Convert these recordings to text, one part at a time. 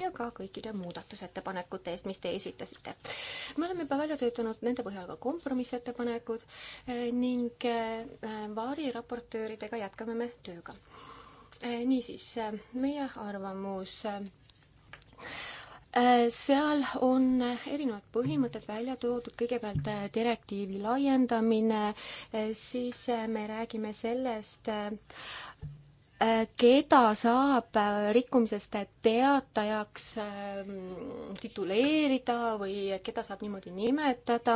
ja ka kõikide muudatusettepanekute eest, mis te esitasite. me oleme juba välja töötanud nende põhjal ka kompromissettepanekud eh, ning eh, variraportööridega jätkame me tööga. Eh, niisiis, meie arvamus seal on erinevad põhimõtted välja toodud, kõigepealt direktiivi laiendamine, siis me räägime sellest, Äh, keda saab äh, rikkumisest teatajaks ähm, tituleerida või keda saab niimoodi nimetada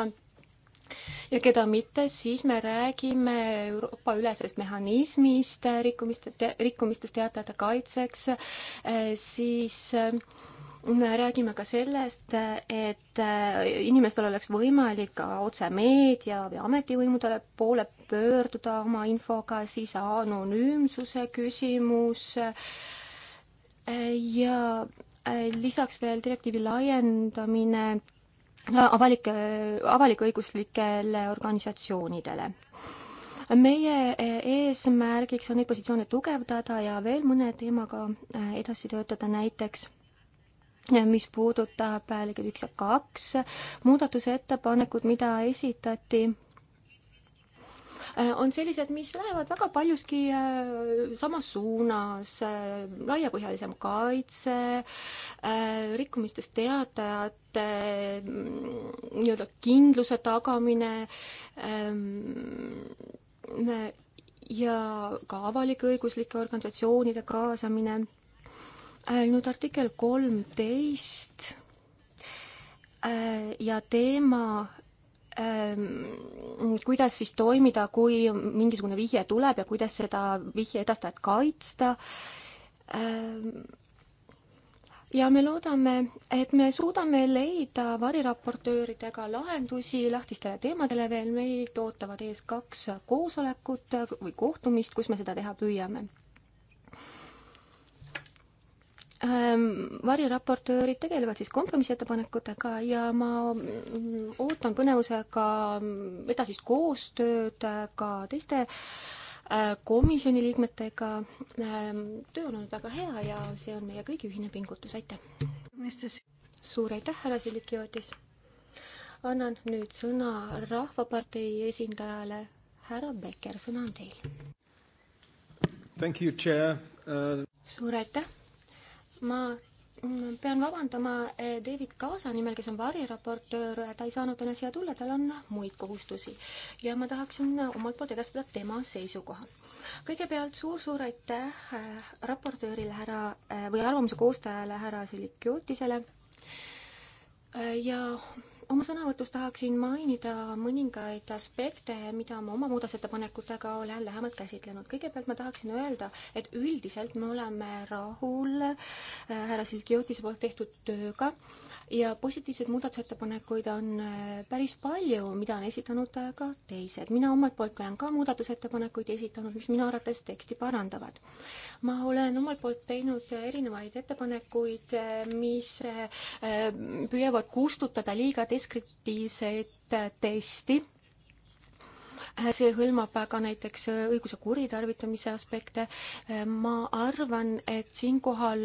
ja keda mitte, siis me räägime Euroopa ülesest mehhanismist äh, rikkumiste te,, rikkumistest teatajate kaitseks, siis me räägime ka sellest, et äh, inimestel oleks võimalik ka otse meedia või ametivõimudele poole pöörduda oma infoga, siis anonüümsuse küsimus ja äh, lisaks veel direktiivi laiendamine äh, avalike, avalik-õiguslikele organisatsioonidele meie eesmärgiks on neid positsioone tugevdada ja veel mõne teemaga edasi töötada, näiteks mis puudutab lõiged üks ja kaks muudatusettepanekud, mida esitati, äh, on sellised, mis lähevad väga paljuski äh, samas suunas, äh, laiapõhjalisem kaitse, rikkumistest teatajate mm, nii-öelda kindluse tagamine ähm, ja ka avalik-õiguslike organisatsioonide kaasamine Äh, nüüd artikkel kolmteist äh, ja teema ähm, kuidas siis toimida, kui mingisugune vihje tuleb ja kuidas seda vihje edastajat kaitsta. Ähm, ja me loodame, et me suudame leida variraportööridega lahendusi lahtistele teemadele veel, meid ootavad ees kaks koosolekut või kohtumist, kus me seda teha püüame Ähm, variraportöörid tegelevad siis kompromissettepanekutega ja ma mm, ootan põnevusega mm, edasist koostööd äh, ka teiste äh, komisjoni liikmetega. Ähm, töö on olnud väga hea ja see on meie kõigi ühine pingutus, aitäh! suur aitäh, härra Silikiotis! annan nüüd sõna Rahvapartei esindajale, härra Becker, sõna on teil. Uh... suur aitäh! ma pean vabandama eh, David Kaasa nimel, kes on variraportöör, eh, ta ei saanud täna siia tulla, tal on muid kohustusi. ja ma tahaksin eh, omalt poolt edastada tema seisukoha. kõigepealt suur-suur aitäh raportöörile härra või arvamuse koostajale härra Silikiotisele ja oma sõnavõtus tahaksin mainida mõningaid aspekte, mida ma oma muudatusettepanekutega olen lähemalt käsitlenud. kõigepealt ma tahaksin öelda, et üldiselt me oleme rahul äh, härra Silkiotise poolt tehtud tööga äh, ja positiivseid muudatusettepanekuid on äh, päris palju, mida on esitanud äh, ka teised. mina omalt poolt olen ka muudatusettepanekuid esitanud, mis minu arvates teksti parandavad. ma olen omalt poolt teinud äh, erinevaid ettepanekuid, mis püüavad kustutada liiga deskriptiivset testi Äh, see hõlmab ka näiteks äh, õiguse kuritarvitamise aspekte. Äh, ma arvan, et siinkohal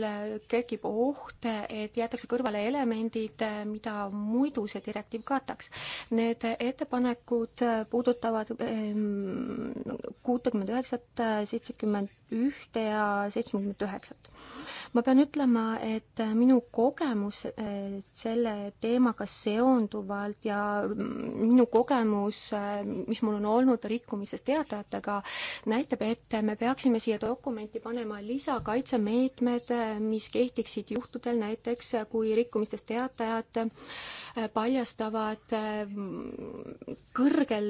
kerkib oht, et jäetakse kõrvale elemendid, mida muidu see direktiiv kataks. Need ettepanekud puudutavad ehm, kuutekümmet üheksat, seitsekümmend ühte ja seitsmekümmet üheksat ma pean ütlema, et äh, minu kogemus äh, selle teemaga seonduvalt ja mm, minu kogemus, äh, mis mul on olnud rikkumisest teatajatega, näitab, et me peaksime siia dokumenti panema lisakaitsemeetmed, mis kehtiksid juhtudel näiteks, kui rikkumistest teatajad paljastavad äh, kõrgel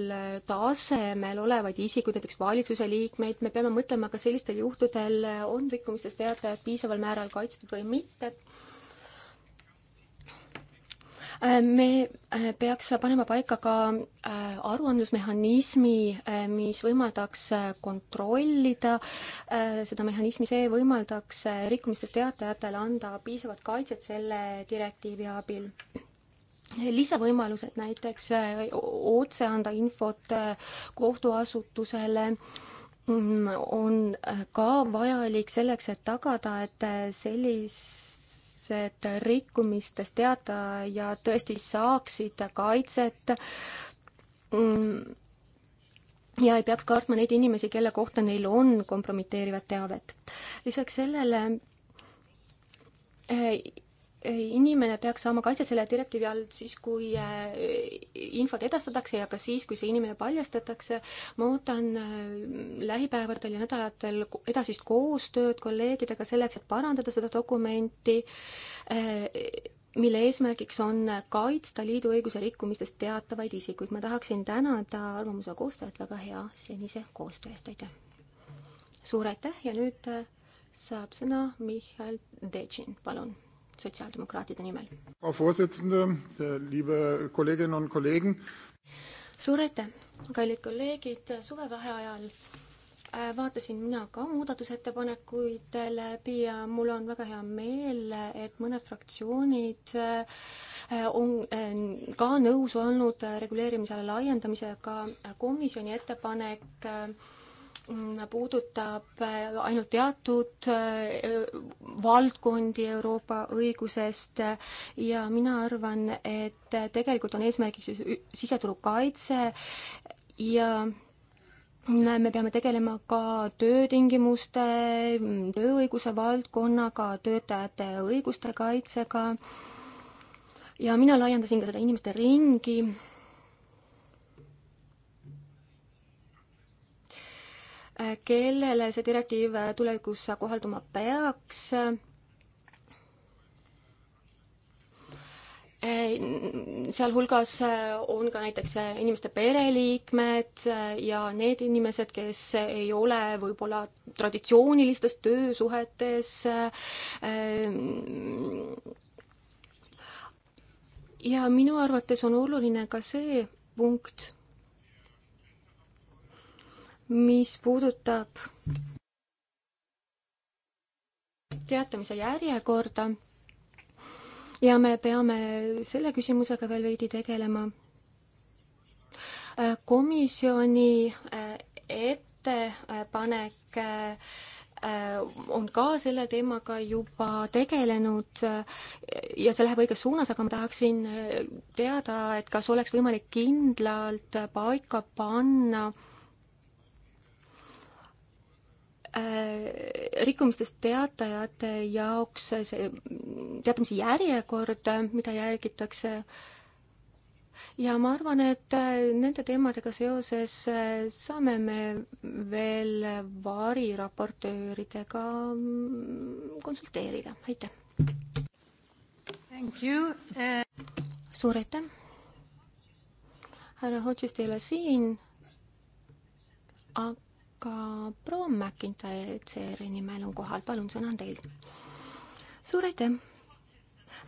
tasemel olevaid isikuid, näiteks valitsuse liikmeid, me peame mõtlema, kas sellistel juhtudel on rikkumistest teatajad piisaval määral kaitstud või mitte äh, me äh, peaks panema paika ka aruandlusmehhanismi, mis võimaldaks kontrollida seda mehhanismi, see võimaldaks rikkumistest teatajatele anda piisavat kaitset selle direktiivi abil lisavõimalused näiteks äh, otse anda infot äh, kohtuasutusele mm, on äh, ka vajalik selleks, et tagada, et sellised rikkumistest teatajad tõesti saaksid kaitset mm, ja ei peaks kartma neid inimesi, kelle kohta neil on kompromiteerivat teavet. lisaks sellele inimene peaks saama kaitse selle direktiivi all siis, kui äh, infot edastatakse ja ka siis, kui see inimene paljastatakse. ma ootan äh, lähipäevadel ja nädalatel edasist koostööd kolleegidega selleks, et parandada seda dokumenti, äh, mille eesmärgiks on kaitsta liidu õiguse rikkumistest teatavaid isikuid. ma tahaksin tänada arvamuse koostajat väga hea senise koostöö eest, aitäh! suur aitäh ja nüüd saab sõna Mihhail Dejin, palun sotsiaaldemokraatide nimel. Äh, suur aitäh, kallid kolleegid, suvevaheajal äh, vaatasin mina ka muudatusettepanekuid läbi ja mul on väga hea meel, et mõned fraktsioonid äh, on ka nõus olnud reguleerimisala laiendamisega. komisjoni ettepanek Mm, puudutab äh, ainult teatud äh, valdkondi Euroopa õigusest ja mina arvan, et tegelikult on eesmärgiks siseturu kaitse ja me peame tegelema ka töötingimuste, tööõiguse valdkonnaga, töötajate õiguste kaitsega ja mina laiendasin ka seda inimeste ringi kellele see direktiiv tulevikus kohalduma peaks. sealhulgas on ka näiteks inimeste pereliikmed ja need inimesed, kes ei ole võib-olla traditsioonilistes töösuhetes ja minu arvates on oluline ka see punkt, mis puudutab teatamise järjekorda ja me peame selle küsimusega veel veidi tegelema. Äh, komisjoni äh, ettepanek äh, on ka selle teemaga juba tegelenud ja see läheb õiges suunas, aga ma tahaksin teada, et kas oleks võimalik kindlalt paika panna äh, Äh, rikkumistest teatajate jaoks see teatamise järjekord, mida jälgitakse, ja ma arvan, et äh, nende teemadega seoses äh, saame me veel variraportööridega mm, konsulteerida, aitäh! suur aitäh! härra Hodžist ei ole siin, aga ka proua McIntyre CR-i nimel on kohal, palun, sõna on teil. suur aitäh!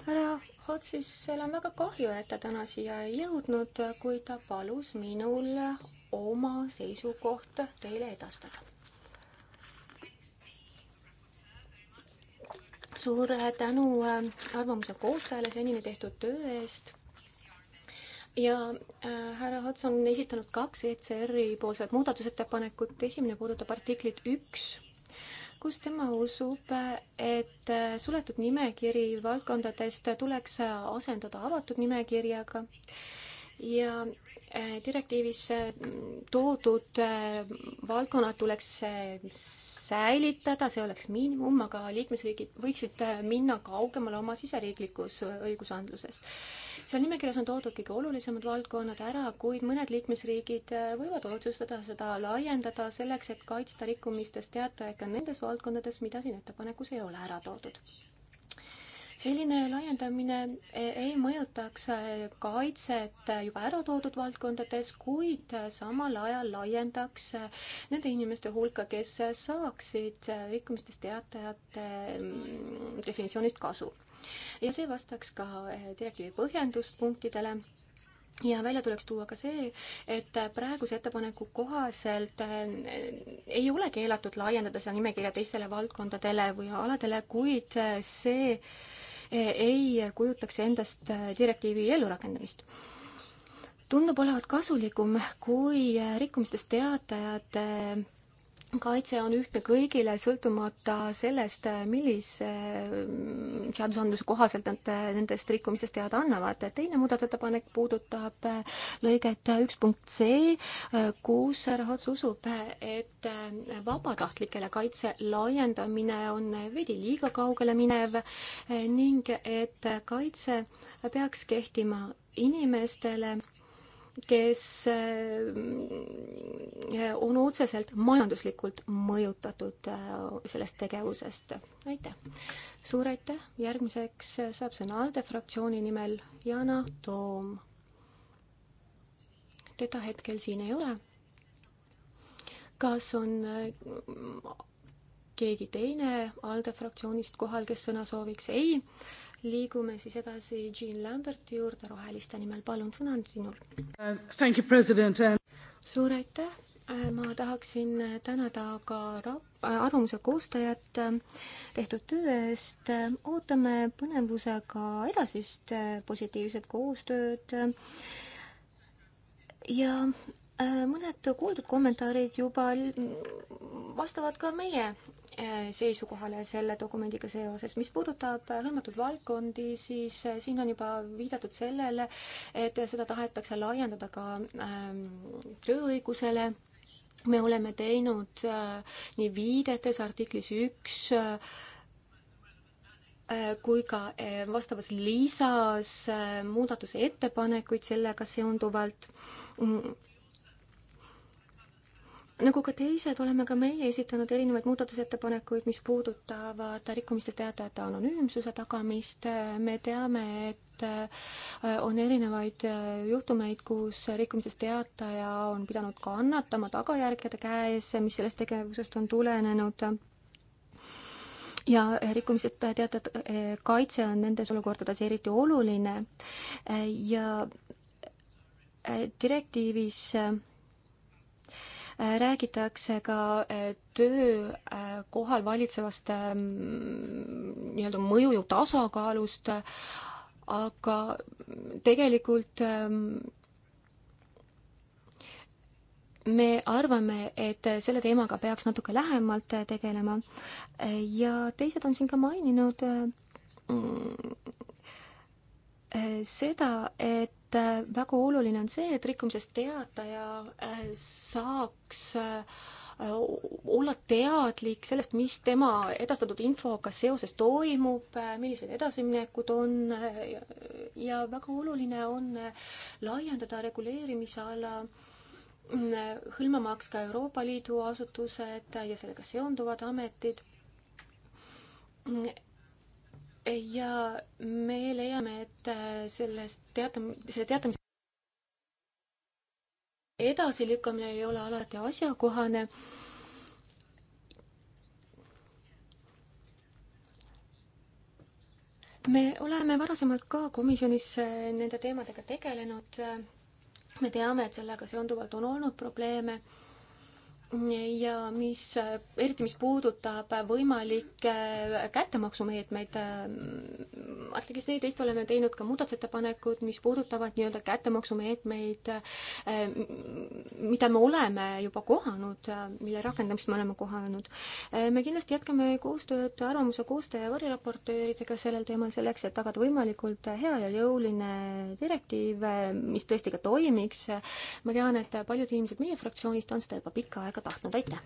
härra Hotsisel on väga kahju, et ta täna siia ei jõudnud, kui ta palus minul oma seisukohta teile edastada. suur tänu äh, arvamuse koostajale senini tehtud töö eest ja äh, härra Ots on esitanud kaks ECR-i poolset muudatusettepanekut, esimene puudutab artiklit üks, kus tema usub, et äh, suletud nimekiri valdkondadest tuleks asendada avatud nimekirjaga ja äh, direktiivis äh, toodud äh, valdkonnad tuleks äh, säilitada, see oleks miinimum, aga liikmesriigid võiksid äh, minna kaugemale oma siseriiklikus õigusandluses seal nimekirjas on toodud kõige olulisemad valdkonnad ära, kuid mõned liikmesriigid äh, võivad otsustada seda laiendada selleks, et kaitsta rikkumistest teatajaid ka nendes valdkondades, mida siin ettepanekus ei ole ära toodud selline laiendamine e-, ei mõjutaks äh, kaitset äh, juba ära toodud valdkondades, kuid samal ajal laiendaks nende inimeste hulka, kes saaksid rikkumistest teatajate mm, definitsioonist kasu ja see vastaks ka eh, direktiivi põhjenduspunktidele ja välja tuleks tuua ka see, et praeguse ettepaneku kohaselt eh, ei ole keelatud laiendada seda nimekirja teistele valdkondadele või aladele, kuid eh, see ei kujutaks endast direktiivi ellurakendamist tundub olevat kasulikum, kui rikkumistest teatajad kaitse on ühtne kõigile, sõltumata sellest, millise mm, seadusandluse kohaselt nad äh, nendest rikkumistest teada annavad. teine muudatusettepanek puudutab äh, lõiget üks punkt C, äh, kus rahatus usub, et vabatahtlikele kaitse laiendamine on veidi liiga kaugele minev ning et kaitse peaks kehtima inimestele kes eh, on otseselt majanduslikult mõjutatud eh, sellest tegevusest. aitäh! suur aitäh, järgmiseks saab sõna ALDE fraktsiooni nimel Yana Toom. teda hetkel siin ei ole. kas on eh, keegi teine ALDE fraktsioonist kohal, kes sõna sooviks? ei liigume siis edasi Jean Lamberti juurde roheliste nimel, palun, sõna on sinul uh,. suur aitäh, ma tahaksin tänada ka arvamuse koostajat äh, tehtud töö eest, ootame põnevusega edasist äh, positiivset koostööd ja äh, mõned kuuldud kommentaarid juba vastavad ka meie Eh, seisukohale selle dokumendiga seoses. mis puudutab eh, hõlmatud valdkondi, siis eh, siin on juba viidatud sellele, et seda tahetakse laiendada ka ehm, tööõigusele me oleme teinud nii viidetes artiklis üks kui ka vastavas lisas muudatuse ettepanekuid sellega seonduvalt mm, nagu ka teised, oleme ka meie esitanud erinevaid muudatusettepanekuid, mis puudutavad rikkumistest teatajate anonüümsuse tagamist. me teame, et äh, on erinevaid äh, juhtumeid, kus rikkumisest teataja on pidanud kannatama tagajärgede käes, mis sellest tegevusest on tulenenud ja rikkumisest teatud äh, kaitse on nendes olukordades eriti oluline ja direktiivis Äh, räägitakse ka äh, töökohal äh, valitsevast ähm, nii-öelda mõjujõu tasakaalust, aga tegelikult ähm, me arvame, et selle teemaga peaks natuke lähemalt tegelema ja teised on siin ka maininud mm, seda, et et äh, väga oluline on see, et rikkumisest teataja äh, saaks äh, olla teadlik sellest, mis tema edastatud infoga seoses toimub, millised edasiminekud on ja väga oluline on laiendada reguleerimise alla mm, hõlmamaks ka Euroopa Liidu asutused ja sellega seonduvad ametid mm, ja me leiame, et äh, sellest teatam-, see teatamise edasilükkamine ei ole alati asjakohane. me oleme varasemalt ka komisjonis äh, nende teemadega tegelenud. me teame, et sellega seonduvalt on olnud probleeme ja mis, eriti mis puudutab võimalikke kättemaksumeetmeid, ähm, artiklis neliteist oleme teinud ka muudatusettepanekud, mis puudutavad nii-öelda kättemaksumeetmeid, ähm, mida me oleme juba kohanud, mille rakendamist me oleme kohanud. Äh, me kindlasti jätkame koostööd arvamuse koostaja ja variraportööridega sellel teemal, selleks et tagada võimalikult hea ja jõuline direktiiv, mis tõesti ka toimiks. ma tean, et paljud inimesed meie fraktsioonist on seda juba pikka aega ka tahtnud, aitäh!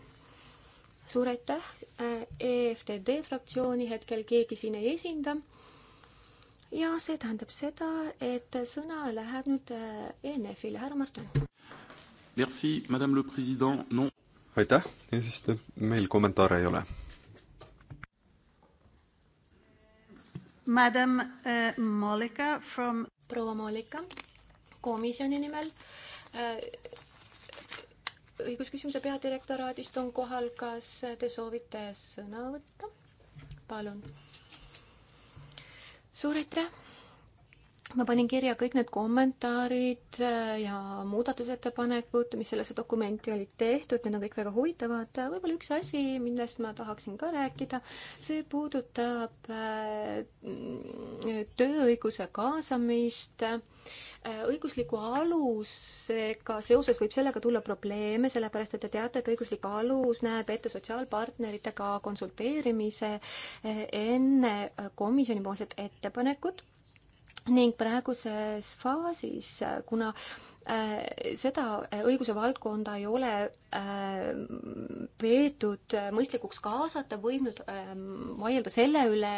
suur aitäh, äh, EFTD fraktsiooni hetkel keegi siin ei esinda. ja see tähendab seda, et sõna läheb nüüd äh, ENF-ile, härra Martin. Merci, madame le president, non. aitäh, eesistuja, meil kommentaare ei ole. Madam uh, äh, Molika from proua Molika komisjoni nimel uh, õigusküsimuse peadirektoraadist on kohal, kas te soovite sõna võtta? palun. suur aitäh! ma panin kirja kõik need kommentaarid äh, ja muudatusettepanekud, mis sellesse dokumenti olid tehtud, need on kõik väga huvitavad. võib-olla üks asi, millest ma tahaksin ka rääkida, see puudutab äh, tööõiguse kaasamist äh, Äh, õigusliku alusega seoses võib sellega tulla probleeme, sellepärast et te teate, et õiguslik alus näeb ette sotsiaalpartneritega konsulteerimise äh, enne äh, komisjonipoolset ettepanekut ning praeguses faasis, kuna seda õiguse valdkonda ei ole peetud mõistlikuks kaasata, võib nüüd vaielda selle üle,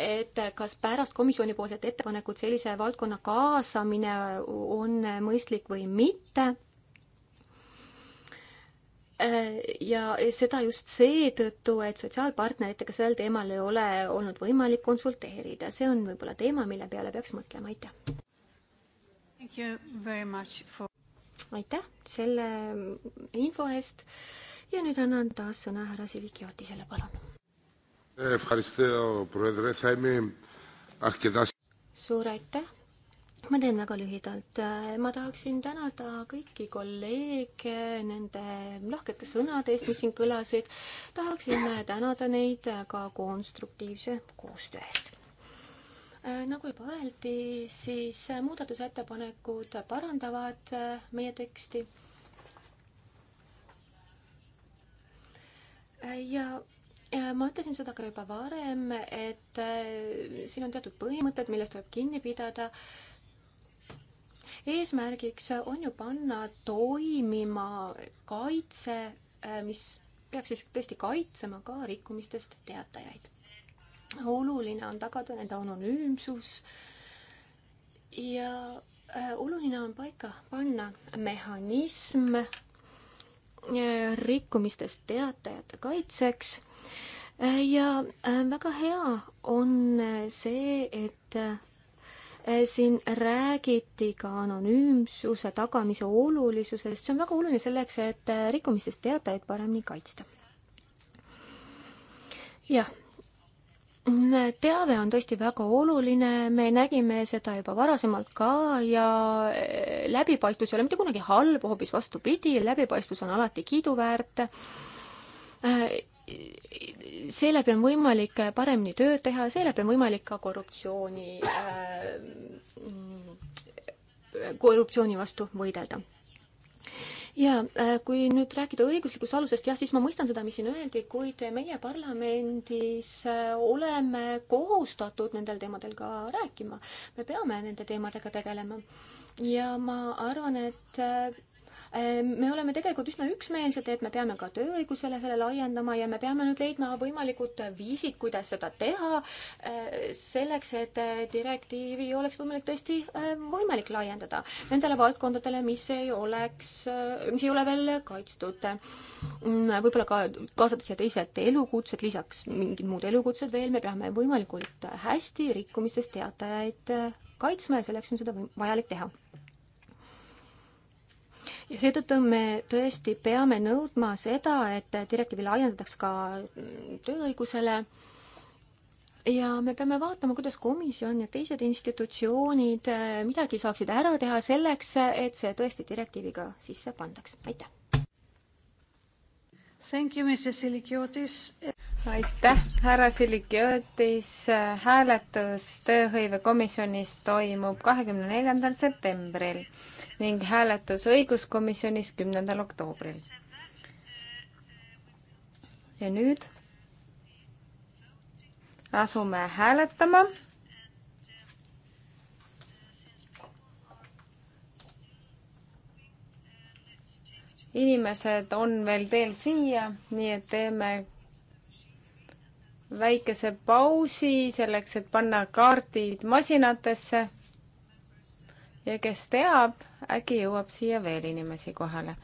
et kas pärast komisjonipoolset ettepanekut sellise valdkonna kaasamine on mõistlik või mitte. ja seda just seetõttu, et sotsiaalpartneritega sellel teemal ei ole olnud võimalik konsulteerida, see on võib-olla teema, mille peale peaks mõtlema, aitäh. aitäh selle info eest ja nüüd annan taas sõna härra Silikiotisele, palun suur aitäh! ma teen väga lühidalt. ma tahaksin tänada kõiki kolleege nende lahkete sõnade eest, mis siin kõlasid. tahaksin tänada neid ka konstruktiivse koostöö eest nagu juba öeldi, siis muudatusettepanekud parandavad meie teksti. ja Äh, ma ütlesin seda ka juba varem, et äh, siin on teatud põhimõtted, millest tuleb kinni pidada. eesmärgiks on ju panna toimima kaitse, äh, mis peaks siis tõesti kaitsema ka rikkumistest teatajaid. oluline on tagada nende anonüümsus ja oluline on paika panna mehhanism rikkumistest teatajate kaitseks Äh, ja äh, väga hea on äh, see, et siin räägiti ka anonüümsuse tagamise olulisusest, see on väga oluline selleks, et rikkumistest teatajaid paremini kaitsta. jah mm, teave on tõesti väga oluline, me nägime seda juba varasemalt ka ja läbipaistvus ei ole mitte kunagi halb, hoopis vastupidi, läbipaistvus on alati kiiduväärt seeläbi on võimalik paremini tööd teha ja seeläbi on võimalik ka korruptsiooni äh,, korruptsiooni vastu võidelda. ja äh, kui nüüd rääkida õiguslikust alusest, jah, siis ma mõistan seda, mis siin öeldi, kuid meie parlamendis äh, oleme kohustatud nendel teemadel ka rääkima. me peame nende teemadega tegelema ja ma arvan, et äh, Ehm, me oleme tegelikult üsna üksmeelsed, et me peame ka tööõigusele selle laiendama ja me peame nüüd leidma võimalikud viisid, kuidas seda teha, eh, selleks, et eh, direktiivi oleks võimalik tõesti eh, võimalik laiendada nendele valdkondadele, mis ei oleks, mis ei ole veel kaitstud. Mm, võib-olla ka kaasata siia teised elukutsed, lisaks mingid muud elukutsed veel, me peame võimalikult hästi rikkumistest teatajaid kaitsma ja selleks on seda vajalik teha ja seetõttu me tõesti peame nõudma seda, et direktiivi laiendatakse ka tööõigusele ja me peame vaatama, kuidas komisjon ja teised institutsioonid midagi saaksid ära teha selleks, et see tõesti direktiiviga sisse pandaks. aitäh! aitäh, härra Silikiotis. hääletus tööhõivekomisjonis toimub kahekümne neljandal septembril ning hääletus õiguskomisjonis kümnendal oktoobril. ja nüüd asume hääletama inimesed on veel teel siia, nii et teeme väikese pausi selleks, et panna kaardid masinatesse. ja kes teab, äkki jõuab siia veel inimesi kohale.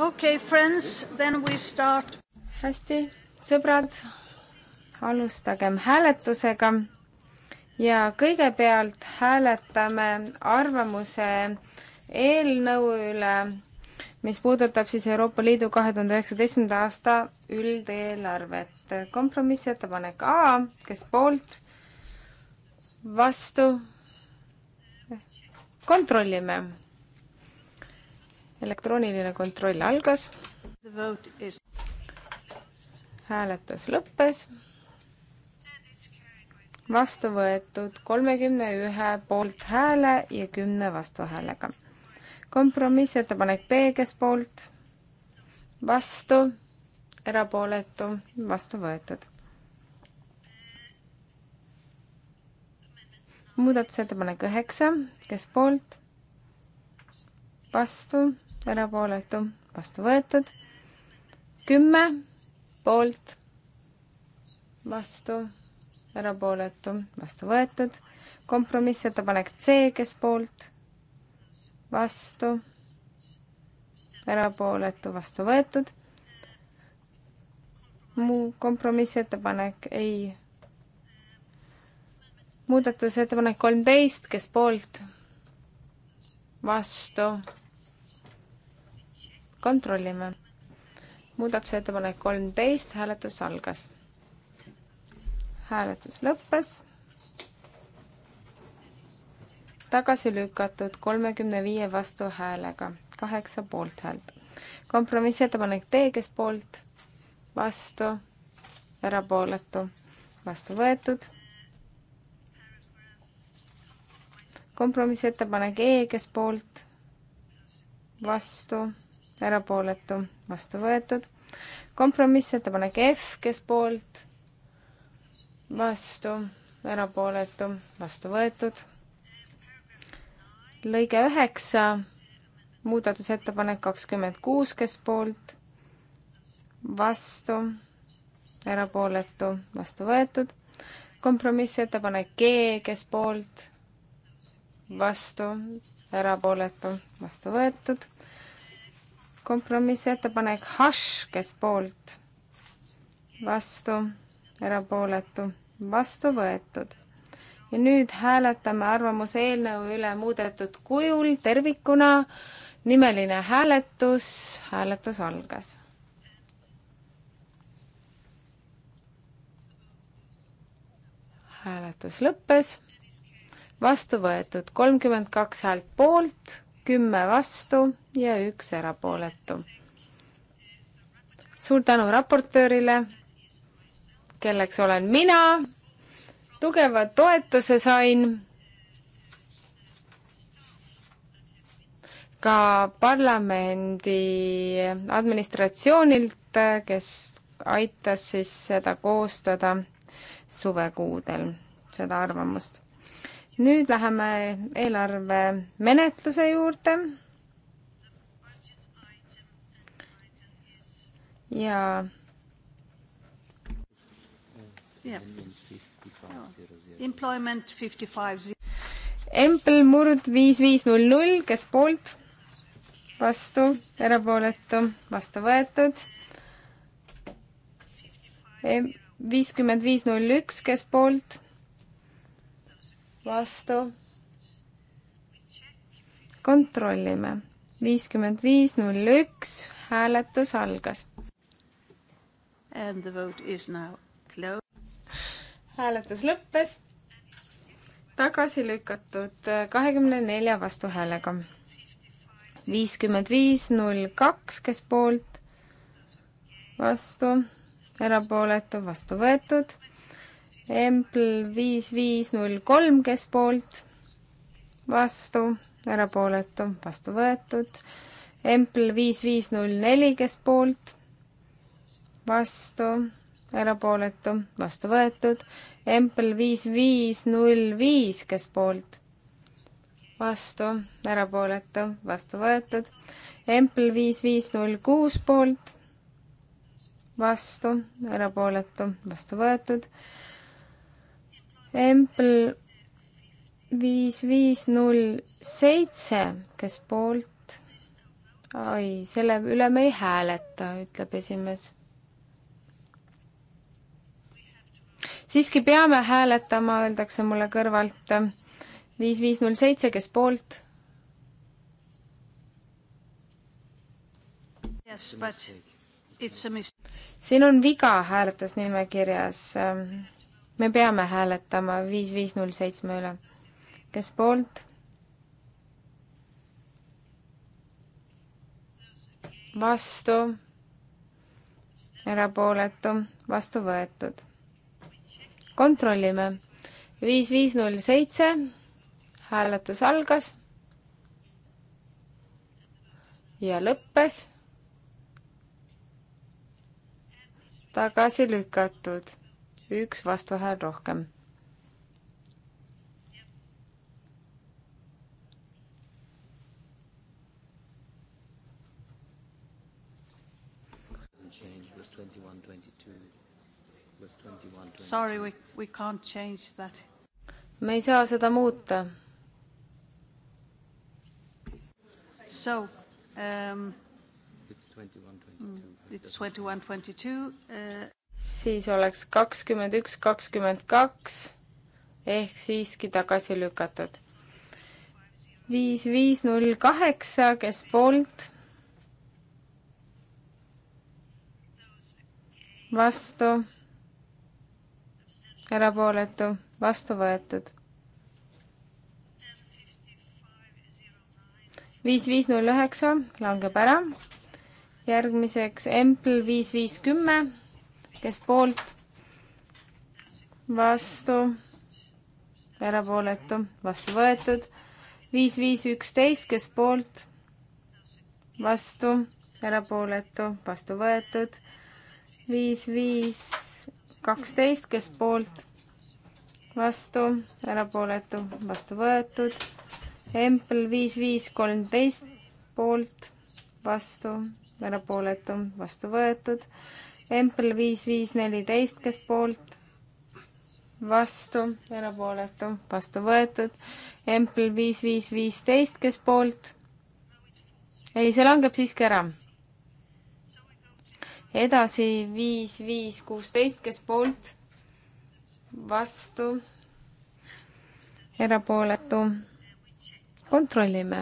okei okay,, friends, then we start. hästi, sõbrad, alustagem hääletusega ja kõigepealt hääletame arvamuse eelnõu üle, mis puudutab siis Euroopa Liidu kahe tuhande üheksateistkümnenda aasta üldeelarvet. kompromissettepanek A, kes poolt, vastu, kontrollime elektrooniline kontroll algas. Is... hääletus lõppes. vastu võetud kolmekümne ühe poolthääle ja kümne vastuhäälega. kompromissettepanek B, kes poolt, vastu, erapooletu, vastu võetud muudatusettepanek üheksa, kes poolt? vastu? erapooletu, vastu võetud. kümme poolt, vastu, erapooletu, vastu võetud. kompromissettepanek C, kes poolt, vastu, erapooletu, vastu võetud. muu kompromissettepanek ei muudatusettepanek kolmteist, kes poolt? vastu, kontrollime. muudatusettepanek kolmteist, hääletus algas. hääletus lõppes. tagasi lükatud kolmekümne viie vastuhäälega, kaheksa poolthäält. kompromissettepanek D, kes poolt, vastu, erapooletu, vastu võetud kompromissettepanek E, kes poolt, vastu, erapooletu, vastu võetud. kompromissettepanek F, kes poolt, vastu, erapooletu, vastu võetud. lõige üheksa, muudatusettepanek kakskümmend kuus, kes poolt, vastu, erapooletu, vastu võetud. kompromissettepanek G, kes poolt, vastu, erapooletu, vastu võetud kompromissettepanek Hush, kes poolt, vastu, erapooletu, vastu võetud. ja nüüd hääletame arvamuse eelnõu üle muudetud kujul tervikuna. nimeline hääletus, hääletus algas hääletus lõppes, vastu võetud kolmkümmend kaks häält poolt kümme vastu ja üks erapooletu. suur tänu raportöörile, kelleks olen mina, tugeva toetuse sain ka parlamendi administratsioonilt, kes aitas siis seda koostada suvekuudel, seda arvamust nüüd läheme eelarve menetluse juurde. ja. Employment fifty five. Empel murd viis viis null null, kes poolt? vastu, erapooletu, vastu võetud. viiskümmend viis null üks, kes poolt? vastu. kontrollime. viiskümmend viis null üks, hääletus algas. And the vote is now closed. hääletus lõppes. tagasi lükatud kahekümne nelja vastuhäälega. viiskümmend viis null kaks, kes poolt, vastu, erapooletu, vastu võetud Empl viis, viis, null, kolm, kes poolt, vastu, erapooletu, vastu võetud. Empl viis, viis, null, neli, kes poolt, vastu, erapooletu, vastu võetud. Empl viis, viis, null, viis, kes poolt, vastu, erapooletu, vastu võetud. Empl viis, viis, null, kuus poolt, vastu, erapooletu, vastu võetud Empl viis, viis, null, seitse, kes poolt? ai, selle üle me ei hääleta, ütleb esimees. siiski peame hääletama, öeldakse mulle kõrvalt. viis, viis, null, seitse, kes poolt? siin on viga hääletusnimekirjas me peame hääletama viis, viis, null, seitsme üle. kes poolt? vastu? erapooletu, vastu võetud. kontrollime. viis, viis, null, seitse, hääletus algas ja lõppes tagasi lükatud üks vastuhääl rohkem. Sorry, we, we can't change that. me ei saa seda muuta. So um, it's 21, 22. Mm, it's 21, 22. Uh, siis oleks kakskümmend üks, kakskümmend kaks ehk siiski tagasi lükatud. viis, viis, null, kaheksa, kes poolt? vastu, erapooletu, vastu võetud. viis, viis, null, üheksa langeb ära. järgmiseks Empl viis, viis, kümme kes poolt, vastu, erapooletu, vastu võetud, viis, viis, üksteist, kes poolt, vastu, erapooletu, vastu võetud, viis, viis, kaksteist, kes poolt, vastu, erapooletu, vastu võetud, Empel viis, viis, kolmteist poolt, vastu, erapooletu, vastu võetud, Empel viis, viis, neliteist, kes poolt, vastu, erapooletu, vastu võetud. Empel viis, viis, viisteist, kes poolt. ei, see langeb siiski ära. edasi viis, viis, kuusteist, kes poolt, vastu, erapooletu. kontrollime.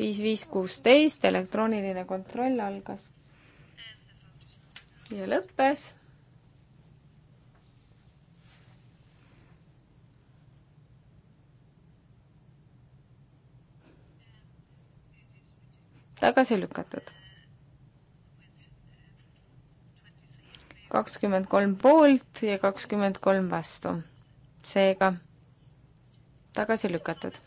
viis, viis, kuusteist, elektrooniline kontroll algas ja lõppes. tagasi lükatud. kakskümmend kolm poolt ja kakskümmend kolm vastu. seega tagasi lükatud.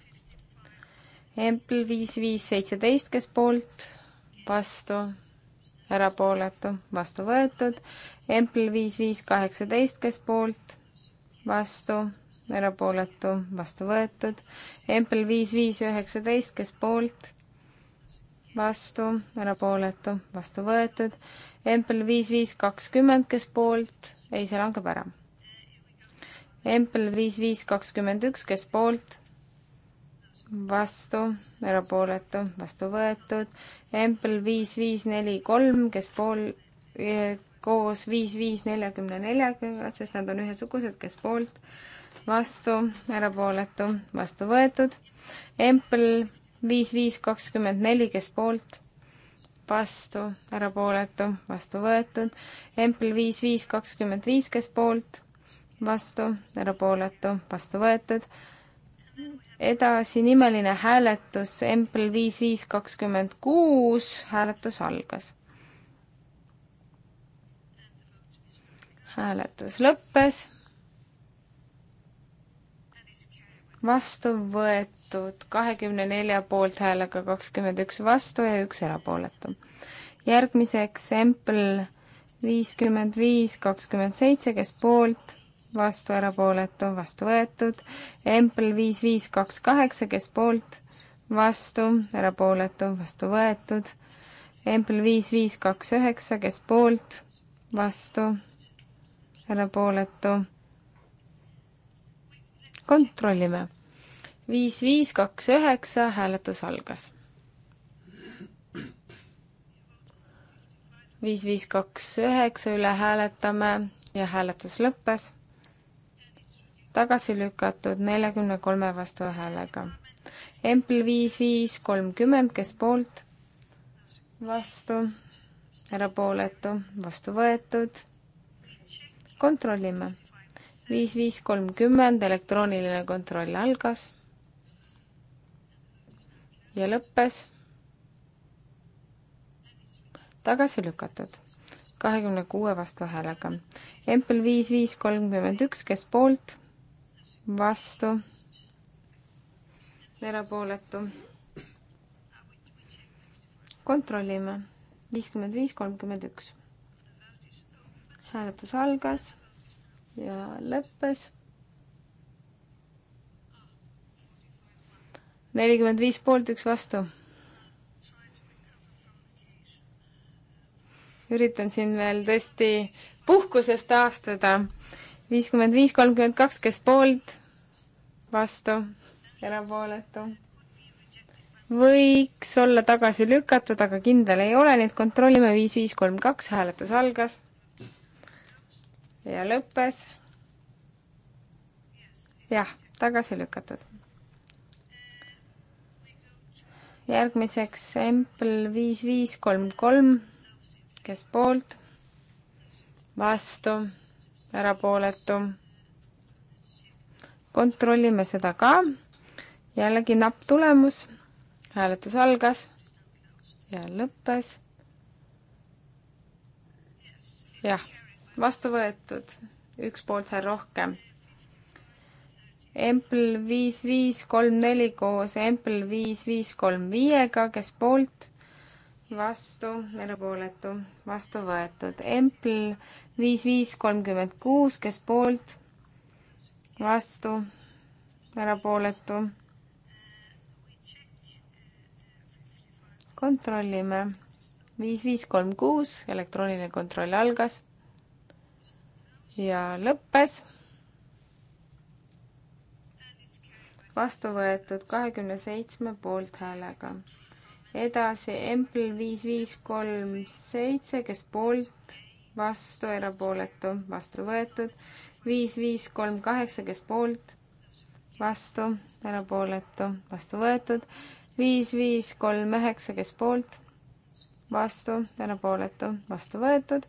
Empl viis, viis, seitseteist, kes poolt, vastu erapooletu, vastu võetud. Empl viis viis kaheksateist, kes poolt, vastu, erapooletu, vastu võetud. Empl viis viis üheksateist, kes poolt, vastu, erapooletu, vastu võetud. Empl viis viis kakskümmend, kes poolt, ei, see langeb ära. Empl viis viis kakskümmend üks, kes poolt, vastu, erapooletu, vastu võetud. Empel viis, viis, neli, kolm, kes pool, eh, koos viis, viis, neljakümne, neljakümne, sest nad on ühesugused, kes poolt, vastu, erapooletu, vastu võetud. Empel viis, viis, kakskümmend neli, kes poolt, vastu, erapooletu, vastu võetud. Empel viis, viis, kakskümmend viis, kes poolt, vastu, erapooletu, vastu võetud edasi nimeline hääletus, Empel viis viis kakskümmend kuus, hääletus algas. hääletus lõppes. vastu võetud kahekümne nelja poolthäälega kakskümmend üks vastu ja üks erapooletu. järgmiseks Empel viiskümmend viis kakskümmend seitse, kes poolt vastu, erapooletu, vastu võetud. Empel viis, viis, kaks, kaheksa, kes poolt, vastu, erapooletu, vastu võetud. Empel viis, viis, kaks, üheksa, kes poolt, vastu, erapooletu. kontrollime. viis, viis, kaks, üheksa, hääletus algas. viis, viis, kaks, üheksa üle hääletame ja hääletus lõppes tagasi lükatud neljakümne kolme vastu häälega. Empl viis, viis, kolmkümmend, kes poolt, vastu, erapooletu, vastu võetud. kontrollime. viis, viis, kolmkümmend, elektrooniline kontroll algas ja lõppes tagasi lükatud kahekümne kuue vastuhäälega. Empel viis, viis, kolmkümmend üks, kes poolt, vastu, erapooletu. kontrollime, viiskümmend viis, kolmkümmend üks. hääletus algas ja lõppes. nelikümmend viis poolt, üks vastu üritan siin veel tõesti puhkusest taastuda viiskümmend viis, kolmkümmend kaks, kes poolt, vastu, erapooletu. võiks olla tagasi lükatud, aga kindel ei ole, nii et kontrollime viis, viis, kolm, kaks, hääletus algas ja lõppes. jah, tagasi lükatud. järgmiseks Empel viis, viis, kolm, kolm, kes poolt, vastu erapooletu. kontrollime seda ka. jällegi napp tulemus. hääletus algas ja lõppes. jah, vastu võetud, üks poolthääl rohkem. Empl viis, viis, kolm, neli koos Empl viis, viis, kolm, viiega, kes poolt vastu, erapooletu, vastu võetud. Empl viis, viis, kolmkümmend kuus, kes poolt, vastu, erapooletu. kontrollime. viis, viis, kolm, kuus, elektrooniline kontroll algas ja lõppes. vastu võetud kahekümne seitsme poolthäälega edasi Empl viis, viis, kolm, seitse, kes poolt, vastu, erapooletu, vastu võetud. viis, viis, kolm, kaheksa, kes poolt, vastu, erapooletu, vastu võetud. viis, viis, kolm, üheksa, kes poolt, vastu, erapooletu, vastu võetud.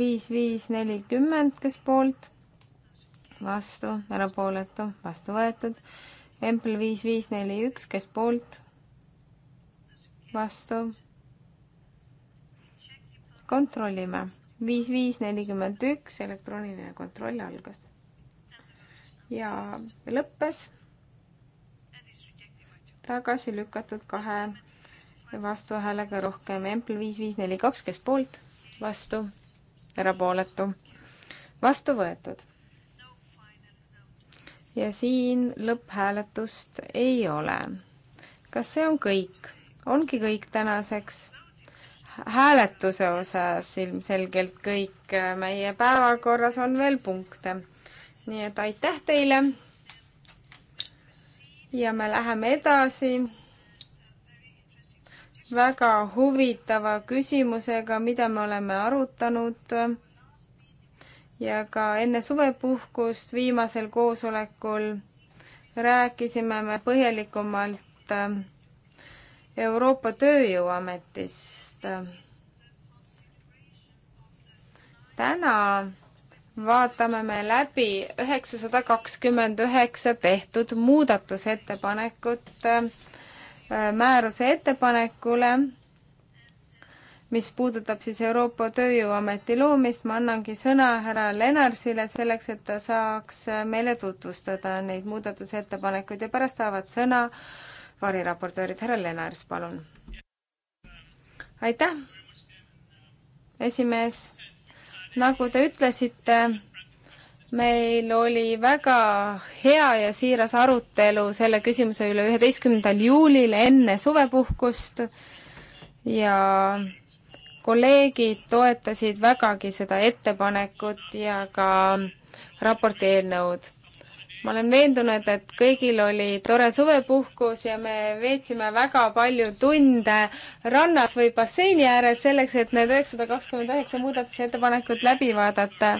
viis, viis, nelikümmend, kes poolt, vastu, erapooletu, vastu võetud. Empl viis, viis, neli, üks, kes poolt vastu. kontrollime. viis, viis, nelikümmend üks, elektrooniline kontroll algas. ja lõppes. tagasi lükatud kahe vastuhäälega rohkem. Empl viis, viis, neli, kaks, kes poolt, vastu, erapooletu, vastu võetud. ja siin lõpphääletust ei ole. kas see on kõik? ongi kõik tänaseks. hääletuse osas ilmselgelt kõik, meie päevakorras on veel punkte. nii et aitäh teile. ja me läheme edasi väga huvitava küsimusega, mida me oleme arutanud ja ka enne suvepuhkust viimasel koosolekul rääkisime me põhjalikumalt ähm, Euroopa Tööjõuametist. täna vaatame me läbi üheksasada kakskümmend üheksa tehtud muudatusettepanekut äh, määruse ettepanekule, mis puudutab siis Euroopa Tööjõuameti loomist, ma annangi sõna härra Lenarsile selleks, et ta saaks meile tutvustada neid muudatusettepanekuid ja pärast saavad sõna äh, variraportöörid, härra Lennars, palun. aitäh, esimees. nagu te ütlesite, meil oli väga hea ja siiras arutelu selle küsimuse üle üheteistkümnendal juulil enne suvepuhkust ja kolleegid toetasid vägagi seda ettepanekut ja ka raporti eelnõud ma olen veendunud, et kõigil oli tore suvepuhkus ja me veetsime väga palju tunde rannas või basseini ääres selleks, et need üheksasada kakskümmend üheksa muudatusettepanekut läbi vaadata.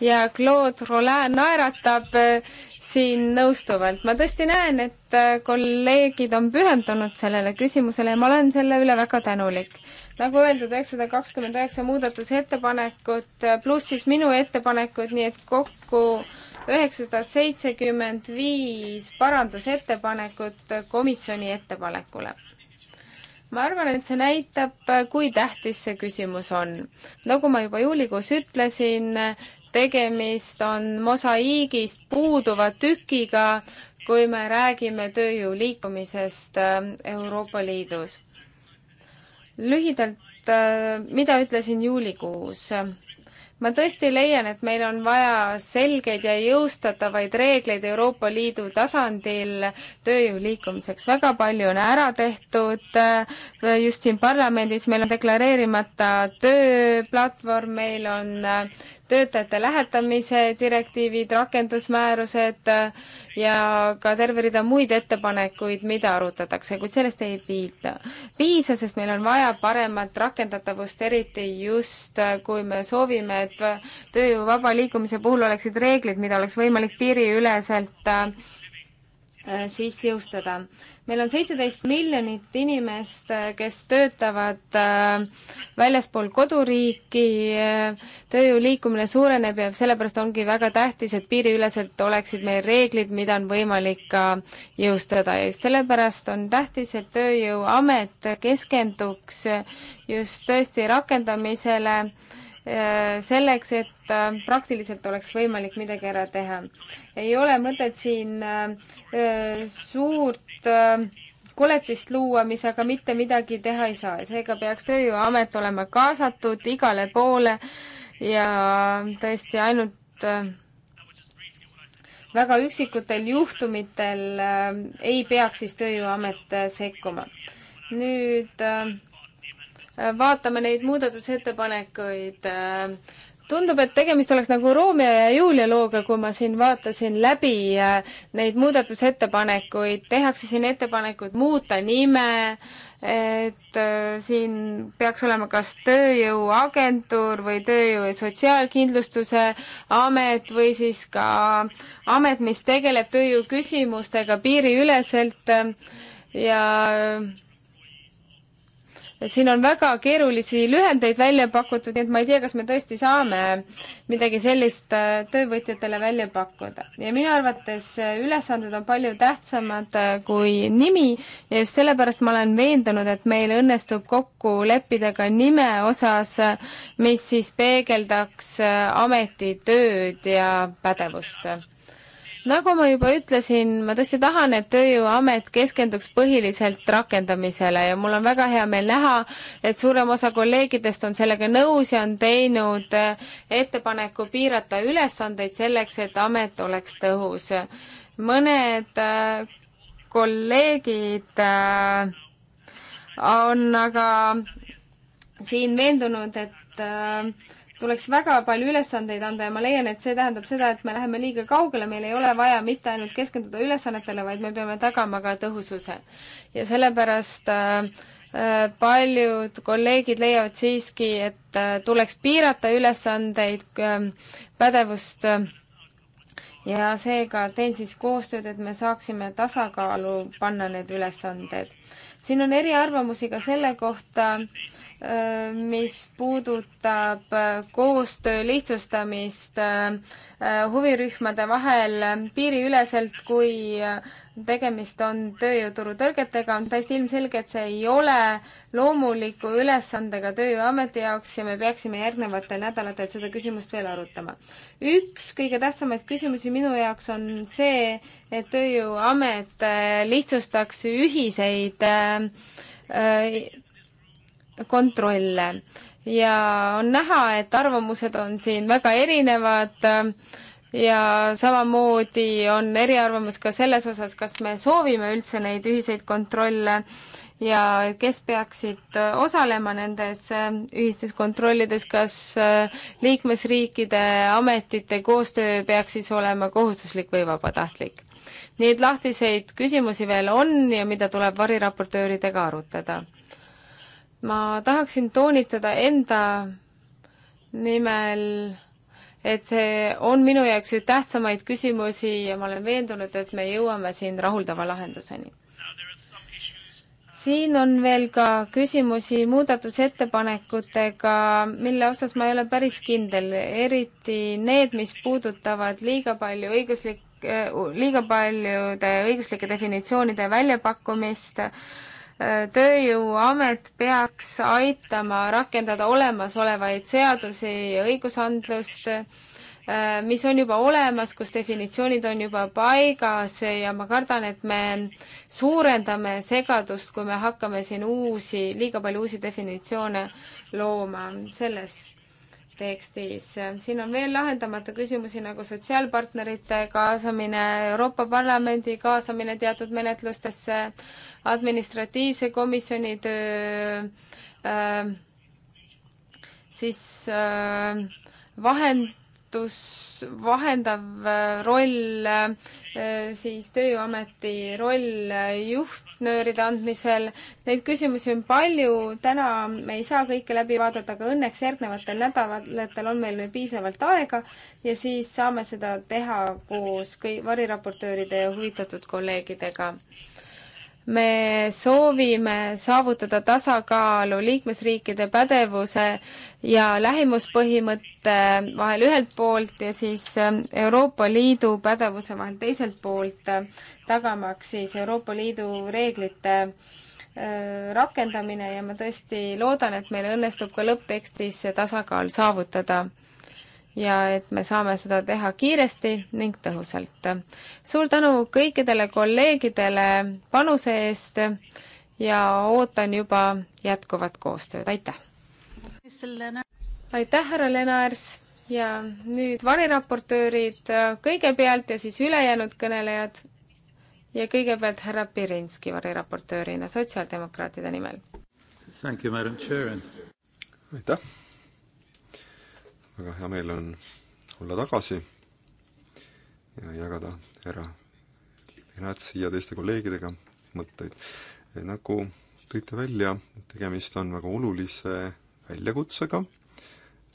ja Claude Rollin naeratab äh, siin nõustuvalt. ma tõesti näen, et äh, kolleegid on pühendunud sellele küsimusele ja ma olen selle üle väga tänulik nagu öeldud, üheksasada kakskümmend üheksa muudatusettepanekut, äh, pluss siis minu ettepanekud, nii et kokku üheksasada seitsekümmend viis parandusettepanekut komisjoni ettepanekule. ma arvan, et see näitab, kui tähtis see küsimus on. nagu ma juba juulikuus ütlesin, tegemist on mosaiigist puuduva tükiga, kui me räägime tööjõu liikumisest äh, Euroopa Liidus. lühidalt, äh, mida ütlesin juulikuus ma tõesti leian, et meil on vaja selgeid ja jõustatavaid reegleid Euroopa Liidu tasandil tööjõu liikumiseks. väga palju on ära tehtud äh, just siin parlamendis, meil on deklareerimata tööplatvorm, meil on äh, töötajate lähetamise direktiivid, rakendusmäärused äh, ja ka terve rida muid ettepanekuid, mida arutatakse, kuid sellest ei piita. piisa, sest meil on vaja paremat rakendatavust, eriti just äh, kui me soovime, et äh, tööjõu vaba liikumise puhul oleksid reeglid, mida oleks võimalik piiriüleselt siis jõustada meil on seitseteist miljonit inimest, kes töötavad äh, väljaspool koduriiki, äh, tööjõu liikumine suureneb ja sellepärast ongi väga tähtis, et piiriüleselt oleksid meil reeglid, mida on võimalik ka jõustada ja just sellepärast on tähtis, et Tööjõuamet keskenduks just tõesti rakendamisele Äh, selleks, et äh, praktiliselt oleks võimalik midagi ära teha. ei ole mõtet siin äh, suurt koletist luua, mis aga mitte midagi teha ei saa, seega peaks Tööjõuamet olema kaasatud igale poole ja tõesti ainult väga üksikutel juhtumitel ei peaks siis Tööjõuamet sekkuma. nüüd äh, Äh, vaatame neid muudatusettepanekuid. Äh, tundub, et tegemist oleks nagu Romeo ja Julia looga, kui ma siin vaatasin läbi äh, neid muudatusettepanekuid, tehakse siin ettepanekud muuta nime, et siin peaks olema kas tööjõuagentuur või tööjõu ja sotsiaalkindlustuse amet või siis ka amet, mis tegeleb tööjõuküsimustega piiriüleselt ja siin on väga keerulisi lühendeid välja pakutud, nii et ma ei tea, kas me tõesti saame midagi sellist äh, töövõtjatele välja pakkuda. ja minu arvates äh, ülesanded on palju tähtsamad äh, kui nimi ja just sellepärast ma olen veendunud, et meil õnnestub kokku leppida ka nime osas, mis siis peegeldaks ametitööd ja pädevust nagu ma juba ütlesin, ma tõesti tahan, et Tööjõuamet keskenduks põhiliselt rakendamisele ja mul on väga hea meel näha, et suurem osa kolleegidest on sellega nõus ja on teinud eh, ettepaneku piirata ülesandeid selleks, et amet oleks tõhus. mõned eh, kolleegid eh, on aga siin veendunud, et tuleks väga palju ülesandeid anda ja ma leian, et see tähendab seda, et me läheme liiga kaugele, meil ei ole vaja mitte ainult keskenduda ülesannetele, vaid me peame tagama ka tõhususe. ja sellepärast äh, äh paljud kolleegid leiavad siiski, et äh, tuleks piirata ülesandeid äh,, pädevust äh, ja seega teen siis koostööd, et me saaksime tasakaalu panna need ülesanded. siin on eriarvamusi ka selle kohta, mis puudutab koostöö lihtsustamist äh, huvirühmade vahel piiriüleselt, kui tegemist on tööjõuturu tõrgetega, on täiesti ilmselge, et see ei ole loomuliku ülesandega Tööjõuameti jaoks ja me peaksime järgnevatel nädalatel seda küsimust veel arutama. üks kõige tähtsamaid küsimusi minu jaoks on see, et Tööjõuamet äh, lihtsustaks ühiseid äh, kontrolle ja on näha, et arvamused on siin väga erinevad äh, ja samamoodi on eriarvamus ka selles osas, kas me soovime üldse neid ühiseid kontrolle ja kes peaksid äh, osalema nendes äh, ühistes kontrollides, kas liikmesriikide ametite koostöö peaks siis olema kohustuslik või vabatahtlik? nii et lahtiseid küsimusi veel on ja mida tuleb variraportööridega arutada ma tahaksin toonitada enda nimel, et see on minu jaoks üks tähtsamaid küsimusi ja ma olen veendunud, et me jõuame siin rahuldava lahenduseni. siin on veel ka küsimusi muudatusettepanekutega, mille osas ma ei ole päris kindel, eriti need, mis puudutavad liiga palju õiguslik, liiga paljude õiguslike definitsioonide väljapakkumist äh,, tööjõuamet peaks aitama rakendada olemasolevaid seadusi ja õigusandlust, äh, mis on juba olemas, kus definitsioonid on juba paigas ja ma kardan, et me suurendame segadust, kui me hakkame siin uusi, liiga palju uusi definitsioone looma selles tekstis. siin on veel lahendamata küsimusi nagu sotsiaalpartnerite kaasamine, Euroopa Parlamendi kaasamine teatud menetlustesse, administratiivse komisjoni töö äh,, siis äh, vahend, toetus, vahendav äh, roll, äh, siis Tööameti roll äh, juhtnööride andmisel, neid küsimusi on palju, täna me ei saa kõike läbi vaadata, aga õnneks järgnevatel nädalatel on meil nüüd piisavalt aega ja siis saame seda teha koos kõi-, variraportööride ja huvitatud kolleegidega me soovime saavutada tasakaalu liikmesriikide pädevuse ja lähimuspõhimõtte vahel ühelt poolt ja siis ähm, Euroopa Liidu pädevuse vahel teiselt poolt, äh, tagamaks siis Euroopa Liidu reeglite äh, rakendamine ja ma tõesti loodan, et meil õnnestub ka lõpptekstis see tasakaal saavutada ja et me saame seda teha kiiresti ning tõhusalt. suur tänu kõikidele kolleegidele panuse eest ja ootan juba jätkuvat koostööd, aitäh! aitäh, härra Lennars ja nüüd variraportöörid kõigepealt ja siis ülejäänud kõnelejad ja kõigepealt härra Pirinski variraportöörina sotsiaaldemokraatide nimel. aitäh! väga hea meel on olla tagasi ja jagada ära Renatsi ja teiste kolleegidega mõtteid. Eh, nagu tõite välja, tegemist on väga olulise väljakutsega,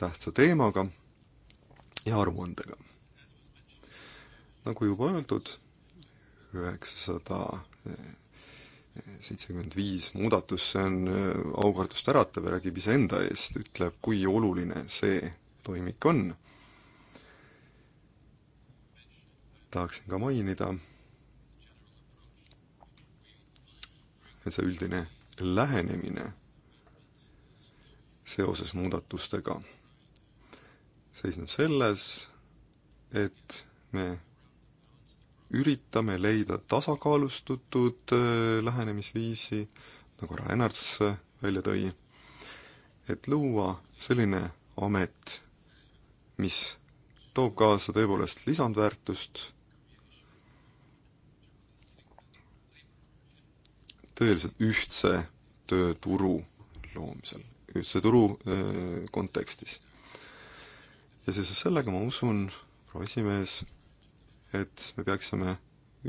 tähtsa teemaga ja aruandega. nagu juba öeldud, üheksasada seitsekümmend viis muudatus, see on eh, aukartust äratav ja räägib iseenda eest, ütleb, kui oluline see toimik on. tahaksin ka mainida, et see üldine lähenemine seoses muudatustega seisneb selles, et me üritame leida tasakaalustatud äh, lähenemisviisi, nagu härra Lennarts välja tõi, et luua selline amet, mis toob kaasa tõepoolest lisandväärtust, tõeliselt ühtse tööturu loomisel, ühtse turu öö, kontekstis. ja seoses sellega ma usun, proua esimees, et me peaksime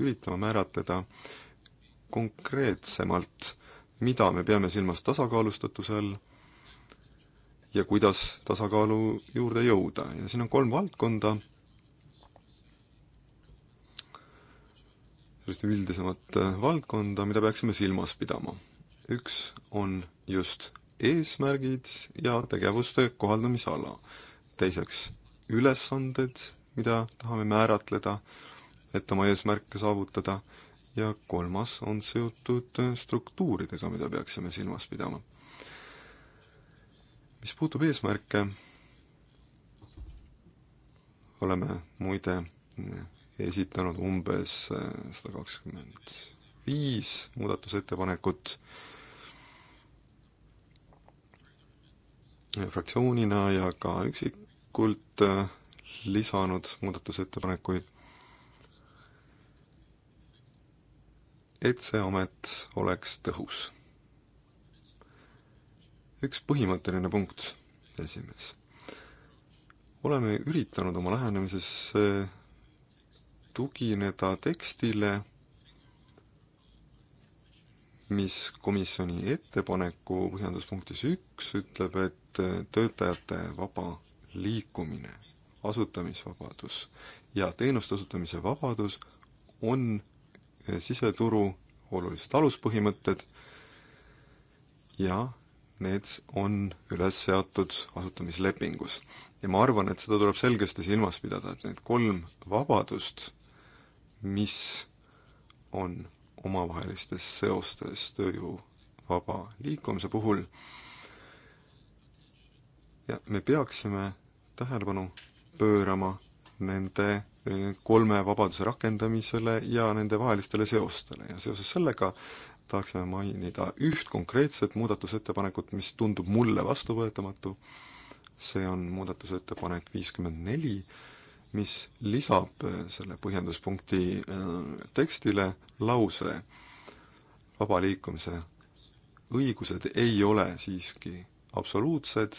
üritama määratleda konkreetsemalt, mida me peame silmas tasakaalustatuse all ja kuidas tasakaalu juurde jõuda ja siin on kolm valdkonda, sellist üldisemat äh, valdkonda, mida peaksime silmas pidama. üks on just eesmärgid ja tegevuste kohaldamisala. teiseks, ülesanded, mida tahame määratleda, et oma eesmärke saavutada, ja kolmas on seotud äh, struktuuridega, mida peaksime silmas pidama mis puutub eesmärke, oleme muide esitanud umbes eh, sada kakskümmend viis muudatusettepanekut fraktsioonina ja ka üksikult eh, lisanud muudatusettepanekuid, et see amet oleks tõhus üks põhimõtteline punkt, esimees. oleme üritanud oma lähenemises eh, tugineda tekstile, mis komisjoni ettepaneku põhjenduspunktis üks ütleb, et eh, töötajate vaba liikumine, asutamisvabadus ja teenuste osutamise vabadus on eh, siseturu olulised aluspõhimõtted ja need on üles seatud asutamislepingus. ja ma arvan, et seda tuleb selgesti silmas pidada, et need kolm vabadust, mis on omavahelistes seostes tööjõu vaba liikumise puhul, ja me peaksime tähelepanu pöörama nende eh, kolme vabaduse rakendamisele ja nende vahelistele seostele ja seoses sellega tahaksime mainida üht konkreetset muudatusettepanekut, mis tundub mulle vastuvõetamatu, see on muudatusettepanek viiskümmend neli, mis lisab eh, selle põhjenduspunkti eh, tekstile lause vaba liikumise õigused ei ole siiski absoluutsed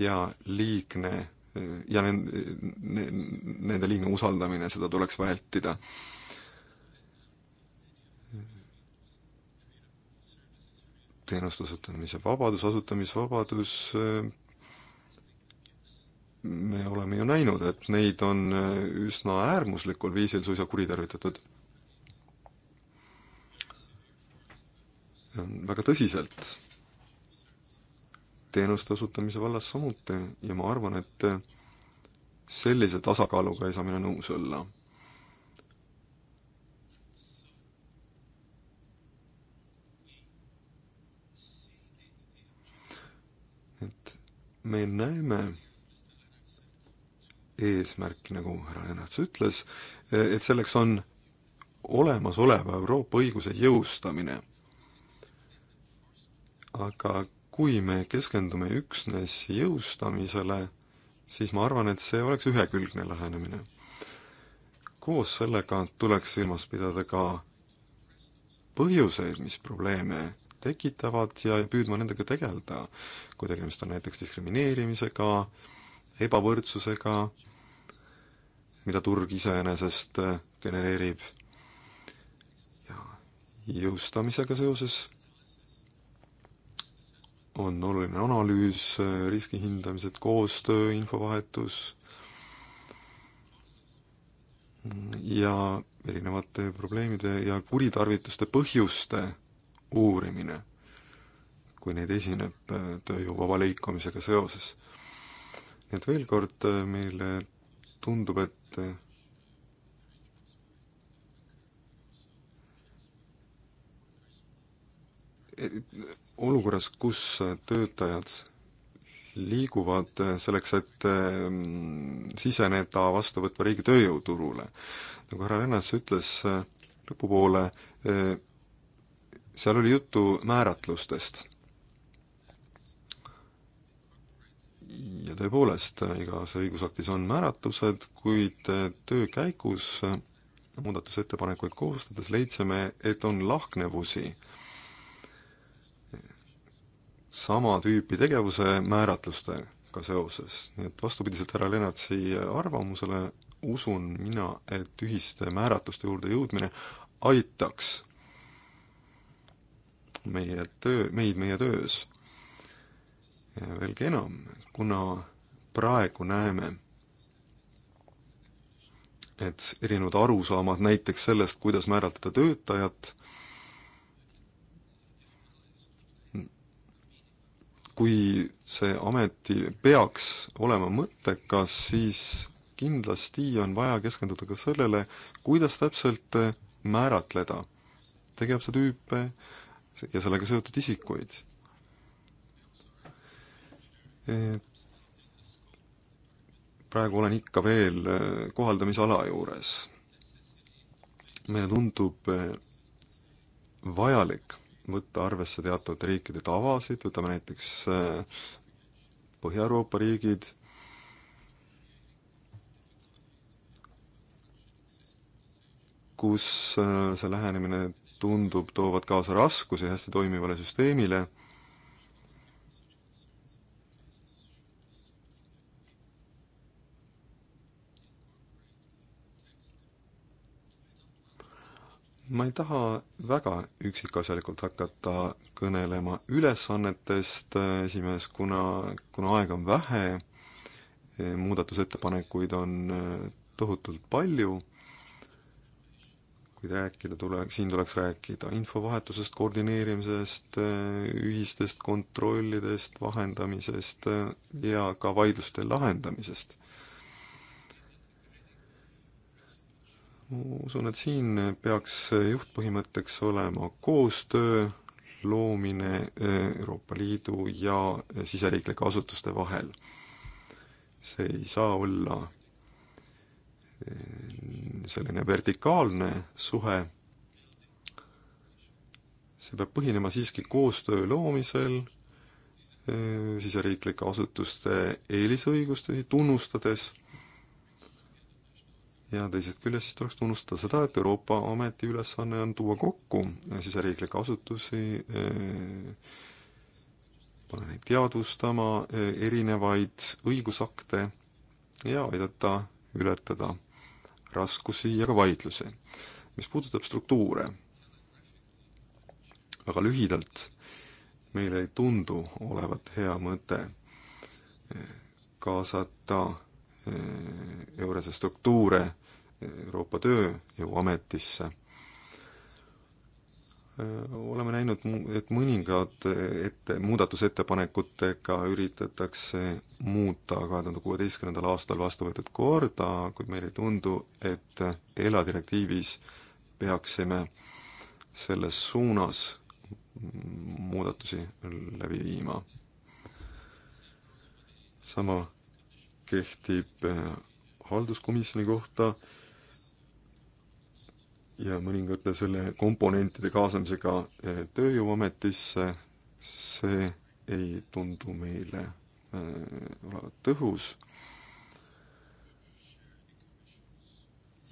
ja liigne eh, ja nende, nende liigne usaldamine, seda tuleks vältida teenuste osutamise vabadus, asutamisvabadus, äh, me oleme ju näinud, et neid on äh, üsna äärmuslikul viisil suisa kuritarvitatud. väga tõsiselt teenuste osutamise vallas samuti ja ma arvan, et äh, sellise tasakaaluga ei saa mina nõus olla. et me näeme eesmärki, nagu härra Lennarts ütles, et selleks on olemasoleva Euroopa õiguse jõustamine. aga kui me keskendume üksnes jõustamisele, siis ma arvan, et see oleks ühekülgne lähenemine. koos sellega tuleks silmas pidada ka põhjuseid, mis probleeme tekitavad ja püüdma nendega tegeleda. kui tegemist on näiteks diskrimineerimisega, ebavõrdsusega, mida turg iseenesest äh, genereerib, ja jõustamisega seoses on oluline analüüs, äh, riski hindamised, koostöö, infovahetus ja erinevate probleemide ja kuritarvituste põhjuste uurimine, kui neid esineb tööjõu äh, vaba liikumisega seoses. nii et veel kord, äh, meile tundub, äh, et olukorras, kus töötajad liiguvad selleks, et siseneda vastuvõtva riigi tööjõuturule. nagu härra Lennas ütles lõpupoole, seal oli juttu määratlustest. ja tõepoolest, igas õigusaktis on määratlused, kuid töö käigus muudatusettepanekuid koostades leidsime, et on lahknevusi sama tüüpi tegevuse määratlustega seoses. nii et vastupidiselt härra Lennartsi arvamusele usun mina, et ühiste määratluste juurde jõudmine aitaks meie töö, meid meie töös. veelgi enam, kuna praegu näeme, et erinevad arusaamad näiteks sellest, kuidas määratleda töötajat, kui see ameti peaks olema mõttekas, siis kindlasti on vaja keskenduda ka sellele, kuidas täpselt määratleda tegevuse tüüpe, ja sellega seotud isikuid. praegu olen ikka veel eh, kohaldamisala juures. meile tundub eh, vajalik võtta arvesse teatavate riikide tavasid, võtame näiteks eh, Põhja-Euroopa riigid, kus see lähenemine tundub, toovad kaasa raskusi hästi toimivale süsteemile, ma ei taha väga üksikasjalikult hakata kõnelema ülesannetest, esimees, kuna, kuna aega on vähe, muudatusettepanekuid on äh, tohutult palju kuid rääkida tule, siin tuleks rääkida infovahetusest, koordineerimisest, ühistest kontrollidest, vahendamisest äh, ja ka vaidluste lahendamisest. ma usun, et siin peaks juhtpõhimõtteks olema koostöö loomine äh, Euroopa Liidu ja äh, siseriiklike asutuste vahel. see ei saa olla selline vertikaalne suhe, see peab põhinema siiski koostöö loomisel, eh, siseriiklike asutuste eelisõigustusi tunnustades ja teisest küljest siis tuleks tunnustada seda, et Euroopa Ameti ülesanne on tuua kokku siseriiklikke asutusi, eh, panna neid teadvustama eh, erinevaid õigusakte ja aidata ületada raskusi ja ka vaidlusi. mis puudutab struktuure, väga lühidalt, meile ei tundu olevat hea mõte eh, kaasata eh, Eurese struktuure eh, Euroopa Tööjõuametisse Äh, oleme näinud, et mõningad äh, ette, muudatusettepanekutega üritatakse muuta kahe tuhande kuueteistkümnendal aastal vastu võetud korda, kuid meile ei tundu, et ELA direktiivis peaksime selles suunas muudatusi läbi viima. sama kehtib äh, halduskomisjoni kohta, ja mõningate selle komponentide kaasamisega eh, Tööjõuametisse, see ei tundu meile eh, olevat tõhus.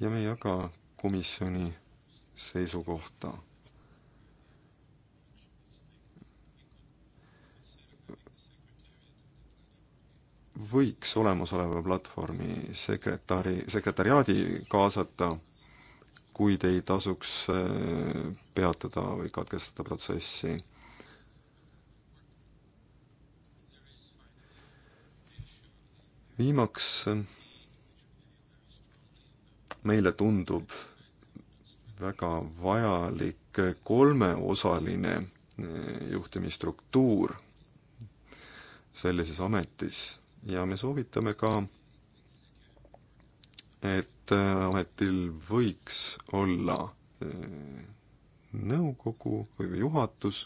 ja me ei jaga komisjoni seisukohta võiks olemasoleva platvormi sekretäri, sekretäriaadi kaasata kuid ei tasuks äh, peatada või katkestada protsessi. viimaks äh, meile tundub väga vajalik kolmeosaline äh, juhtimisstruktuur sellises ametis ja me soovitame ka et äh, ametil võiks olla äh, nõukogu või juhatus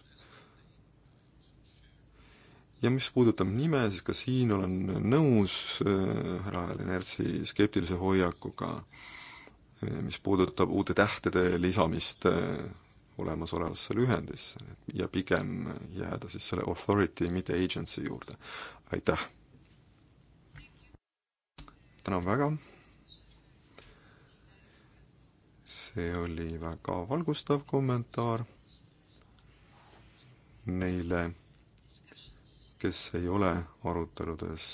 ja mis puudutab nime, siis ka siin olen nõus äh, härra Lenertsi skeptilise hoiakuga, mis puudutab uute tähtede lisamist olemasolevasse lühendisse ja pigem jääda siis selle authority, mitte agency juurde. aitäh! tänan väga! see oli väga valgustav kommentaar neile, kes ei ole aruteludes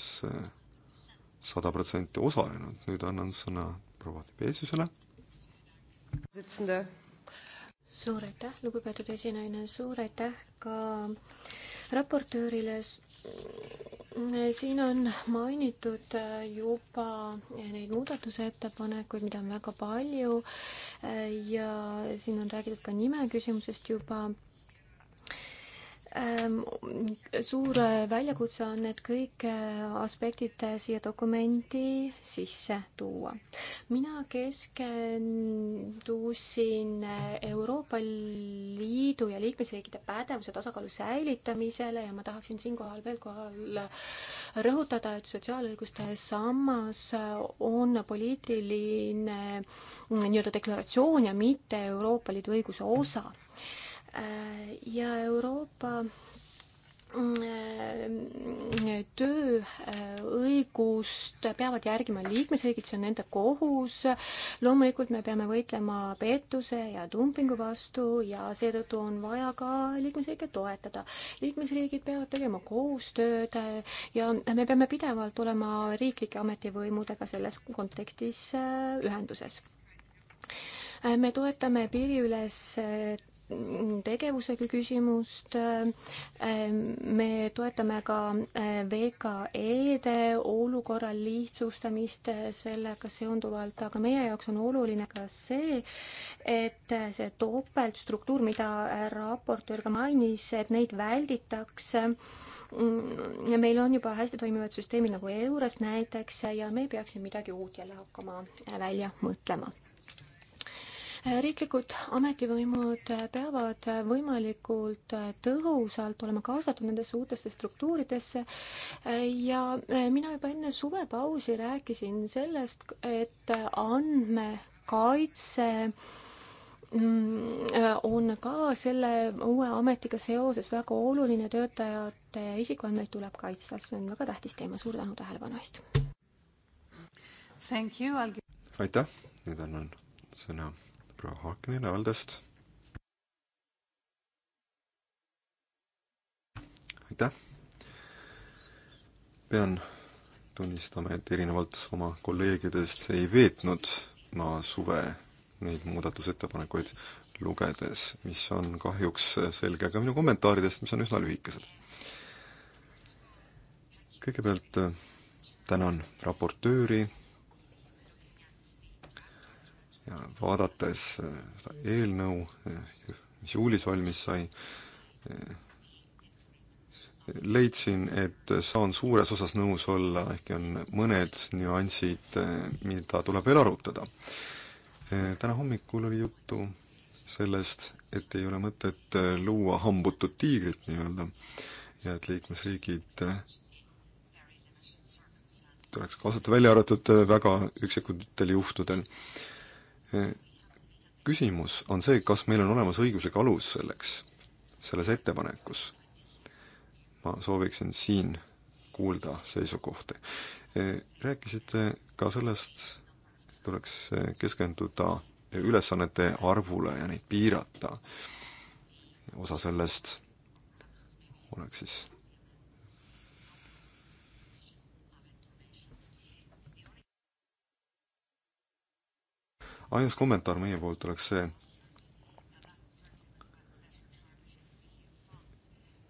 sada protsenti osalenud, nüüd annan sõna proua Tibeesusele. suur aitäh, lugupeetud esinaine, suur aitäh ka raportöörile siin on mainitud äh, juba neid muudatusettepanekuid, mida on väga palju äh, ja siin on räägitud ka nime küsimusest juba Ehm, suur väljakutse on need kõik äh, aspektid siia dokumenti sisse tuua. mina keskendusin äh, Euroopa Liidu ja liikmesriikide pädevuse tasakaalu säilitamisele ja ma tahaksin siinkohal veel kohal rõhutada, et sotsiaalõiguste sammas on poliitiline äh, nii-öelda deklaratsioon ja mitte Euroopa Liidu õiguse osa Äh, ja Euroopa mm, äh, tööõigust peavad järgima liikmesriigid, see on nende kohus. loomulikult me peame võitlema pettuse ja dumpingu vastu ja seetõttu on vaja ka liikmesriike toetada. liikmesriigid peavad tegema koostööd ja me peame pidevalt olema riiklike ametivõimudega selles kontekstis äh, ühenduses. me toetame piiriüles tegevusega küsimust. Ehm, me toetame ka eh, VKE-de olukorra lihtsustamist eh, sellega seonduvalt, aga meie jaoks on oluline ka see, et eh, see topeltstruktuur, mida raportöör ka mainis, et neid välditakse ja mm, meil on juba hästi toimivad süsteemid nagu EURES näiteks ja me ei peaks siin midagi uut jälle hakkama välja mõtlema. Äh, riiklikud ametivõimud äh, peavad äh, võimalikult tõhusalt olema kaasatud nendesse uutesse struktuuridesse ja mina juba enne suvepausi rääkisin sellest, et andmekaitse mm, on ka selle uue ametiga seoses väga oluline, töötajate isikuandmeid tuleb kaitsta, see on väga tähtis teema, suur tänu tähelepanu eest! aitäh, nüüd annan sõna proua Haakinen Aldest. aitäh! pean tunnistama, et erinevalt oma kolleegidest ei veetnud ma suve neid muudatusettepanekuid lugedes, mis on kahjuks selge ka minu kommentaaridest, mis on üsna lühikesed. kõigepealt äh, tänan raportööri ja vaadates äh, seda eelnõu, äh, mis juulis valmis sai, äh, leidsin, et saan suures osas nõus olla, ehkki on mõned nüansid, mida tuleb veel arutada. täna hommikul oli juttu sellest, et ei ole mõtet luua hambutut tiigrit nii-öelda ja et liikmesriigid tuleks kaasata, välja arvatud väga üksikutel juhtudel küsimus on see, kas meil on olemas õiguslik alus selleks, selles ettepanekus. ma sooviksin siin kuulda seisukohti. Eh, rääkisite ka sellest, tuleks eh, keskenduda ülesannete arvule ja neid piirata. osa sellest oleks siis ainus kommentaar meie poolt oleks see,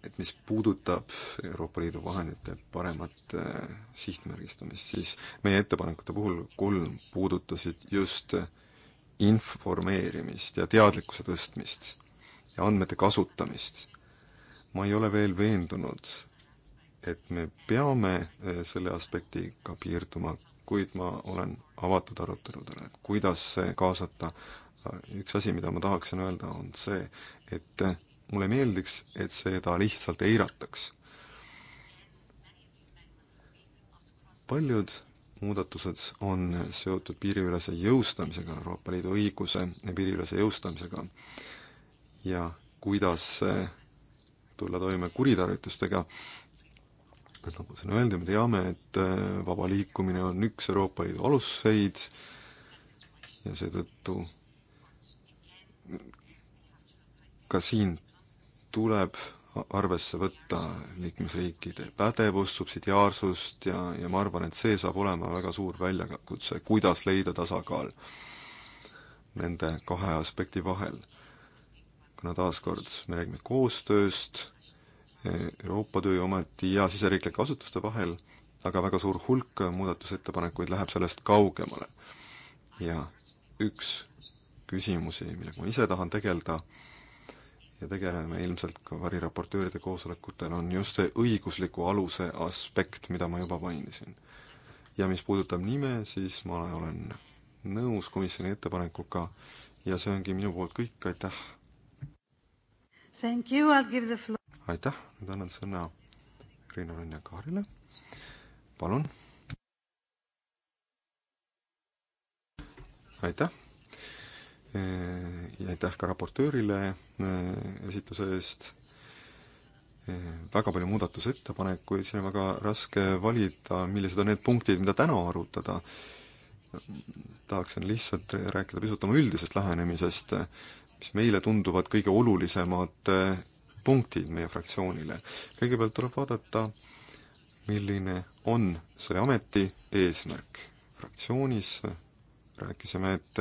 et mis puudutab Euroopa Liidu vahendite paremat äh, sihtmärgistamist, siis meie ettepanekute puhul kolm puudutasid just informeerimist ja teadlikkuse tõstmist ja andmete kasutamist. ma ei ole veel veendunud, et me peame eh, selle aspektiga piirduma kuid ma olen avatud aruteludele, et kuidas kaasata. üks asi, mida ma tahaksin öelda, on see, et mulle meeldiks, et seda lihtsalt eirataks. paljud muudatused on seotud piiriülese jõustamisega, Euroopa Liidu õiguse piiriülese jõustamisega ja kuidas tulla toime kuritarvitustega sest nagu siin öeldi, me teame, et äh, vaba liikumine on üks Euroopa Liidu aluseid ja seetõttu ka siin tuleb arvesse võtta liikmesriikide pädevust, subsidiaarsust ja, ja ma arvan, et see saab olema väga suur väljakutse, kuidas leida tasakaal nende kahe aspekti vahel. kuna taaskord me räägime koostööst, Euroopa Tööameti ja siseriiklike asutuste vahel, aga väga suur hulk muudatusettepanekuid läheb sellest kaugemale. ja üks küsimusi, millega ma ise tahan tegeleda ja tegeleme ilmselt ka variraportööride koosolekutel, on just see õigusliku aluse aspekt, mida ma juba mainisin. ja mis puudutab nime, siis ma olen nõus komisjoni ettepanekuga ja see ongi minu poolt kõik, aitäh! Thank you, I'll give the floor aitäh, nüüd annan sõna Riina Rõnja-Kaarile, palun. aitäh äh, ja aitäh ka raportöörile äh, esituse eest. Äh, väga palju muudatusettepanekuid, siin on väga raske valida, millised on need punktid, mida täna arutada. tahaksin lihtsalt rääkida pisut oma üldisest lähenemisest, mis meile tunduvad kõige olulisemad punktid meie fraktsioonile. kõigepealt tuleb vaadata, milline on selle ameti eesmärk. fraktsioonis rääkisime, et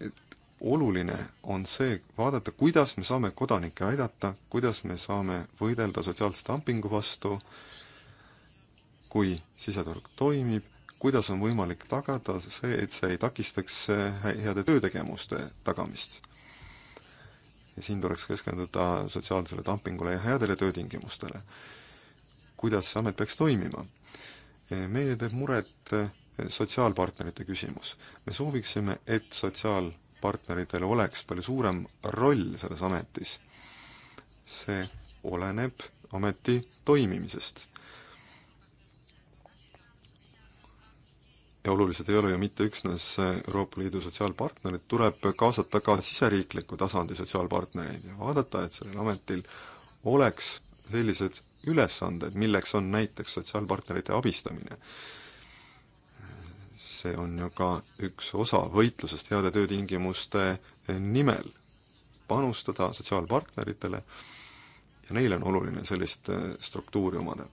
et oluline on see vaadata, kuidas me saame kodanikke aidata, kuidas me saame võidelda sotsiaalse dumpingu vastu, kui siseturg toimib, kuidas on võimalik tagada see, et see ei takistaks heade töötegemuste tagamist ja siin tuleks keskenduda sotsiaalsele dumpingule ja headele töötingimustele. kuidas see amet peaks toimima? meile teeb muret sotsiaalpartnerite küsimus. me sooviksime, et sotsiaalpartneritel oleks palju suurem roll selles ametis. see oleneb ameti toimimisest ja olulised ei ole ju mitte üksnes Euroopa Liidu sotsiaalpartnerid, tuleb kaasata ka siseriikliku tasandi sotsiaalpartnereid ja vaadata, et sellel ametil oleks sellised ülesanded, milleks on näiteks sotsiaalpartnerite abistamine. see on ju ka üks osa võitlusest heade töötingimuste nimel, panustada sotsiaalpartneritele ja neile on oluline sellist struktuuri omada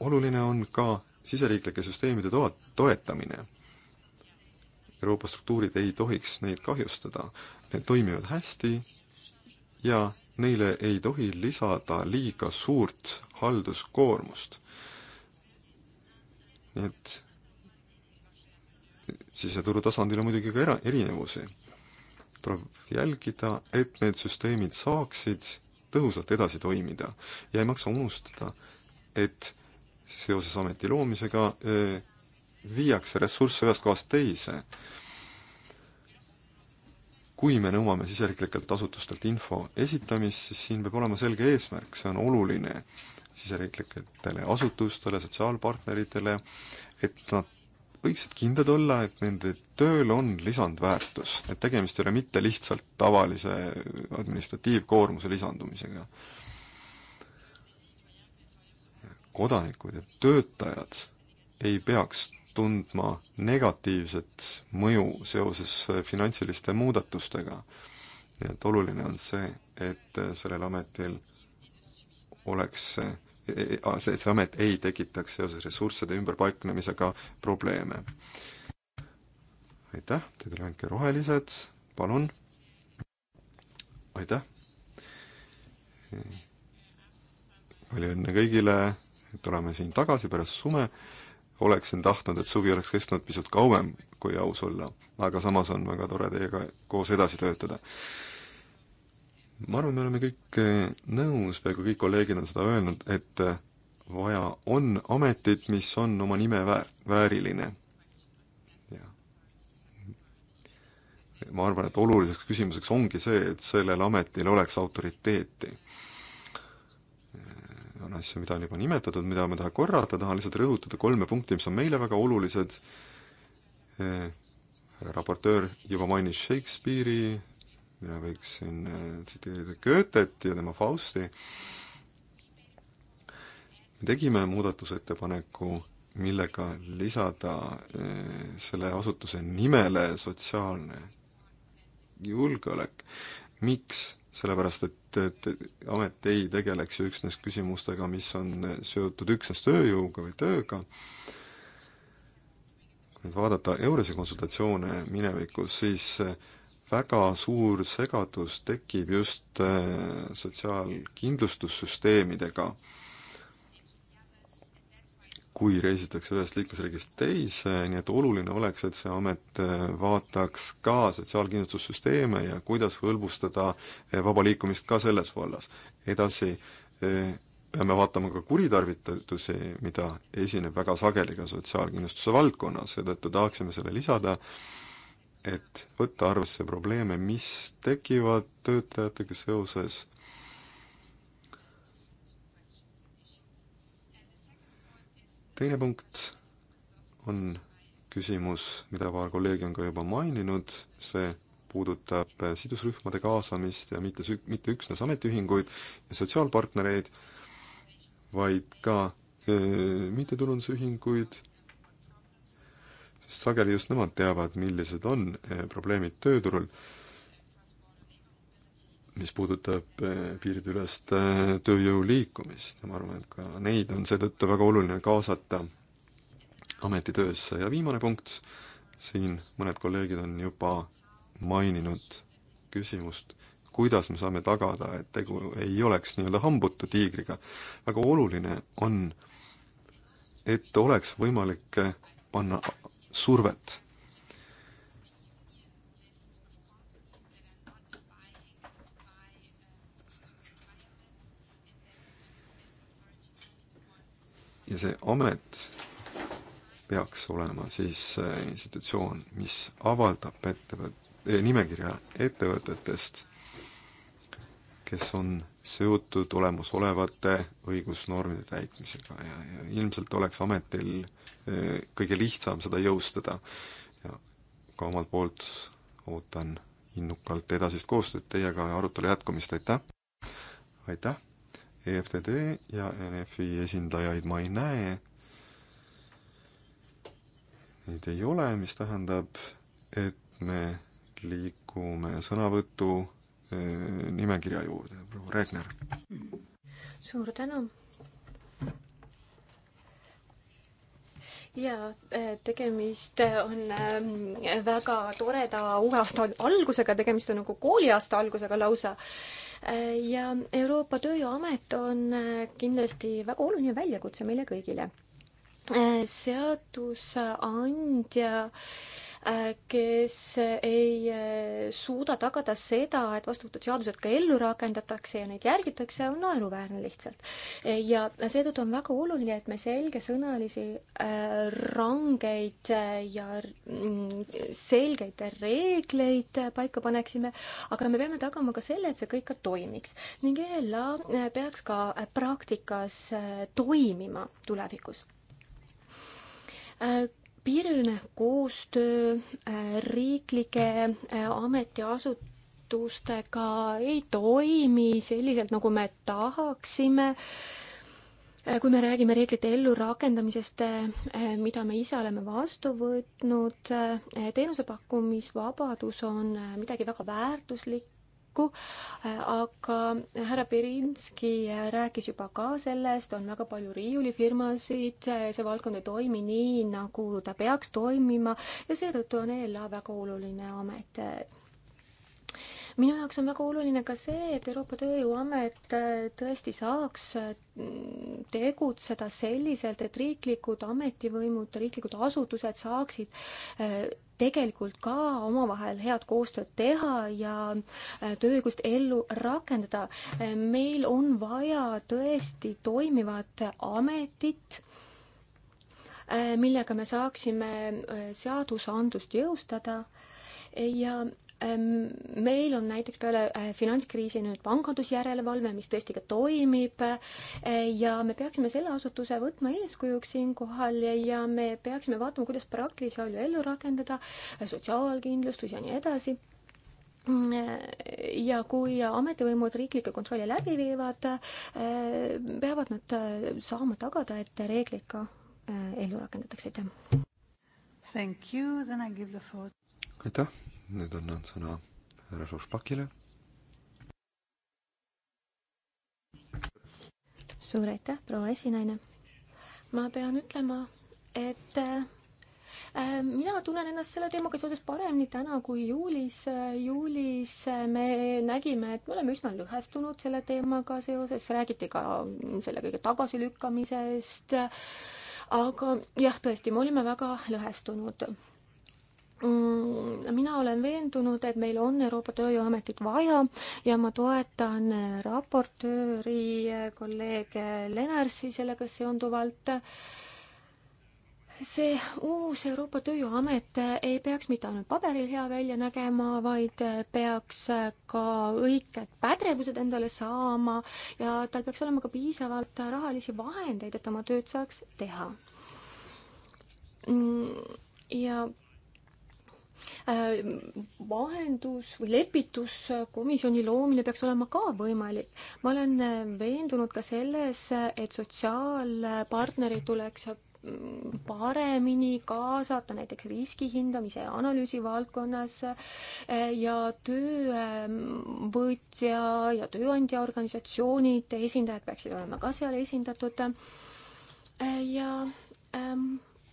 oluline on ka siseriiklike süsteemide to-, toetamine. Euroopa struktuurid ei tohiks neid kahjustada, need toimivad hästi ja neile ei tohi lisada liiga suurt halduskoormust. nii et siseturu tasandil on muidugi ka era-, erinevusi. tuleb jälgida, et need süsteemid saaksid tõhusalt edasi toimida ja ei maksa unustada, et seoses ameti loomisega eh, viiakse ressursse ühest kohast teise. kui me nõuame siseriiklikelt asutustelt info esitamist, siis siin peab olema selge eesmärk, see on oluline siseriiklikele asutustele, sotsiaalpartneritele, et nad võiksid kindlad olla, et nende tööl on lisandväärtus, et tegemist ei ole mitte lihtsalt tavalise administratiivkoormuse lisandumisega kodanikud ja töötajad ei peaks tundma negatiivset mõju seoses finantsiliste muudatustega. nii et oluline on see, et sellel ametil oleks e-, e-, see, see, see amet ei tekitaks seoses ressursside ümberpaiknemisega probleeme. aitäh, teid oli ainult rohelised, palun. aitäh. palju õnne kõigile tuleme siin tagasi pärast sume, oleksin tahtnud, et suvi oleks kestnud pisut kauem, kui aus olla, aga samas on väga tore teiega koos edasi töötada. ma arvan, me oleme kõik eh, nõus, peaaegu kõik kolleegid on seda öelnud, et eh, vaja on ametit, mis on oma nime väär-, vääriline. ma arvan, et oluliseks küsimuseks ongi see, et sellel ametil oleks autoriteeti on asju, mida on juba nimetatud, mida ma ei taha korrata, tahan lihtsalt rõhutada kolme punkti, mis on meile väga olulised. Eh, härra raportöör juba mainis Shakespeare'i, mina võiksin eh, tsiteerida Goethet ja tema Fausti. me tegime muudatusettepaneku, millega lisada eh, selle asutuse nimele sotsiaalne julgeolek. miks? sellepärast et, et amet ei tegeleks ju üksnes küsimustega, mis on seotud üksnes tööjõuga või tööga, kui nüüd vaadata EURES-i konsultatsioone minevikus, siis väga suur segadus tekib just äh, sotsiaalkindlustussüsteemidega äh, kui reisitakse ühest liikmesriigist teise, nii et oluline oleks, et see amet äh, vaataks ka sotsiaalkindlustussüsteeme ja kuidas hõlbustada äh, vaba liikumist ka selles vallas. edasi äh, peame vaatama ka kuritarvitusi, mida esineb väga sageli ka sotsiaalkindlustuse valdkonnas, seetõttu tahaksime selle lisada, et võtta arvesse probleeme, mis tekivad töötajatega seoses teine punkt on küsimus, mida paar kolleegi on ka juba maininud, see puudutab sidusrühmade kaasamist ja mitte sü-, mitte üksnes ametiühinguid ja sotsiaalpartnereid, vaid ka mittetulundusühinguid, sest sageli just nemad teavad, millised on öö, eh, probleemid tööturul mis puudutab eh, piirideülest eh, tööjõu liikumist ja ma arvan, et ka neid on seetõttu väga oluline kaasata ametitöösse ja viimane punkt, siin mõned kolleegid on juba maininud küsimust, kuidas me saame tagada, et tegu ei oleks nii-öelda hambutu tiigriga. väga oluline on, et oleks võimalik panna survet ja see amet peaks olema siis äh, institutsioon, mis avaldab ettevõt-, äh, nimekirja ettevõtetest, kes on seotud olemasolevate õigusnormide täitmisega ja, ja ilmselt oleks ametil äh, kõige lihtsam seda jõustada. ja ka omalt poolt ootan innukalt edasist koostööd teiega ja arutelu jätkumist, aitäh! aitäh! EFTD ja NFI esindajaid ma ei näe. Neid ei ole, mis tähendab, et me liigume sõnavõtu e, nimekirja juurde. proua Regner. suur tänu jaa, e, tegemist on e, väga toreda uue aasta algusega, tegemist on nagu kooliaasta algusega lausa ja Euroopa Tööjõuamet on äh, kindlasti väga oluline väljakutse meile kõigile. Äh, seadusandja Äh, kes ei äh, suuda tagada seda, et vastuvõetud seadused ka ellu rakendatakse ja neid järgitakse, on naeruväärne lihtsalt. ja seetõttu on väga oluline, et me selgesõnalisi äh, rangeid ja mm, selgeid reegleid paika paneksime, aga me peame tagama ka selle, et see kõik ka toimiks ning ELA peaks ka praktikas toimima tulevikus piiriline koostöö äh, riiklike äh, ametiasutustega ei toimi selliselt, nagu me tahaksime äh, kui me räägime reeglite ellurakendamisest, mida me ise oleme vastu võtnud, teenusepakkumisvabadus on midagi väga väärtuslikku, tulevikku, aga härra Pirinski rääkis juba ka sellest, on väga palju riiulifirmasid, see valdkond ei toimi nii, nagu ta peaks toimima ja seetõttu on ELA väga oluline amet minu jaoks on väga oluline ka see, et Euroopa Tööjõuamet tõesti saaks tegutseda selliselt, et riiklikud ametivõimud, riiklikud asutused saaksid tegelikult ka omavahel head koostööd teha ja äh, tööõigust ellu rakendada. Äh, meil on vaja tõesti toimivat ametit äh, millega me saaksime seadusandlust jõustada ja Ehm, meil on näiteks peale äh, finantskriisi nüüd pangandusjärelevalve, mis tõesti ka toimib äh, ja me peaksime selle asutuse võtma eeskujuks siinkohal ja, ja me peaksime vaatama, kuidas praktilisi asju ellu rakendada, äh, sotsiaalkindlustus ja nii edasi mm, ja kui ametivõimud riiklikke kontrolle läbi viivad, peavad nad saama tagada, et reegleid ka ellu rakendatakse, aitäh. aitäh nüüd annan sõna härra Šošpakile. suur aitäh, proua esinaine. ma pean ütlema, et äh, mina tunnen ennast selle teemaga seoses paremini täna kui juulis. juulis me nägime, et me oleme üsna lõhestunud selle teemaga seoses, räägiti ka selle kõige tagasilükkamisest. aga jah, tõesti, me olime väga lõhestunud Mm, mina olen veendunud, et meil on Euroopa Tööjõuametit vaja ja ma toetan raportööri kolleeg Lenarsi sellega seonduvalt. see uus Euroopa Tööjõuamet ei peaks mitte ainult paberil hea välja nägema, vaid peaks ka õiged pädevused endale saama ja tal peaks olema ka piisavalt rahalisi vahendeid, et oma tööd saaks teha. Mm, ja Äh, vahendus või lepituskomisjoni loomine peaks olema ka võimalik. ma olen äh, veendunud ka selles, et sotsiaalpartnerid tuleks äh, paremini kaasata näiteks riskihindamise ja analüüsi valdkonnas ja töövõtja ähm, ja tööandja organisatsioonid, esindajad peaksid olema ka seal esindatud. ja ähm,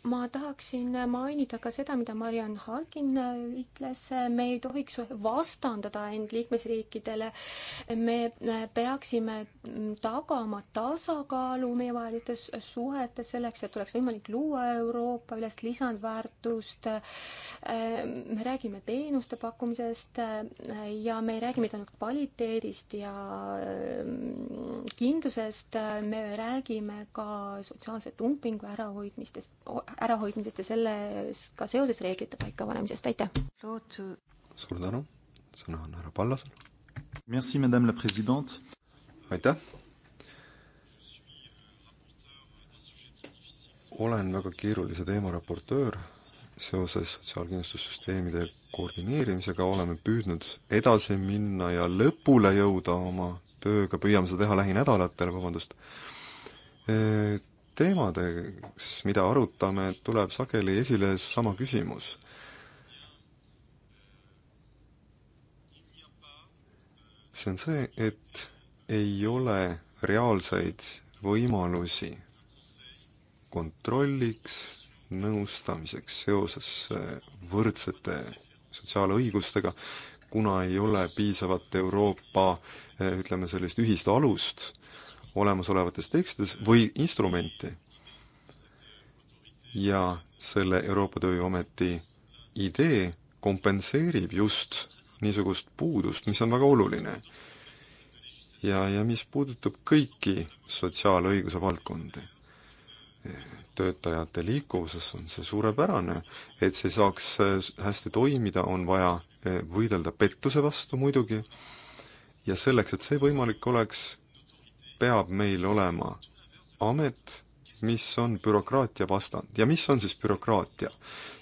ma tahaksin mainida ka seda, mida Mariann Harkin ütles, me ei tohiks vastandada end liikmesriikidele. me peaksime tagama tasakaalu meievahelistes suhetes selleks, et oleks võimalik luua Euroopa ülest lisandväärtust. me räägime teenuste pakkumisest ja me ei räägi mitte ainult kvaliteedist ja kindlusest, me räägime ka sotsiaalse dumpingu ärahoidmistest, ärahoidmisest ja sellega seoses reeglite paikapanemisest, aitäh! suur tänu, sõna on härra Pallasel. Merci, madame la president. aitäh! olen väga keerulise teema raportöör seoses sotsiaalkindlustussüsteemide koordineerimisega oleme püüdnud edasi minna ja lõpule jõuda oma tööga, püüame seda teha lähinädalatel, vabandust teemades, mida arutame, tuleb sageli esile sama küsimus. see on see, et ei ole reaalseid võimalusi kontrolliks, nõustamiseks seoses võrdsete sotsiaalõigustega, kuna ei ole piisavat Euroopa ütleme, sellist ühist alust, olemasolevates tekstides või instrumenti. ja selle Euroopa Tööjõuameti idee kompenseerib just niisugust puudust, mis on väga oluline. ja, ja mis puudutab kõiki sotsiaalõiguse valdkondi. töötajate liikuvuses on see suurepärane, et see saaks eh, hästi toimida, on vaja eh, võidelda pettuse vastu muidugi, ja selleks, et see võimalik oleks, peab meil olema amet, mis on bürokraatia vastand ja mis on siis bürokraatia?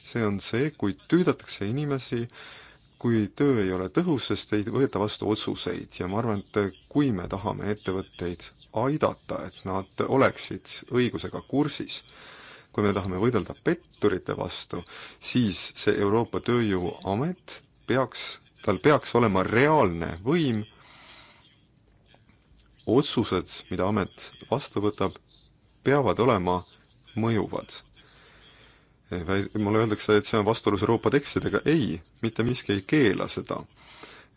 see on see, kui tüüdatakse inimesi, kui töö ei ole tõhus, sest ei võeta vastu otsuseid ja ma arvan, et kui me tahame ettevõtteid aidata, et nad oleksid õigusega kursis, kui me tahame võidelda petturite vastu, siis see Euroopa Tööjõuamet peaks, tal peaks olema reaalne võim otsused, mida amet vastu võtab, peavad olema mõjuvad. Mulle öeldakse, et see on vastuolus Euroopa tekstidega, ei, mitte miski ei keela seda.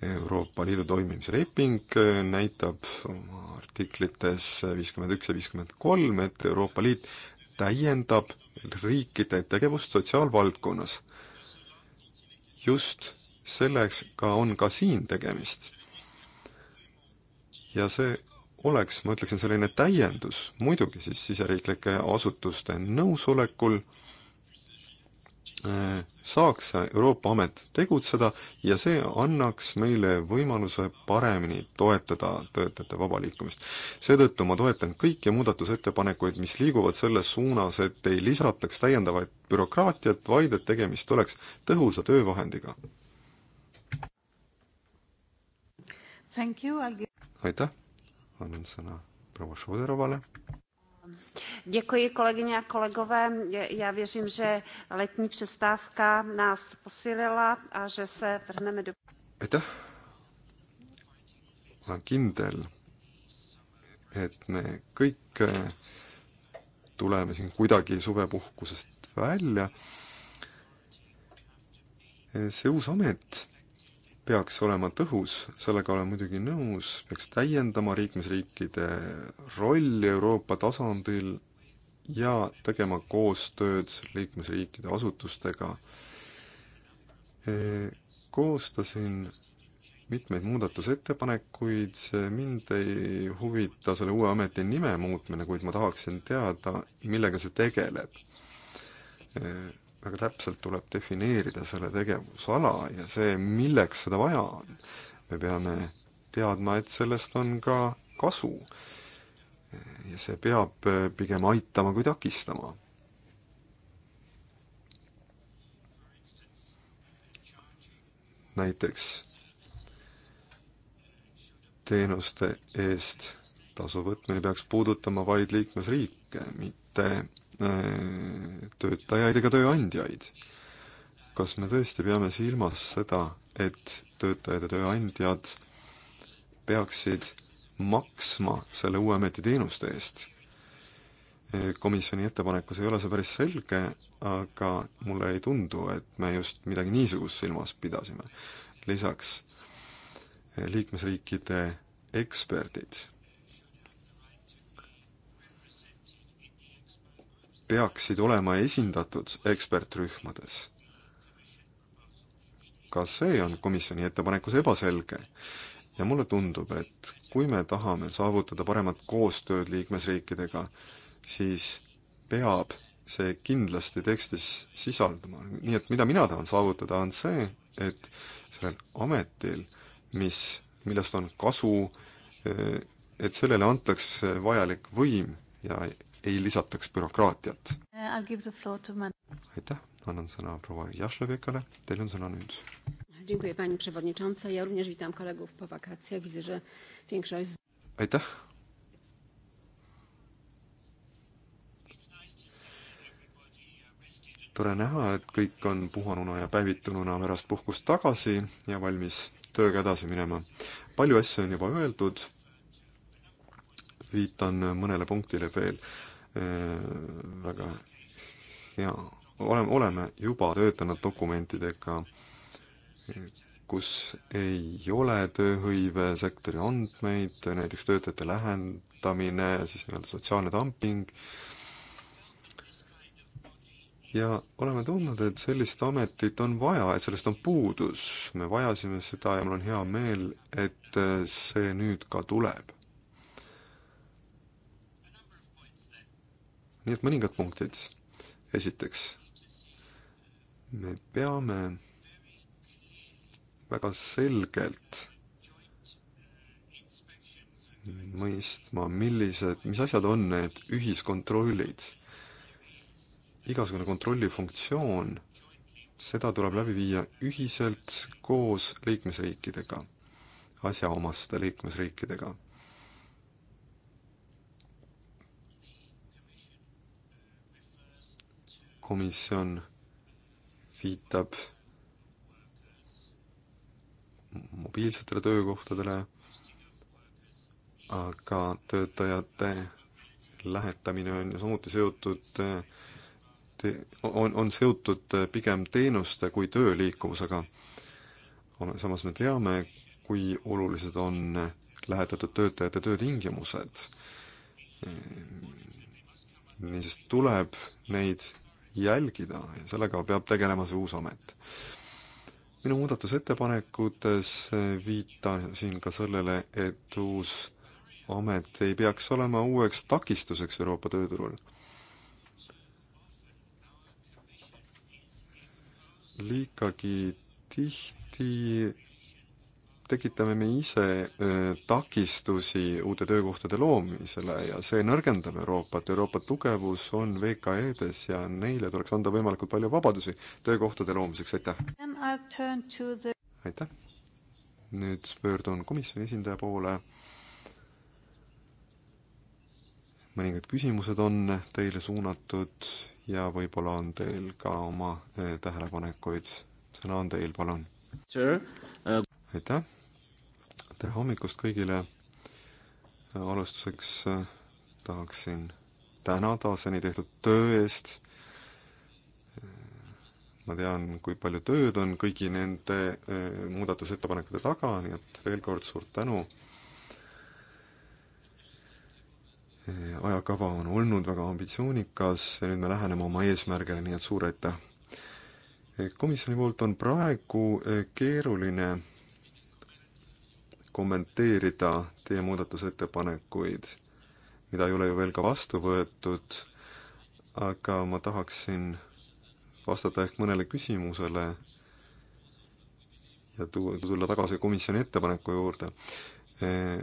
Euroopa Liidu toimimise leping äh, näitab oma artiklites viiskümmend üks ja viiskümmend kolm, et Euroopa Liit täiendab riikide tegevust sotsiaalvaldkonnas. just selleks ka on ka siin tegemist. ja see oleks, ma ütleksin, selline täiendus muidugi siis siseriiklike asutuste nõusolekul äh, saaks Euroopa Amet tegutseda ja see annaks meile võimaluse paremini toetada töötajate vaba liikumist. seetõttu ma toetan kõiki muudatusettepanekuid, mis liiguvad selles suunas, et ei lisataks täiendavat bürokraatiat, vaid et tegemist oleks tõhusa töövahendiga. aitäh! annan sõna proua Šoderovale. Děkuji kolegyně a kolegové. Já věřím, že letní přestávka nás posílila a že se vrhneme do... Aitäh! Olen kindel, et me kõik eh, tuleme siin kuidagi suvepuhkusest välja. Eh, see uus amet peaks olema tõhus, sellega olen muidugi nõus, peaks täiendama liikmesriikide rolli Euroopa tasandil ja tegema koostööd liikmesriikide asutustega. E, koostasin mitmeid muudatusettepanekuid, mind ei huvita selle uue ameti nime muutmine, kuid ma tahaksin teada, millega see tegeleb e, väga täpselt tuleb defineerida selle tegevusala ja see, milleks seda vaja on. me peame teadma, et sellest on ka kasu. ja see peab äh, pigem aitama kui takistama. näiteks teenuste eest tasu võtmine peaks puudutama vaid liikmesriike, mitte Äh, töötajaid ega tööandjaid. kas me tõesti peame silmas seda, et töötajad ja tööandjad peaksid maksma selle uue ameti teenuste eest? Äh, komisjoni ettepanekus ei ole see päris selge, aga mulle ei tundu, et me just midagi niisugust silmas pidasime. lisaks äh, liikmesriikide eksperdid peaksid olema esindatud ekspertrühmades. ka see on komisjoni ettepanekus ebaselge ja mulle tundub, et kui me tahame saavutada paremat koostööd liikmesriikidega, siis peab see kindlasti tekstis sisalduma, nii et mida mina tahan saavutada, on see, et sellel ametil, mis, millest on kasu, et sellele antakse vajalik võim ja ei lisataks bürokraatiat. Uh, aitäh, annan sõna proua Jašlevikale, teil on sõna nüüd. aitäh. tore näha, et kõik on puhanuna ja päevitununa pärast puhkust tagasi ja valmis tööga edasi minema. palju asju on juba öeldud, viitan mõnele punktile veel Äh, väga hea. oleme, oleme juba töötanud dokumentidega, kus ei ole tööhõivesektori andmeid, näiteks töötajate lähendamine, siis nii-öelda sotsiaalne dumping, ja oleme tundnud, et sellist ametit on vaja, et sellest on puudus. me vajasime seda ja mul on hea meel, et see nüüd ka tuleb. nii et mõningad punktid. esiteks, me peame väga selgelt mõistma, millised, mis asjad on need ühiskontrollid. igasugune kontrollifunktsioon, seda tuleb läbi viia ühiselt koos liikmesriikidega, asjaomaste liikmesriikidega komisjon viitab mobiilsetele töökohtadele, aga töötajate lähetamine on ju samuti seotud, on, on seotud pigem teenuste kui töö liikuvusega. samas me teame, kui olulised on lähetatud töötajate töötingimused. niisiis tuleb neid jälgida ja sellega peab tegelema see uus amet. minu muudatusettepanekutes viitasin ka sellele, et uus amet ei peaks olema uueks takistuseks Euroopa tööturul. liigagi tihti tekitame me ise takistusi uute töökohtade loomisele ja see nõrgendab Euroopat. Euroopa tugevus on VKE-des ja neile tuleks anda võimalikult palju vabadusi töökohtade loomiseks, aitäh! The... aitäh! nüüd pöördun komisjoni esindaja poole. mõningad küsimused on teile suunatud ja võib-olla on teil ka oma tähelepanekuid. sõna on teil, palun. Uh aitäh tere hommikust kõigile! alustuseks äh, tahaksin tänada seni tehtud töö eest. Äh, ma tean, kui palju tööd on kõigi nende äh, muudatusettepanekute taga, nii et veel kord suur tänu. ajakava on olnud väga ambitsioonikas ja nüüd me läheneme oma eesmärgile, nii et suur aitäh! komisjoni poolt on praegu keeruline kommenteerida teie muudatusettepanekuid, mida ei ole ju veel ka vastu võetud, aga ma tahaksin vastata ehk mõnele küsimusele ja tu-, tulla tagasi komisjoni ettepaneku juurde eh,.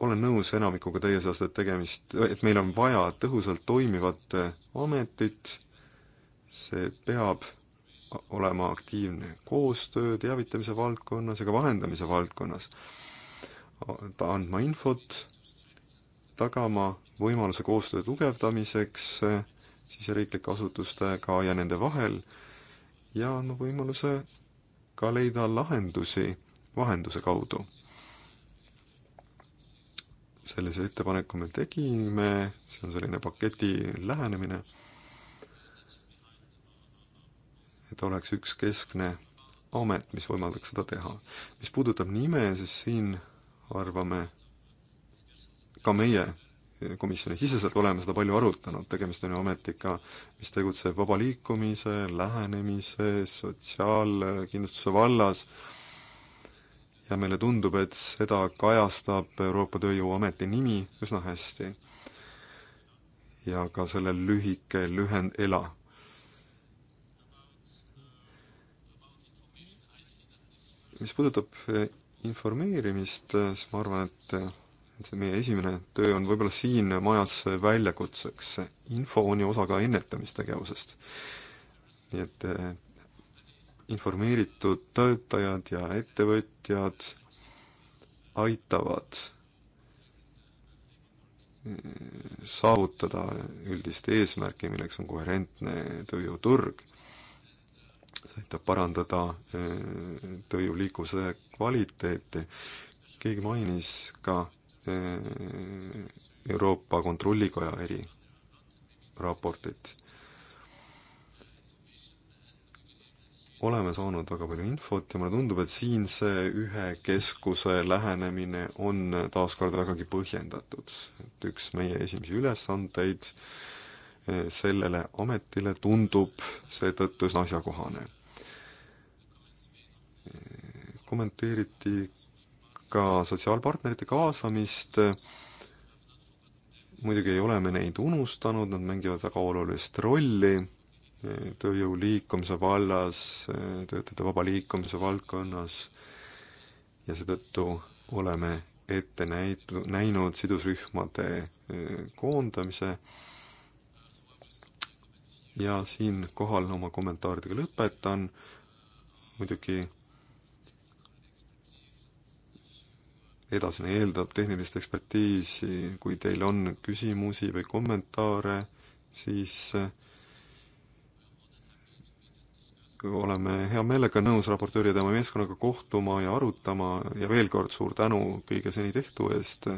olen nõus enamikuga teie seast, et tegemist, et meil on vaja tõhusalt toimivat ametit, see peab olema aktiivne koostöö teavitamise valdkonnas ja ka vahendamise valdkonnas, andma infot, tagama võimaluse koostöö tugevdamiseks eh, siseriiklike asutustega ja nende vahel ja andma võimaluse ka leida lahendusi vahenduse kaudu. sellise ettepaneku me tegime, see on selline paketi lähenemine et oleks üks keskne amet, mis võimaldaks seda teha. mis puudutab nime, siis siin arvame ka meie komisjoni siseselt oleme seda palju arutanud, tegemist on ju ametiga, mis tegutseb vaba liikumise, lähenemise, sotsiaalkindlustuse vallas, ja meile tundub, et seda kajastab Euroopa Tööjõuameti nimi üsna hästi. ja ka selle lühike lühend ELA mis puudutab eh, informeerimist, eh, siis ma arvan, eh, et see meie esimene töö on võib-olla siin majas väljakutseks. info on ju osa ka ennetamistegevusest. nii et informeeritud töötajad ja ettevõtjad aitavad saavutada üldist eesmärki, milleks on koherentne tööjõuturg see aitab parandada eh, tööjõuliikluse kvaliteeti. keegi mainis ka eh, Euroopa Kontrollikoja eriraportit. oleme saanud väga palju infot ja mulle tundub, et siin see ühe keskuse lähenemine on taaskord vägagi põhjendatud. et üks meie esimesi ülesandeid äh, sellele ametile tundub seetõttu üsna asjakohane. kommenteeriti ka sotsiaalpartnerite kaasamist, muidugi ei ole me neid unustanud, nad mängivad väga olulist rolli tööjõu liikumise vallas, töötajate vaba liikumise valdkonnas ja seetõttu oleme ette näit-, näinud sidusrühmade koondamise äh, ja siinkohal oma kommentaaridega lõpetan, muidugi edasine eeldab tehnilist ekspertiisi, kui teil on küsimusi või kommentaare, siis äh, oleme hea meelega nõus raportööri ja tema meeskonnaga kohtuma ja arutama ja veel kord suur tänu kõige seni tehtu eest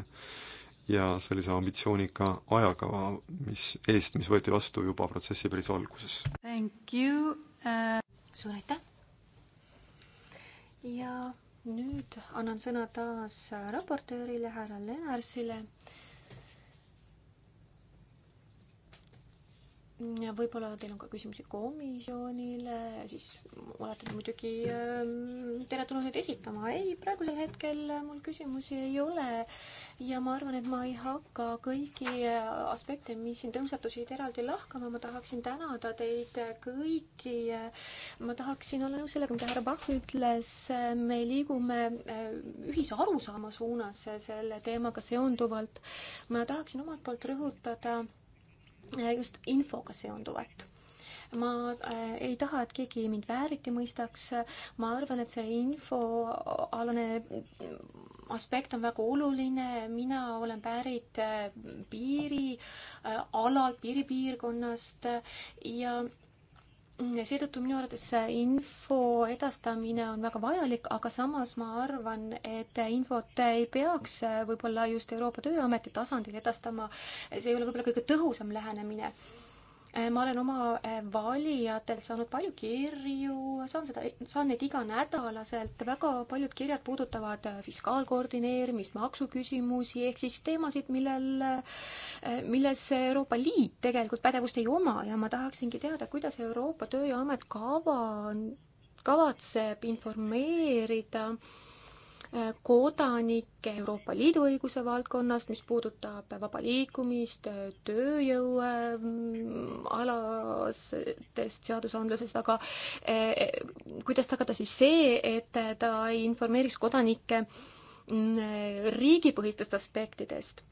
ja sellise ambitsioonika ajakava, mis eest, mis võeti vastu juba protsessi päris alguses. Thank you uh.... suur aitäh. ja nüüd annan sõna taas raportöörile, härra Lenarsile võib-olla teil on ka küsimusi komisjonile, siis olete muidugi ähm, teretulnud neid esitama. ei, praegusel hetkel mul küsimusi ei ole ja ma arvan, et ma ei hakka kõiki aspekte, mis siin tõusetusid, eraldi lahkama. ma tahaksin tänada teid kõiki. ma tahaksin olla nõus sellega, mida härra Pahv ütles. me liigume äh, ühise arusaama suunas selle teemaga seonduvalt. ma tahaksin omalt poolt rõhutada Äh, just infoga seonduvat ma äh, ei taha, et keegi mind vääriti mõistaks, ma arvan, et see infoalane aspekt on väga oluline, mina olen pärit äh, piirialalt, piiripiirkonnast ja seetõttu minu arvates info edastamine on väga vajalik, aga samas ma arvan, et infot ei peaks võib-olla just Euroopa Tööameti tasandil edastama. see ei ole võib-olla kõige tõhusam lähenemine Äh, ma olen oma äh, valijatelt saanud palju kirju, saan seda, saan neid iganädalaselt, väga paljud kirjad puudutavad äh, fiskaalkoordineerimist, maksuküsimusi, ehk siis teemasid, millel, milles Euroopa Liit tegelikult pädevust ei oma ja ma tahaksingi teada, kuidas Euroopa Tööamet kava, kavatseb informeerida äh, kodanikke Euroopa Liidu õiguse valdkonnast, mis puudutab vaba liikumist, tööjõu mm, alastest seadusandlusest, aga eh, kuidas tagada siis see, et ta ei informeeriks kodanikke mm, riigipõhistest aspektidest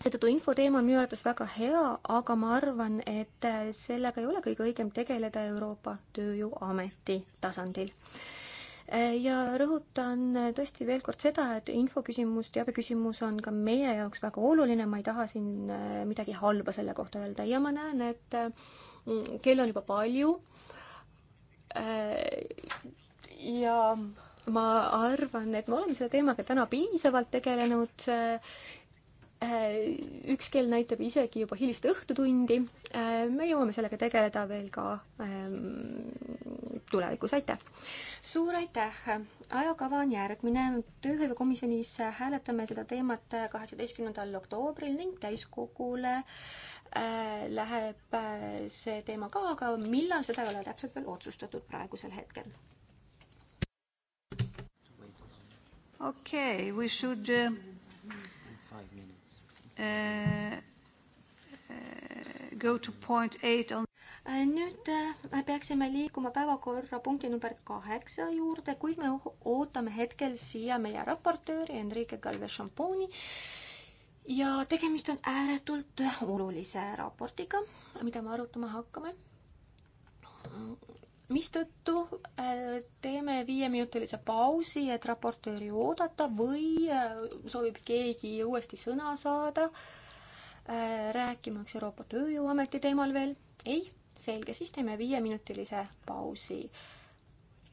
seetõttu infoteema on minu arvates väga hea, aga ma arvan, et sellega ei ole kõige õigem tegeleda Euroopa Tööjõuameti tasandil. Äh, ja rõhutan äh, tõesti veel kord seda, et infoküsimus, teabeküsimus on ka meie jaoks väga oluline, ma ei taha siin äh, midagi halba selle kohta öelda ja ma näen, et kell on juba palju. ja ma arvan, et me oleme selle teemaga täna piisavalt tegelenud Äh, üks kell näitab isegi juba hilist õhtutundi. Äh, me jõuame sellega tegeleda veel ka ähm, tulevikus, aitäh! suur aitäh! ajakava on järgmine. tööhõivekomisjonis hääletame seda teemat kaheksateistkümnendal oktoobril ning täiskogule äh, läheb see teema ka, aga millal, seda ei ole täpselt veel otsustatud praegusel hetkel. okei okay,, we should uh Eh, go to point eight on äh, nüüd äh, peaksime liikuma päevakorrapunkti number kaheksa juurde, kuid me ootame hetkel siia meie raportööri Enrique Galve-Šamponi. ja tegemist on ääretult olulise raportiga, mida me arutama hakkame mistõttu äh, teeme viieminutilise pausi, et raportööri oodata või äh, soovib keegi uuesti sõna saada, äh, rääkimaks Euroopa Tööjõuameti teemal veel? ei, selge, siis teeme viieminutilise pausi.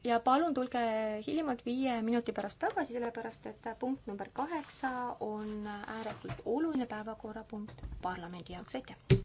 ja palun tulge hiljemalt viie minuti pärast tagasi, sellepärast et punkt number kaheksa on ääretult oluline päevakorrapunkt parlamendi jaoks, aitäh!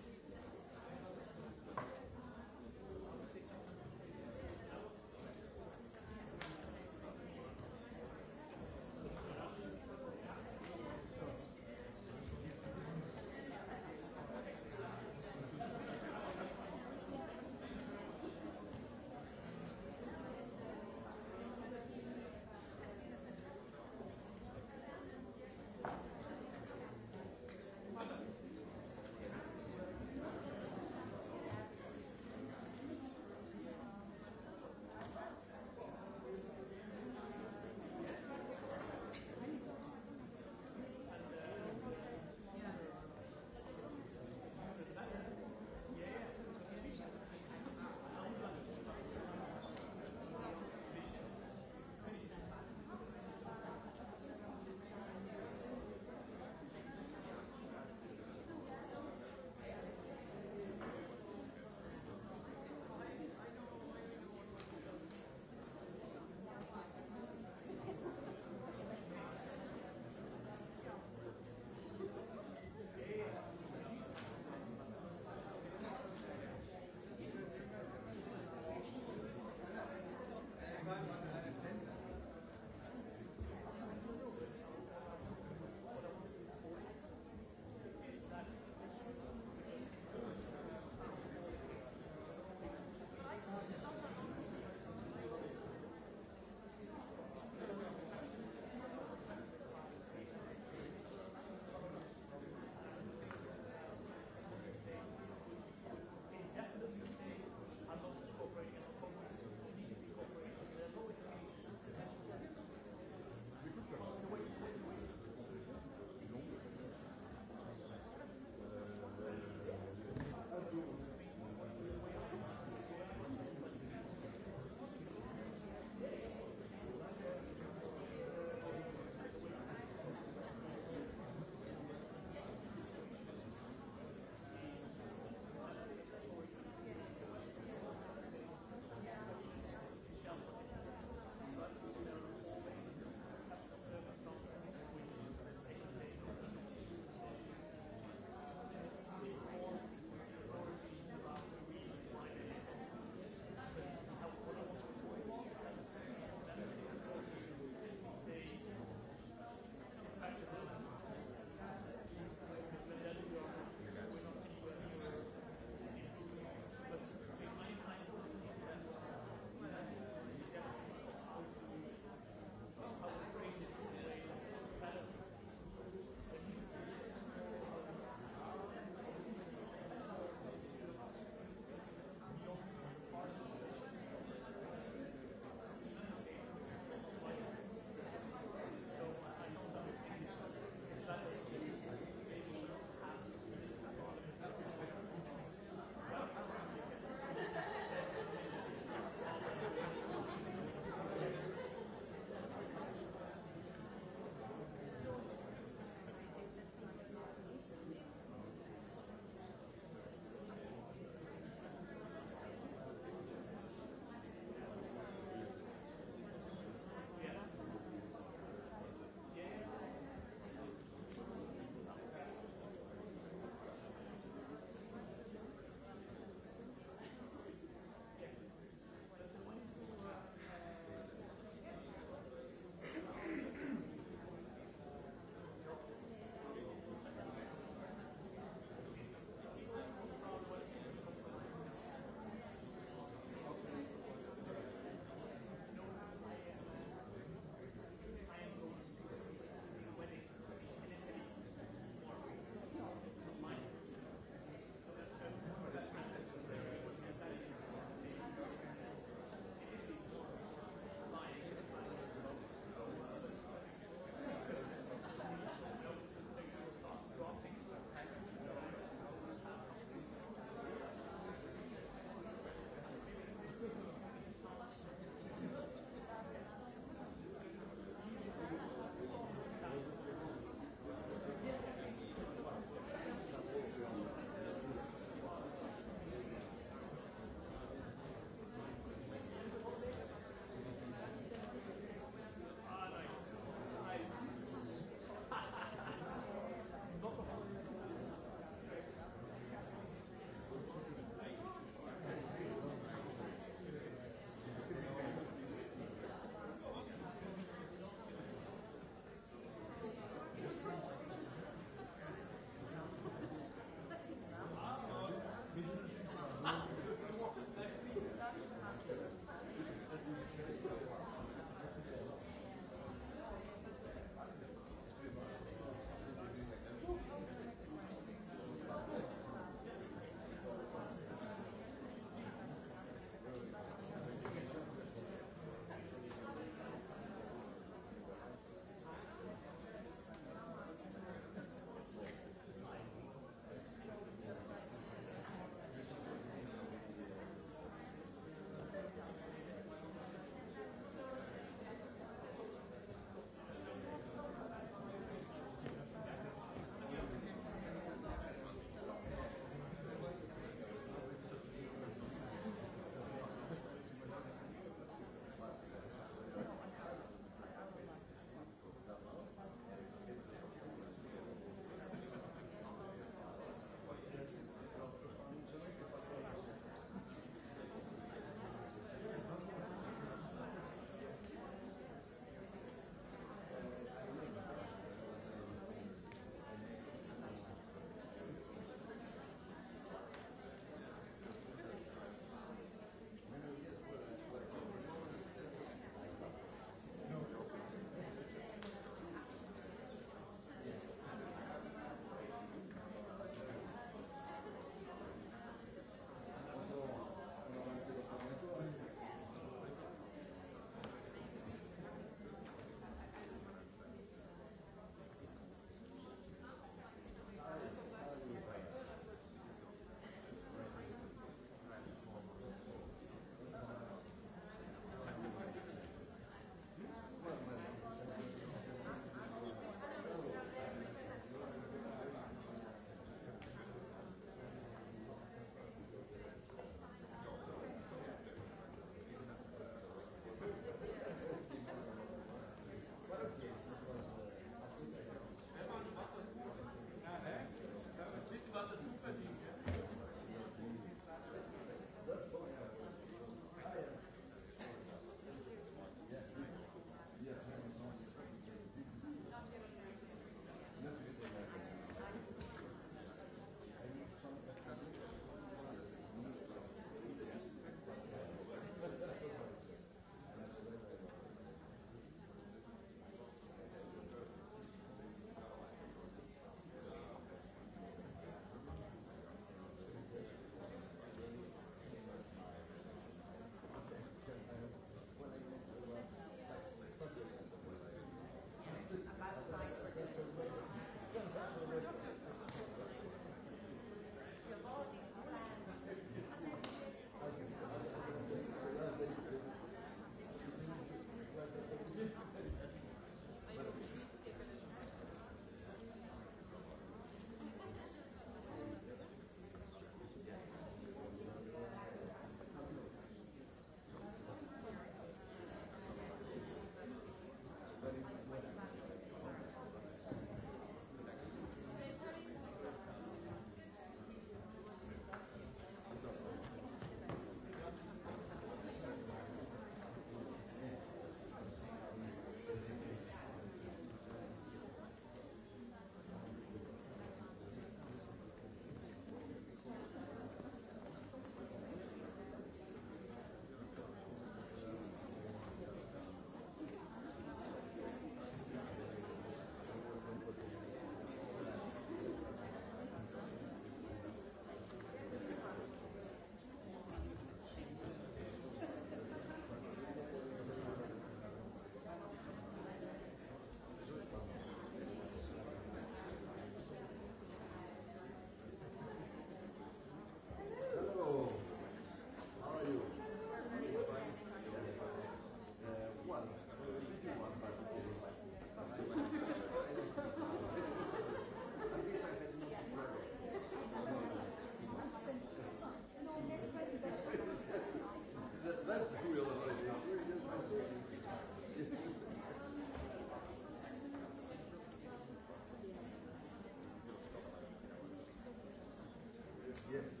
Yeah.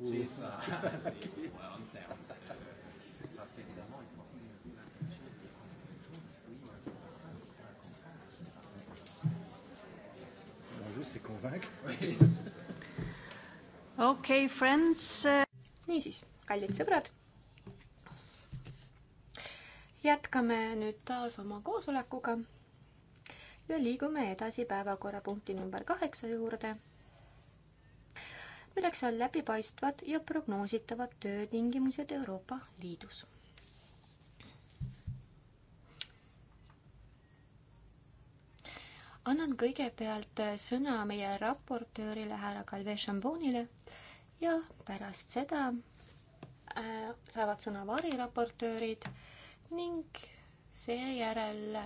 qualcuno. Ci sa, sì, well, è un Bonjour, c'est convaincre. okei okay,, friends. Eh, niisiis, kallid sõbrad. jätkame nüüd taas oma koosolekuga ja liigume edasi päevakorrapunkti number kaheksa juurde milleks on läbipaistvad ja prognoositavad töötingimused Euroopa Liidus. annan kõigepealt sõna meie raportöörile härra Calve Šambonile ja pärast seda äh, saavad sõna variraportöörid ning seejärel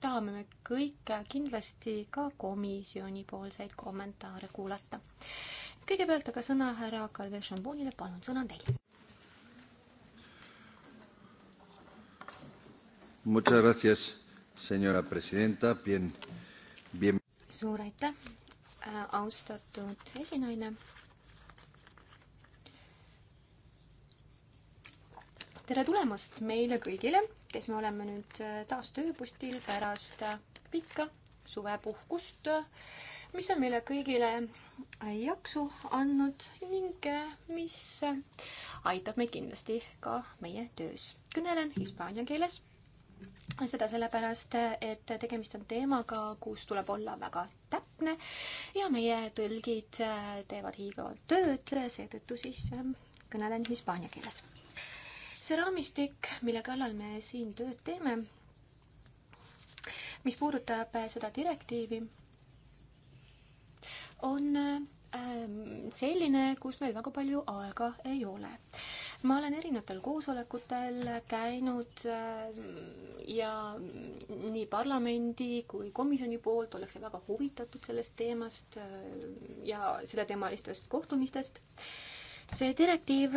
tahame me kõik kindlasti ka komisjonipoolseid kommentaare kuulata kõigepealt aga sõna härra Kalvi Šambunile, palun, sõna on teil. Muchas gracias, senora presidenta, bien, bien. suur aitäh, äh, austatud esinaine. tere tulemast meile kõigile, kes me oleme nüüd äh, taas tööpostil pärast äh, pikka suvepuhkust, mis on meile kõigile jaksu andnud ning mis aitab meid kindlasti ka meie töös. kõnelen hispaania keeles. seda sellepärast, et tegemist on teemaga, kus tuleb olla väga täpne ja meie tõlgid teevad hiigavalt tööd, seetõttu siis kõnelen hispaania keeles. see raamistik, mille kallal me siin tööd teeme, mis puudutab seda direktiivi on ähm, selline, kus meil väga palju aega ei ole. ma olen erinevatel koosolekutel käinud ähm, ja nii parlamendi kui komisjoni poolt ollakse väga huvitatud sellest teemast äh, ja selleteemalistest kohtumistest. see direktiiv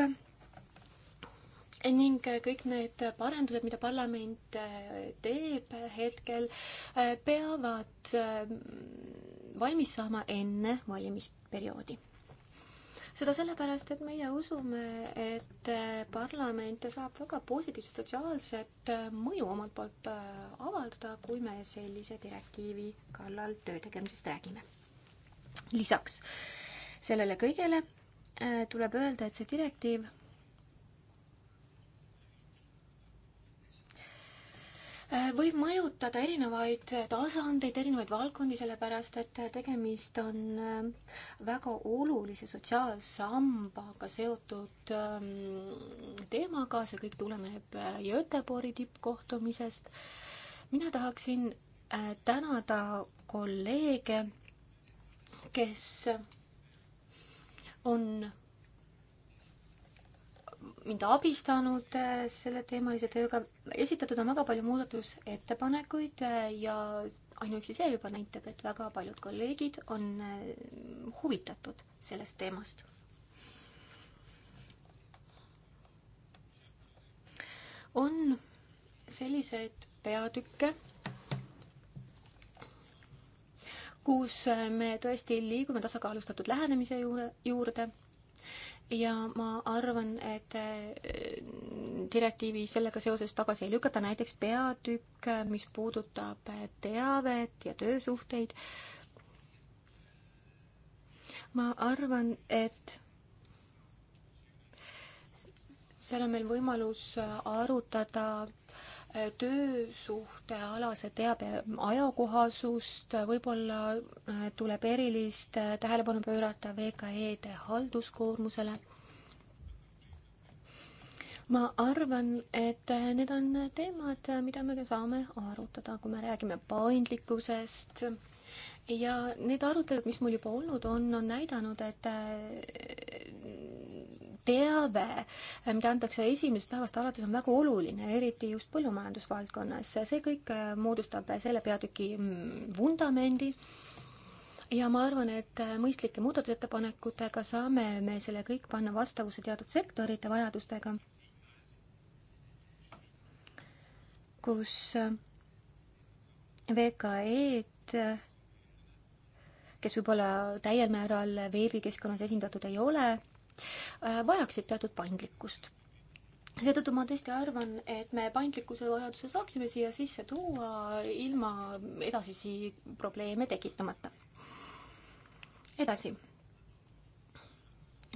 ning kõik need parendused, mida parlament äh, teeb hetkel, äh, peavad ähm, valmis saama enne valimisperioodi. seda sellepärast, et meie usume, et äh, parlament saab väga positiivset sotsiaalset äh, mõju omalt poolt äh, avaldada, kui me sellise direktiivi kallal töö tegemisest räägime. lisaks sellele kõigele tuleb öelda, et see direktiiv Äh, võib mõjutada erinevaid tasandeid, erinevaid valdkondi, sellepärast et äh, tegemist on äh, väga olulise sotsiaalsambaga seotud ähm, teemaga, see kõik tuleneb Göteborgi tippkohtumisest. mina tahaksin tänada kolleege, kes on mind abistanud äh, selle teemalise tööga. esitatud on väga palju muudatusettepanekuid äh, ja ainuüksi see juba näitab, et väga paljud kolleegid on äh, huvitatud sellest teemast. on selliseid peatükke, kus me tõesti liigume tasakaalustatud lähenemise juurde, juurde ja ma arvan, et äh, direktiivi sellega seoses tagasi ei lükata, näiteks peatükk, äh, mis puudutab äh, teavet ja töösuhteid. ma arvan, et seal on meil võimalus arutada töösuhtealase teabe ajakohasust, võib-olla äh, tuleb erilist äh, tähelepanu pöörata VKE-de halduskoormusele. ma arvan, et äh, need on teemad, mida me ka saame arutada, kui me räägime paindlikkusest ja need arutelud, mis mul juba olnud on, on näidanud, et teave, mida antakse esimesest päevast alates, on väga oluline, eriti just põllumajandusvaldkonnas. see kõik äh, moodustab selle peatüki mm, vundamendi ja ma arvan, et äh, mõistlike muudatusettepanekutega saame me selle kõik panna vastavusse teatud sektorite vajadustega, kus äh, VKE-d, kes võib-olla täiel määral veebikeskkonnas esindatud ei ole, Äh, vajaksid teatud paindlikkust seetõttu ma tõesti arvan, et me paindlikkuse vajaduse saaksime siia sisse tuua ilma edasisi probleeme tekitamata. edasi.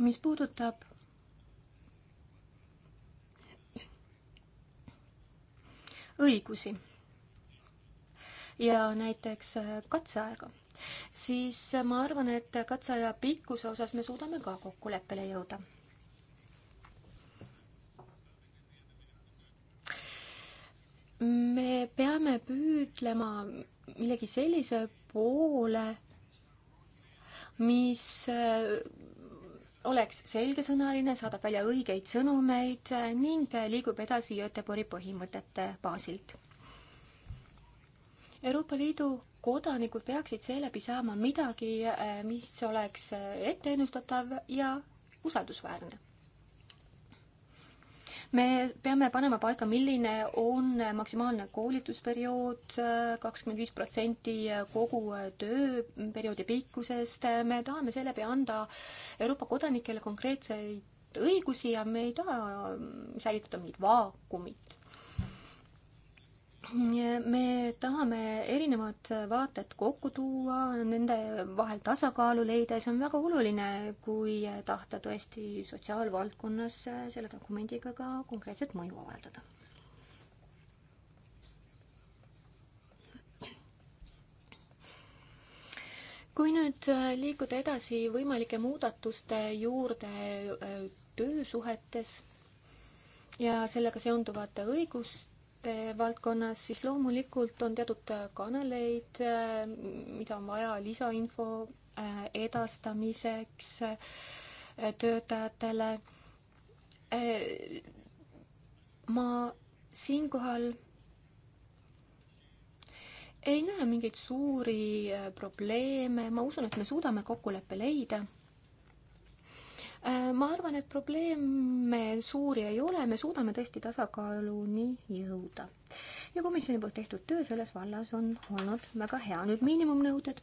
mis puudutab õigusi ja näiteks katseaega siis ma arvan, et katseaja pikkuse osas me suudame ka kokkuleppele jõuda. me peame püüdlema millegi sellise poole, mis äh, oleks selgesõnaline, saadab välja õigeid sõnumeid ning liigub edasi Göteborgi põhimõtete baasilt. Euroopa Liidu kodanikud peaksid seeläbi saama midagi, eh, mis oleks eh, etteennustatav ja usaldusväärne me peame panema paika, milline on maksimaalne koolitusperiood, eh, kakskümmend viis protsenti kogu tööperioodi pikkusest, me tahame seeläbi anda Euroopa kodanikele konkreetseid õigusi ja me ei taha mm, säilitada mingit vaakumit me tahame erinevad vaated kokku tuua, nende vahel tasakaalu leida ja see on väga oluline, kui tahta tõesti sotsiaalvaldkonnas selle dokumendiga ka konkreetset mõju avaldada. kui nüüd liikuda edasi võimalike muudatuste juurde äh, töösuhetes ja sellega seonduvate õigust, valdkonnas, siis loomulikult on teatud kanaleid, eh, mida on vaja lisainfo eh, edastamiseks eh, töötajatele. ma siinkohal ei näe mingeid suuri probleeme, ma usun, et me suudame kokkuleppe leida Äh, ma arvan, et probleeme suuri ei ole, me suudame tõesti tasakaaluni jõuda. ja komisjoni poolt tehtud töö selles vallas on olnud väga hea. nüüd miinimumnõuded.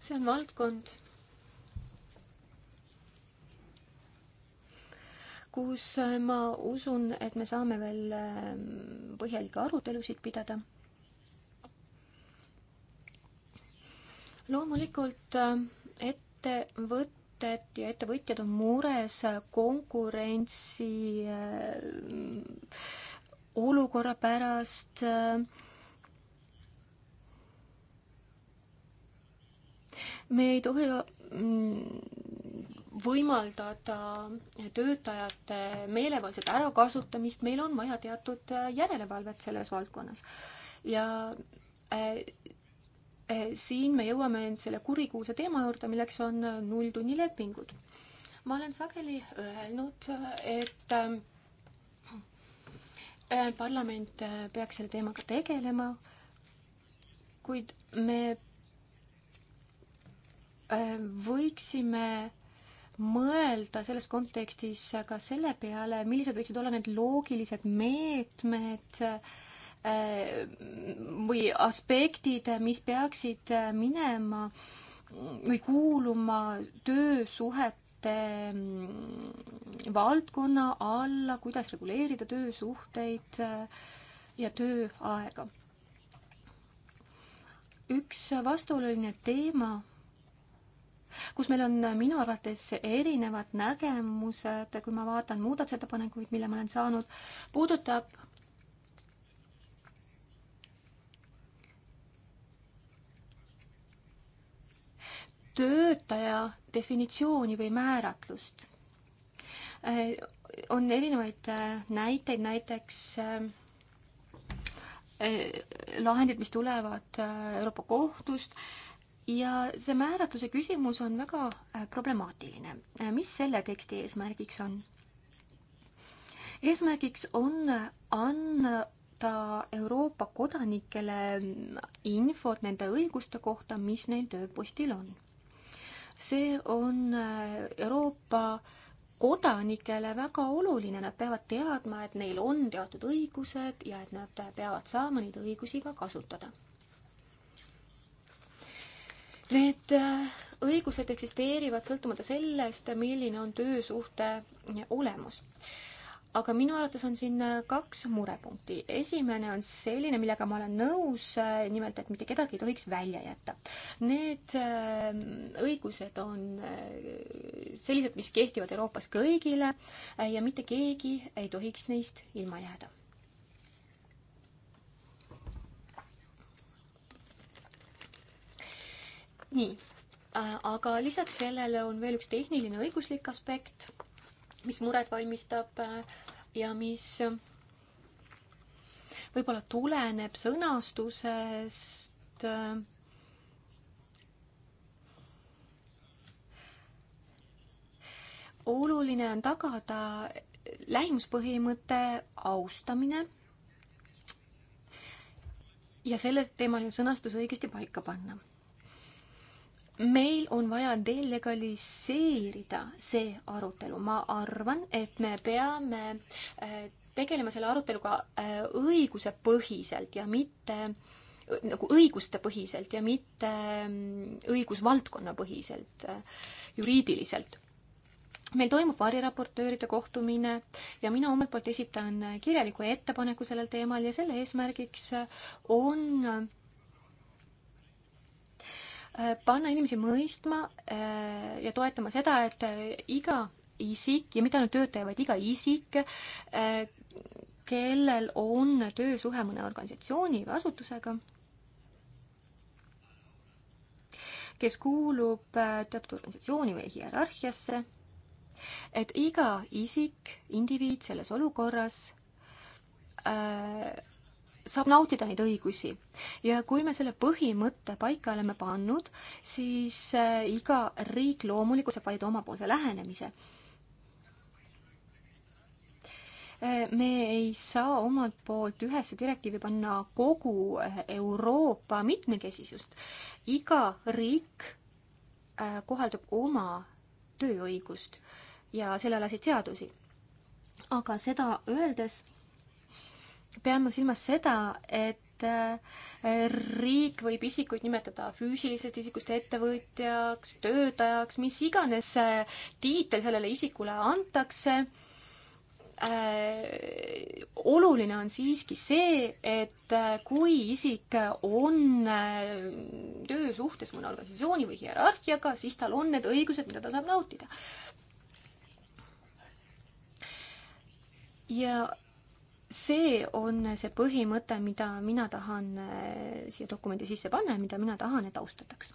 see on valdkond, kus ma usun, et me saame veel ähm, põhjalikke arutelusid pidada loomulikult äh, ettevõtted ja ettevõtjad on mures konkurentsi äh, olukorra pärast äh, me ei tohi mm, võimaldada töötajate meelevaldset ärakasutamist, meil on vaja teatud järelevalvet selles valdkonnas. ja Eh, siin me jõuame selle kurikuulsa teema juurde, milleks on eh, nulltunnilepingud. ma olen sageli öelnud, et eh, parlament peaks selle teemaga tegelema, kuid me võiksime mõelda selles kontekstis ka selle peale, millised võiksid olla need loogilised meetmed, Äh, või aspektid, mis peaksid äh, minema või kuuluma töösuhete mm, valdkonna alla, kuidas reguleerida töösuhteid äh, ja tööaega. üks vastuoluline teema, kus meil on minu arvates erinevad nägemused, kui ma vaatan muudatusettepanekuid, mille ma olen saanud, puudutab töötaja definitsiooni või määratlust. Äh, on erinevaid äh, näiteid, näiteks äh, lahendid, mis tulevad Euroopa Kohtust ja see määratluse küsimus on väga problemaatiline. mis selle teksti eesmärgiks on? eesmärgiks on anda Euroopa kodanikele mm, infot nende õiguste kohta, mis neil tööpostil on see on äh, Euroopa kodanikele väga oluline, nad peavad teadma, et neil on teatud õigused ja et nad peavad saama neid õigusi ka kasutada. Need äh, õigused eksisteerivad sõltumata sellest, milline on töösuhte olemus aga minu arvates on siin äh, kaks murepunkti. esimene on selline, millega ma olen nõus, äh, nimelt et mitte kedagi ei tohiks välja jätta. Need äh, õigused on sellised, mis kehtivad Euroopas kõigile ja mitte keegi ei tohiks neist ilma jääda. nii, aga lisaks sellele on veel üks tehniline õiguslik aspekt mis muret valmistab äh, ja mis võib-olla tuleneb sõnastusest äh. oluline on tagada lähimuspõhimõtte austamine ja selle teemaline sõnastus õigesti paika panna meil on vaja delegaliseerida see arutelu, ma arvan, et me peame äh, tegelema selle aruteluga äh, õigusepõhiselt ja mitte äh, nagu õigustepõhiselt ja mitte ähm, õigusvaldkonna põhiselt, juriidiliselt meil toimub variraportööride kohtumine ja mina omalt poolt esitan kirjaliku ettepaneku sellel teemal ja selle eesmärgiks on Äh, panna inimesi mõistma äh, ja toetama seda, et äh, iga isik ja mitte ainult töötaja, vaid iga isik, kellel on töösuhe mõne organisatsiooni või asutusega, kes kuulub teatud organisatsiooni või hierarhiasse, et iga isik, indiviid selles olukorras saab nautida neid õigusi. ja kui me selle põhimõtte paika oleme pannud, siis äh, iga riik loomulikult saab valida omapoolse lähenemise. Äh, me ei saa omalt poolt ühesse direktiivi panna kogu äh, Euroopa mitmekesisust. iga riik kohaldab oma tööõigust ja sellealaseid seadusi. aga seda öeldes peame silmas seda, et äh, riik võib isikuid nimetada füüsilisest isikust ettevõtjaks, töötajaks, mis iganes äh, tiitel sellele isikule antakse. Äh, oluline on siiski see, et kui isik on töösuhtes mõne organisatsiooni või hierarhiaga, siis tal on need õigused, mida ta saab nautida. ja see on see põhimõte, mida mina tahan äh, siia dokumendi sisse panna ja mida mina tahan, et austataks.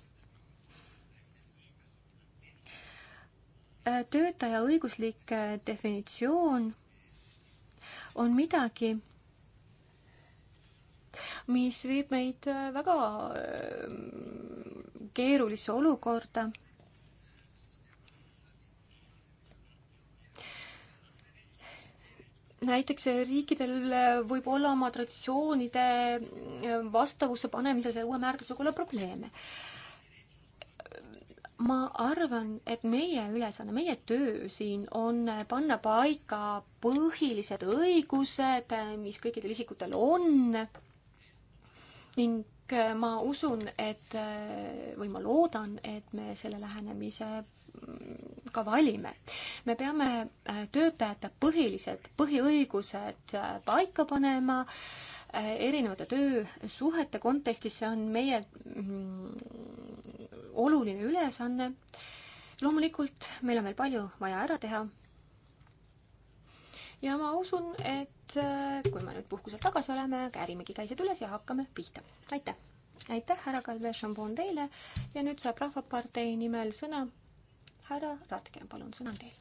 Äh, töötaja õiguslik äh, definitsioon on midagi, mis viib meid väga keerulisse olukorda näiteks riikidel võib olla oma traditsioonide äh, vastavusse panemisel selle uue määratlusega olla probleeme. ma arvan, et meie ülesanne, meie töö siin on panna paika põhilised õigused, mis kõikidel isikutel on ning äh, ma usun, et äh, või ma loodan, et me selle lähenemise mm, ka valime. me peame äh, töötajate põhilised põhiõigused äh, paika panema äh, erinevate töösuhete kontekstis, see on meie mm, oluline ülesanne. loomulikult meil on veel palju vaja ära teha. ja ma usun, et kui me nüüd puhkuselt tagasi oleme, käärimegi käised üles ja hakkame pihta. aitäh! aitäh, härra Kalve Šambon teile ja nüüd saab Rahvapartei nimel sõna härra Ratke, palun, sõna on teil.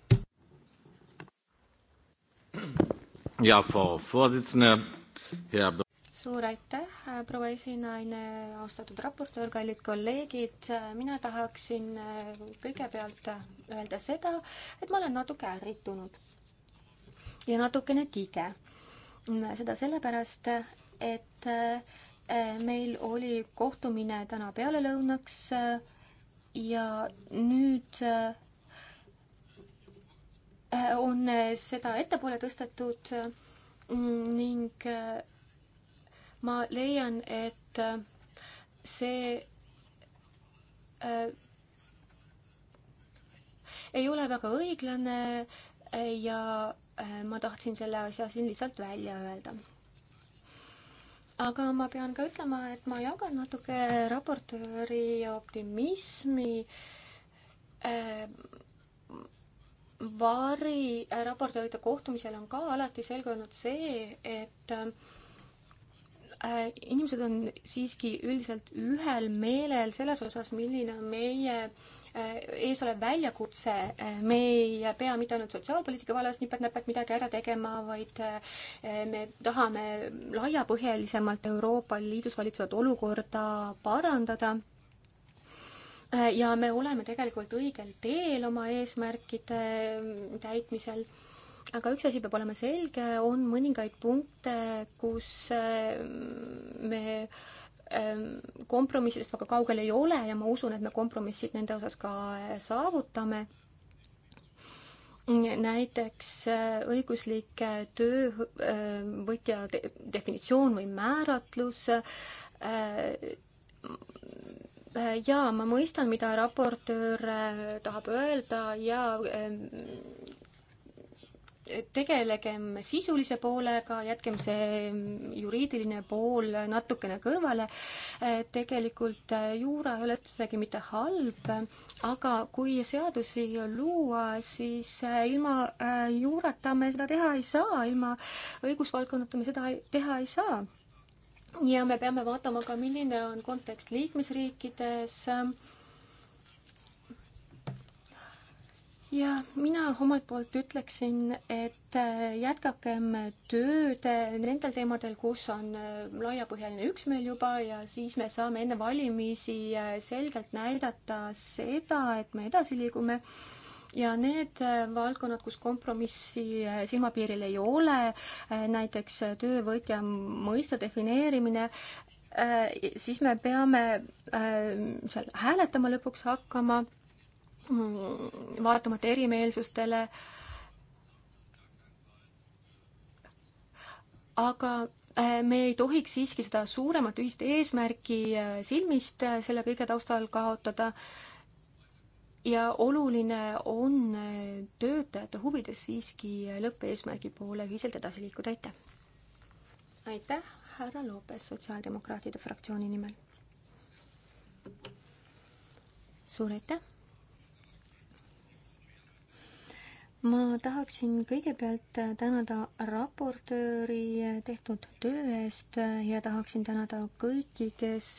ja, Frau Vorsitzende, hea suur aitäh, proua esinaine, austatud raportöör, kallid kolleegid. mina tahaksin äh, kõigepealt öelda seda, et ma olen natuke ärritunud ja natukene tige. Mm, seda sellepärast, et äh, meil oli kohtumine täna pealelõunaks ja nüüd äh, on seda ettepoole tõstetud mm, ning äh, ma leian, et äh, see ei ole väga õiglane ja ma tahtsin selle asja siin lihtsalt välja öelda aga ma pean ka ütlema, et ma jagan natuke raportööri optimismi äh, Vaari raportööride kohtumisel on ka alati selgunud see, et äh, inimesed on siiski üldiselt ühel meelel selles osas, milline on meie äh, Äh, ees olev väljakutse. Äh, me ei pea mitte ainult sotsiaalpoliitika vallas nipet-näpet midagi ära tegema, vaid äh, me tahame laiapõhjalisemalt Euroopa Liidus valitsevat olukorda parandada ja me oleme tegelikult õigel teel oma eesmärkide täitmisel, aga üks asi peab olema selge, on mõningaid punkte, kus me Ehm, kompromissidest väga kaugel ei ole ja ma usun, et me kompromissid nende osas ka eh, saavutame. näiteks eh, õiguslik töövõtja eh, definitsioon või määratlus. jaa, ma mõistan, mida raportöör tahab öelda ja ehm, tegelegem sisulise poolega, jätkem see juriidiline pool natukene kõrvale. Eh, tegelikult eh, juura ei ole üldsegi mitte halb, aga kui seadusi luua, siis eh, ilma juurata me seda teha ei saa, ilma õigusvaldkonnata me seda teha ei saa. ja me peame vaatama ka, milline on kontekst liikmesriikides ja mina omalt poolt ütleksin, et äh, jätkakem tööd äh, nendel teemadel, kus on äh, laiapõhjaline üksmeel juba ja siis me saame enne valimisi selgelt näidata seda, et me edasi liigume ja need valdkonnad, kus kompromissi silmapiiril ei ole, näiteks töövõtja mõiste defineerimine, siis me peame seal hääletama lõpuks hakkama Mm, vaatamata erimeelsustele. aga äh, me ei tohiks siiski seda suuremat ühist eesmärki äh, silmist äh, selle kõige taustal kaotada. ja oluline on töötajate huvides siiski lõppeesmärgi poole ühiselt edasi liikuda, aitäh. aitäh, härra Loobes Sotsiaaldemokraatide fraktsiooni nimel. suur aitäh ma tahaksin kõigepealt tänada raportööri tehtud töö eest ja tahaksin tänada kõiki, kes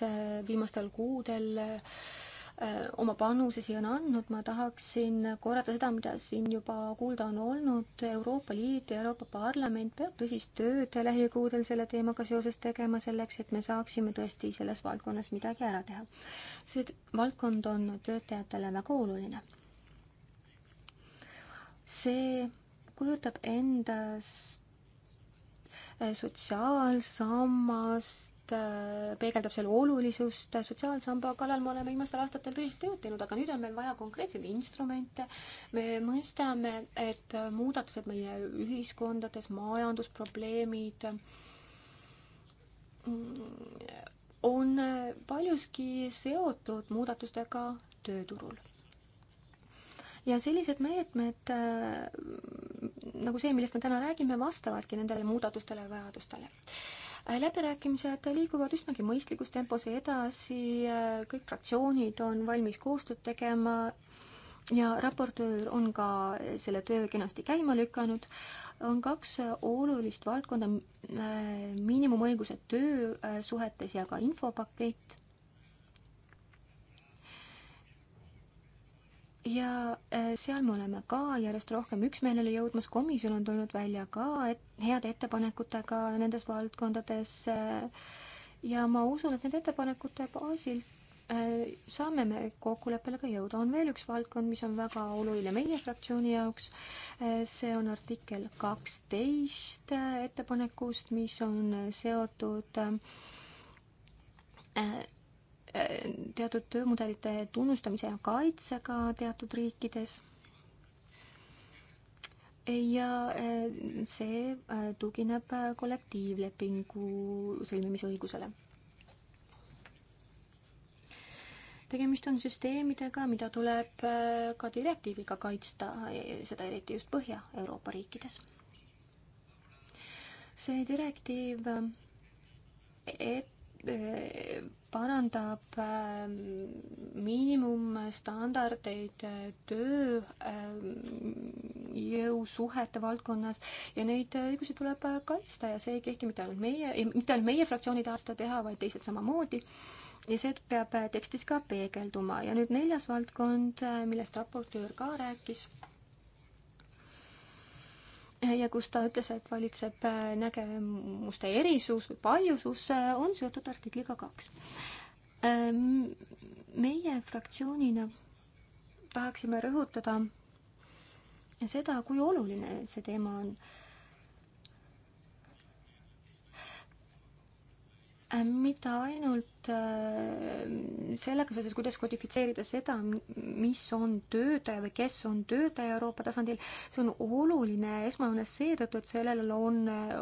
viimastel kuudel äh, oma panuse siia on andnud, ma tahaksin korrata seda, mida siin juba kuulda on olnud, Euroopa Liit ja Euroopa Parlament peab tõsist tööd lähikuudel selle teemaga seoses tegema, selleks et me saaksime tõesti selles valdkonnas midagi ära teha. see valdkond on töötajatele väga oluline see kujutab endast äh, sotsiaalsammast, äh, peegeldab selle olulisust, sotsiaalsamba kallal me oleme viimastel aastatel tõsist tööd teinud, aga nüüd on meil vaja konkreetseid instrumente. me mõistame, et äh, muudatused meie ühiskondades, majandusprobleemid mm, on paljuski seotud muudatustega tööturul ja sellised meetmed äh, nagu see, millest me täna räägime, vastavadki nendele muudatustele ja vajadustele. Äh, läbirääkimised liiguvad üsnagi mõistlikus tempos edasi, äh, kõik fraktsioonid on valmis koostööd tegema ja raportöör on ka selle töö kenasti käima lükanud, on kaks olulist valdkonda, miinimumõigused töösuhetes ja ka infopakett ja äh, seal me oleme ka järjest rohkem üksmeelele jõudmas, komisjon on tulnud välja ka et heade ettepanekutega nendes valdkondades äh, ja ma usun, et nende ettepanekute baasil äh, saame me kokkuleppele ka jõuda. on veel üks valdkond, mis on väga oluline meie fraktsiooni jaoks, see on artikkel kaksteist ettepanekust, mis on seotud teatud töömudelite tunnustamise ja kaitsega teatud riikides. ja eh, see eh, tugineb eh, kollektiivlepingu sõlmimise õigusele tegemist on süsteemidega, mida tuleb ka direktiiviga kaitsta, seda eriti just Põhja-Euroopa riikides. see direktiiv et Äh, parandab ähm, miinimumstandardeid äh, tööjõusuhete ähm, valdkonnas ja neid äh, õigusi tuleb kaitsta ja see ei kehti mitte ainult meie, mitte ainult meie fraktsiooni taha seda teha, vaid teised samamoodi. ja see peab tekstis ka peegelduma ja nüüd neljas valdkond, millest raportöör ka rääkis ja kus ta ütles, et valitseb äh, nägemuste erisus või paljusus, äh, on seotud artikliga kaks. Ähm, meie fraktsioonina tahaksime rõhutada seda, kui oluline see teema on Äh, mitte ainult äh, sellega seoses, kuidas kodifitseerida seda, mis on töötaja või kes on töötaja Euroopa tasandil, see on oluline esmajoones seetõttu, et sellel on äh,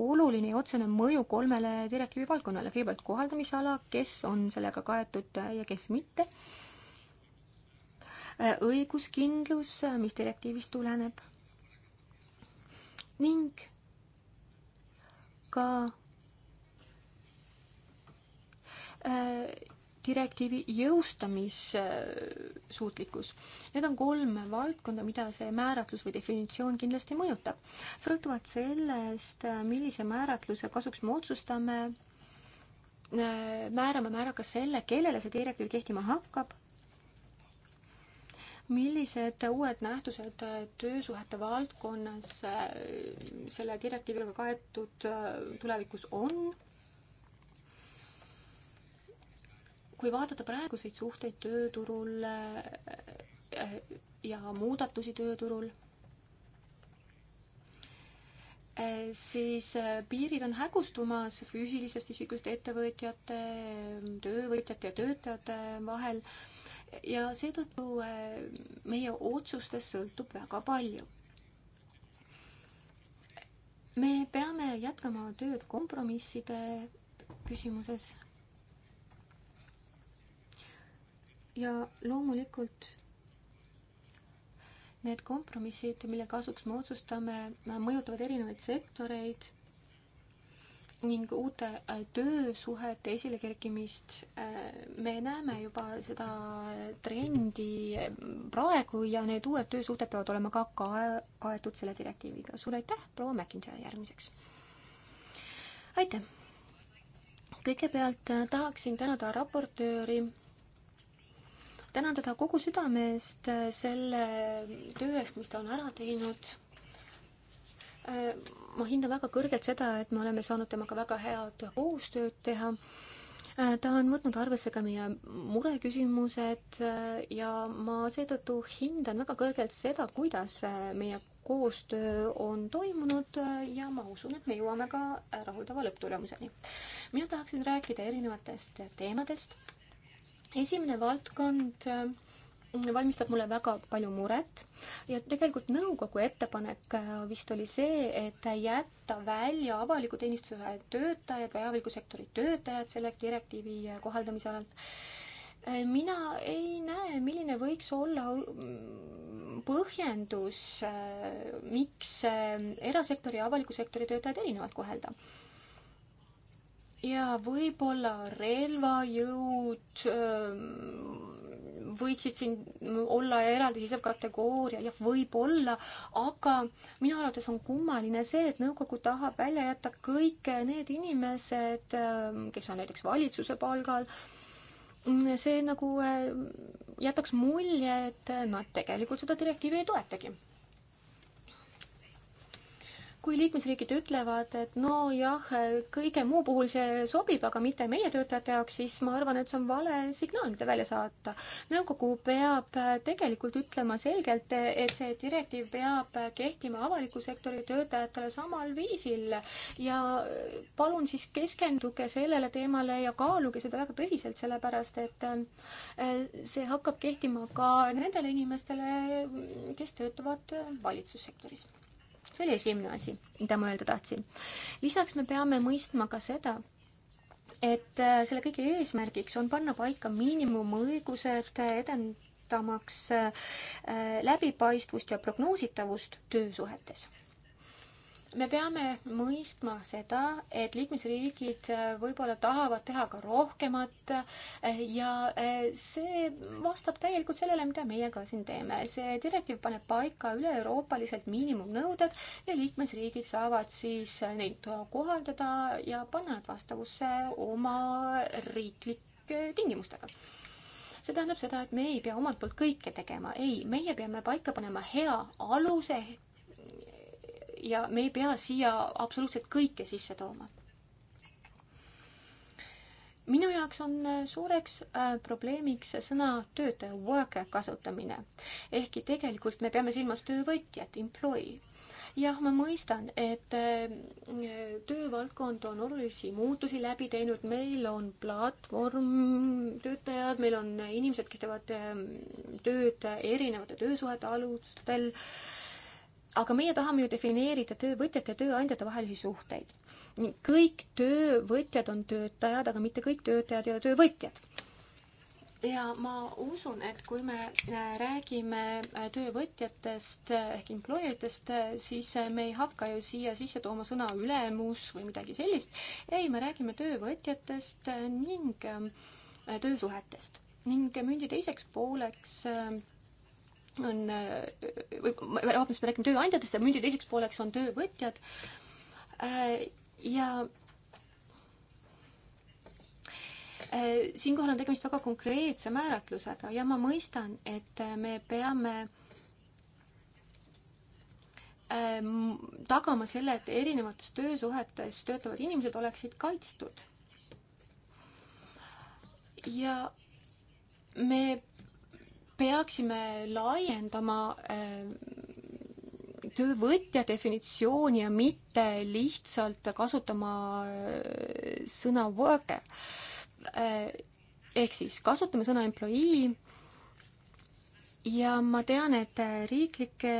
oluline ja otsene mõju kolmele direktiivi valdkonnale, kõigepealt kohaldamisala, kes on sellega kaetud ja kes mitte, õiguskindlus, mis direktiivist tuleneb, ning ka direktiivi jõustamissuutlikkus. Need on kolm valdkonda, mida see määratlus või definitsioon kindlasti mõjutab. sõltuvalt sellest, millise määratluse kasuks me otsustame, määrame määra ka selle, kellele see direktiiv kehtima hakkab, millised uued nähtused töösuhete valdkonnas selle direktiiviga kaetud tulevikus on kui vaadata praeguseid suhteid tööturul eh, ja muudatusi tööturul, eh, siis eh, piirid on hägustumas füüsilisest isikust ettevõtjate, töövõtjate ja töötajate vahel ja seetõttu meie otsustest sõltub väga palju. me peame jätkama tööd kompromisside küsimuses ja loomulikult need kompromissid, mille kasuks me otsustame, mõjutavad erinevaid sektoreid ning uute äh, töösuhete esilekerkimist. Äh, me näeme juba seda trendi äh, praegu ja need uued töösuhted peavad olema ka kaetud selle direktiiviga. suur aitäh, proua Mäkinson järgmiseks. aitäh. kõigepealt tahaksin tänada raportööri tänan teda kogu südame eest äh, selle äh, töö eest, mis ta on ära teinud. Äh, ma hindan väga kõrgelt seda, et me oleme saanud temaga väga head koostööd teha ta on võtnud arvesse ka meie mureküsimused ja ma seetõttu hindan väga kõrgelt seda, kuidas meie koostöö on toimunud ja ma usun, et me jõuame ka rahuldava lõpptulemuseni. mina tahaksin rääkida erinevatest teemadest esimene valdkond äh, valmistab mulle väga palju muret ja tegelikult nõukogu ettepanek äh, vist oli see, et jätta välja avaliku teenistuse töötajad või avaliku sektori töötajad selle direktiivi äh, kohaldamise alalt. mina ei näe, milline võiks olla mm, põhjendus, miks erasektori ja avaliku sektori töötajaid erinevalt kohelda ja võib-olla relvajõud ähm, võiksid siin olla eraldiseisev kategooria, jah, võib-olla, aga minu arvates on kummaline see, et nõukogu tahab välja jätta kõik need inimesed, ähm, kes on näiteks valitsuse palgal, see nagu äh, jätaks mulje, et nad tegelikult seda direktiivi ei toetagi kui liikmesriigid ütlevad, et nojah, kõige muu puhul see sobib, aga mitte meie töötajate jaoks, siis ma arvan, et see on vale signaal, mida välja saata. nõukogu peab tegelikult ütlema selgelt, et see direktiiv peab kehtima avaliku sektori töötajatele samal viisil ja palun siis keskenduge sellele teemale ja kaaluge seda väga tõsiselt, sellepärast et eh, see hakkab kehtima ka nendele inimestele, kes töötavad valitsussektoris see oli esimene asi, mida ma öelda tahtsin. lisaks me peame mõistma ka seda, et äh, selle kõige eesmärgiks on panna paika miinimumõigused äh, edendamaks äh, läbipaistvust ja prognoositavust töösuhetes me peame mõistma seda, et liikmesriigid äh, võib-olla tahavad teha ka rohkemat äh, ja äh, see vastab täielikult sellele, mida meie ka siin teeme. see direktiiv paneb paika üle-euroopaliselt miinimumnõuded ja liikmesriigid saavad siis neid kohaldada ja panna nad vastavusse oma riiklike tingimustega see tähendab seda, et me ei pea omalt poolt kõike tegema, ei, meie peame paika panema hea aluse ja me ei pea siia absoluutselt kõike sisse tooma. minu jaoks on äh, suureks äh, probleemiks sõna töötaja, worker kasutamine. ehkki tegelikult me peame silmas töövõtjat, employee jah, ma mõistan, et äh, töövaldkond on olulisi muutusi läbi teinud, meil on platvormtöötajad, meil on inimesed, kes teevad ähm, tööd erinevate töösuhete alustel aga meie tahame ju defineerida töövõtjate ja tööandjate vahelisi suhteid. kõik töövõtjad on töötajad, aga mitte kõik töötajad ei ole töövõtjad ja ma usun, et kui me äh, räägime äh, töövõtjatest äh, ehk employer itest, siis me ei hakka ju siia sisse tooma sõna ülemus või midagi sellist. ei, me räägime töövõtjatest ning ähm, töösuhetest ning mündi teiseks pooleks ähm, on, äh, või vabandust, me räägime tööandjatest ja mündi teiseks pooleks on töövõtjad. Äh, ja äh, siinkohal on tegemist väga konkreetse määratlusega ja ma mõistan, et me peame tagama selle, et erinevates töösuhetes töötavad inimesed oleksid kaitstud. ja me peaksime laiendama äh, töövõtja definitsiooni ja mitte lihtsalt kasutama äh, sõna worker. Äh, ehk siis kasutame sõna employee ja ma tean, et riiklikke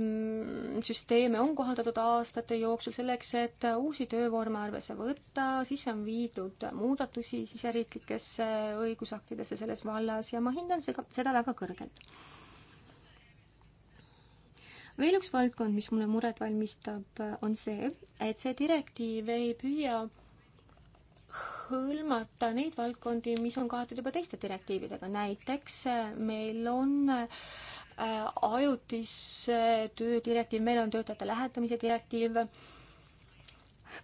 mm, süsteeme on kohaldatud aastate jooksul selleks, et uusi töövorme arvesse võtta, sisse on viidud muudatusi siseriiklikesse õigusaktidesse selles vallas ja ma hindan seda, seda väga kõrgelt. veel üks valdkond, mis mulle muret valmistab, on see, et see direktiiv ei püüa hõlmata neid valdkondi, mis on kaetud juba teiste direktiividega, näiteks äh, meil on äh, ajutise töö direktiiv, meil on töötajate lähetamise direktiiv.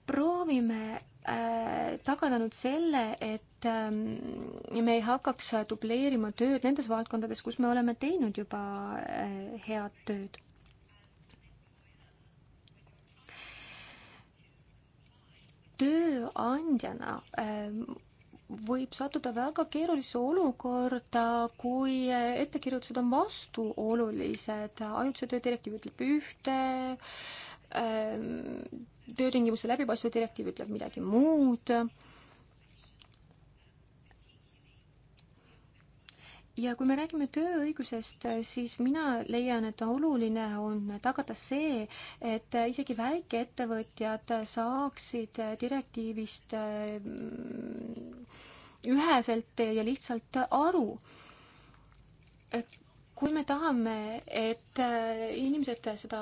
proovime äh, tagada nüüd selle, et ähm, me ei hakkaks dubleerima tööd nendes valdkondades, kus me oleme teinud juba head tööd tööandjana ähm, võib sattuda väga keerulisse olukorda, kui ettekirjutused on vastuolulised, ajutise töö direktiiv ütleb ühte, ähm, töötingimuste läbipaistvuse direktiiv ütleb midagi muud ja kui me räägime tööõigusest, siis mina leian, et oluline on tagada see, et isegi väikeettevõtjad saaksid direktiivist mm, üheselt ja lihtsalt aru. et kui me tahame, et inimesed seda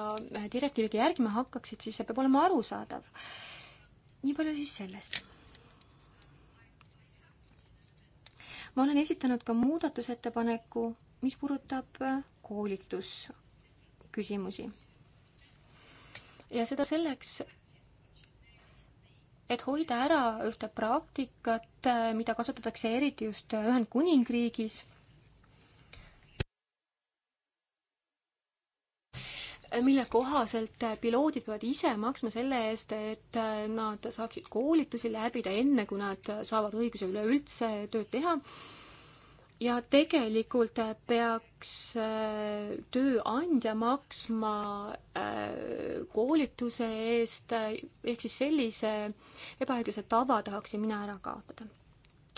direktiivi järgima hakkaksid, siis see peab olema arusaadav. nii palju siis sellest ma olen esitanud ka muudatusettepaneku, mis puudutab äh, koolitusküsimusi. ja seda selleks, et hoida ära ühte praktikat, äh, mida kasutatakse eriti just Ühendkuningriigis mille kohaselt piloodid peavad ise maksma selle eest, et nad saaksid koolitusi läbida, enne kui nad saavad õiguse üleüldse tööd teha. ja tegelikult peaks äh, tööandja maksma äh, koolituse eest, ehk siis sellise ebaõiglase tava tahaksin mina ära kaotada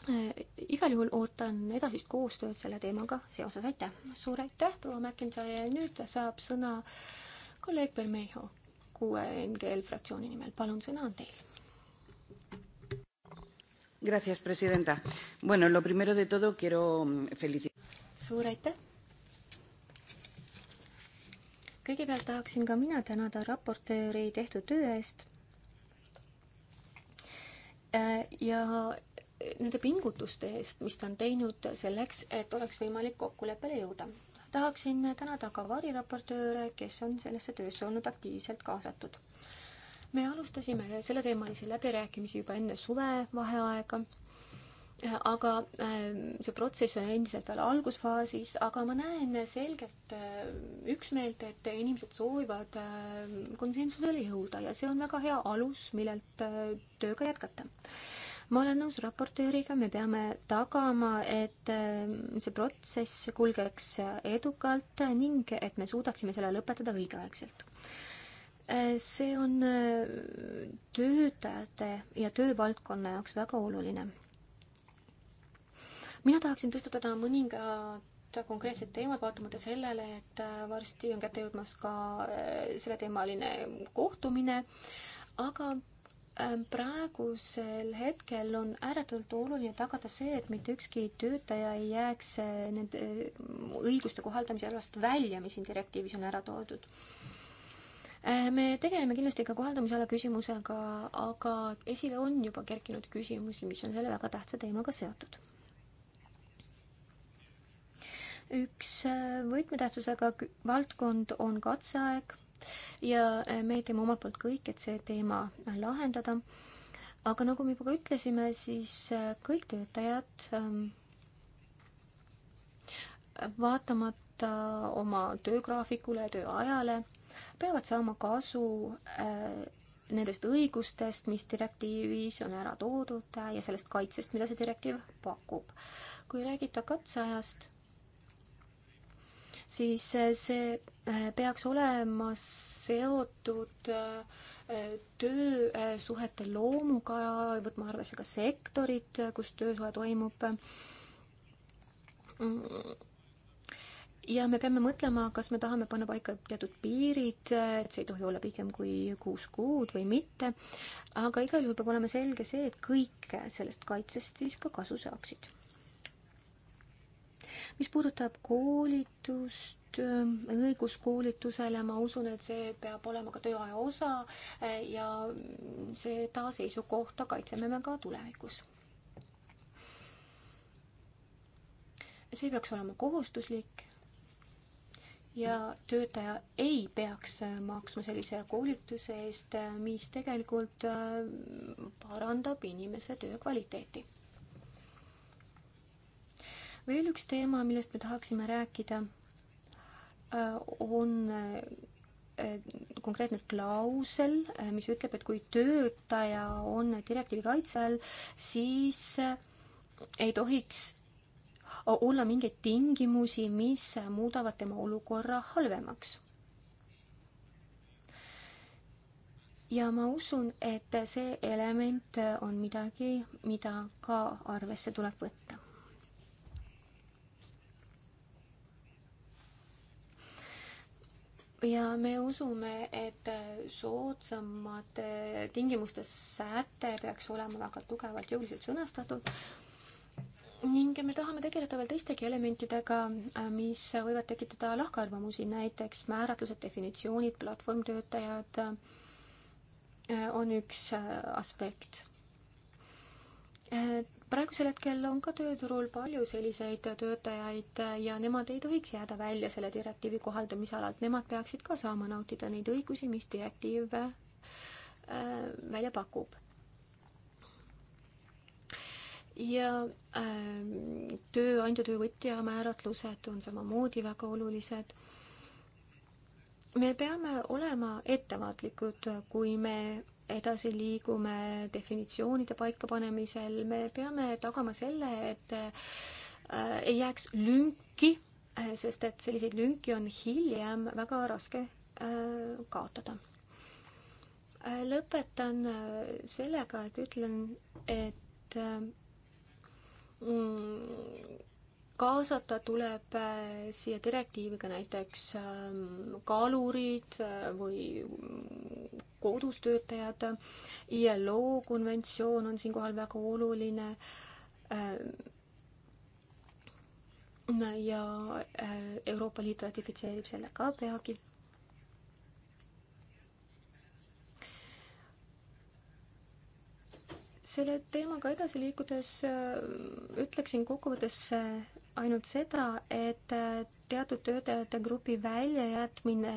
Äh, igal juhul ootan edasist koostööd selle teemaga seoses, aitäh! suur aitäh, proua McIntyre, nüüd saab sõna kolleeg Bermejo kuue NGL fraktsiooni nimel, palun, sõna on teil. Gracias, presidenta. Bueno, lo primero de todo quiero felicitar. suur aitäh! kõigepealt tahaksin ka mina tänada raportööri tehtud töö eest äh, ja nende pingutuste eest, mis ta on teinud selleks, et oleks võimalik kokkuleppele jõuda. tahaksin tänada ka variraportööre, kes on sellesse töösse olnud aktiivselt kaasatud. me alustasime selleteemalisi läbirääkimisi juba enne suvevaheaega aga äh, see protsess on endiselt veel algusfaasis, aga ma näen selgelt äh, üksmeelt, et inimesed soovivad äh, konsensusele jõuda ja see on väga hea alus, millelt tööga jätkata ma olen nõus raportööriga, me peame tagama, et äh, see protsess kulgeks edukalt ning et me suudaksime selle lõpetada õigeaegselt äh, see on äh, töötajate ja töövaldkonna jaoks väga oluline. mina tahaksin tõstatada mõningad konkreetsed teemad, vaatamata sellele, et varsti on kätte jõudmas ka selleteemaline kohtumine, aga Äh, praegusel hetkel on ääretult oluline tagada see, et mitte ükski töötaja ei jääks äh, nende äh, õiguste kohaldamise alast välja, mis siin direktiivis on ära toodud. me tegeleme kindlasti ka kohaldamisala küsimusega, aga esile on juba kerkinud küsimusi, mis on selle väga tähtsa teemaga seotud. üks võtmetähtsusega valdkond on katseaeg ja eh, me teeme omalt poolt kõik, et see teema eh, lahendada. aga nagu me juba ka ütlesime, siis eh, kõik töötajad ehm, vaatamata oma töögraafikule, tööajale, peavad saama kasu nendest õigustest, mis direktiivis on ära toodud ja sellest kaitsest, mida see direktiiv pakub. kui räägida katseajast siis äh, see äh, peaks olema seotud äh, töösuhete loomuga, võtma arvesse ka sektorit, kus töösuhe toimub. Mm. ja me peame mõtlema, kas me tahame panna paika teatud piirid, et see ei tohi olla pigem kui kuus kuud või mitte. aga igal juhul peab olema selge see, et kõik sellest kaitsest siis ka kasu saaksid mis puudutab koolitust, ähm, õiguskoolitusele, ma usun, et see peab olema ka tööaja osa äh, ja seda seisukohta kaitseme me ka tulevikus. see peaks olema kohustuslik ja töötaja ei peaks äh, maksma sellise koolituse eest, äh, mis tegelikult parandab inimese töö kvaliteeti veel üks teema, millest me tahaksime rääkida, äh, on äh, konkreetne klausel, äh, mis ütleb, et kui töötaja on direktiivi kaitse all, siis ei tohiks olla mingeid tingimusi, mis muudavad tema olukorra halvemaks. ja ma usun, et see element on midagi, mida ka arvesse tuleb võtta ja me usume, et soodsamate tingimuste säte peaks olema väga tugevalt jõuliselt sõnastatud ning me tahame tegeleda veel teistegi elementidega, mis võivad tekitada lahkarvamusi, näiteks määratlused, definitsioonid, platvormtöötajad eh, on üks eh, aspekt eh, praegusel hetkel on ka tööturul palju selliseid töötajaid ja nemad ei tohiks jääda välja selle direktiivi kohaldamisalalt, nemad peaksid ka saama nautida neid õigusi, mis direktiiv äh, välja pakub. ja äh, tööandja, töövõtja määratlused on samamoodi väga olulised me peame olema ettevaatlikud, kui me edasi liigume definitsioonide paikapanemisel, me peame tagama selle, et äh, ei jääks lünki, äh, sest et selliseid lünki on hiljem väga raske äh, kaotada. lõpetan sellega, et ütlen, et mm, kaasata tuleb äh, siia direktiiviga näiteks ähm, kalurid äh, või kodus töötajad. ILO konventsioon on siinkohal väga oluline. Ähm, ja äh, Euroopa Liit ratifitseerib selle ka peagi selle teemaga edasi liikudes ütleksin kokkuvõttes ainult seda, et äh, teatud töötajate grupi väljajätmine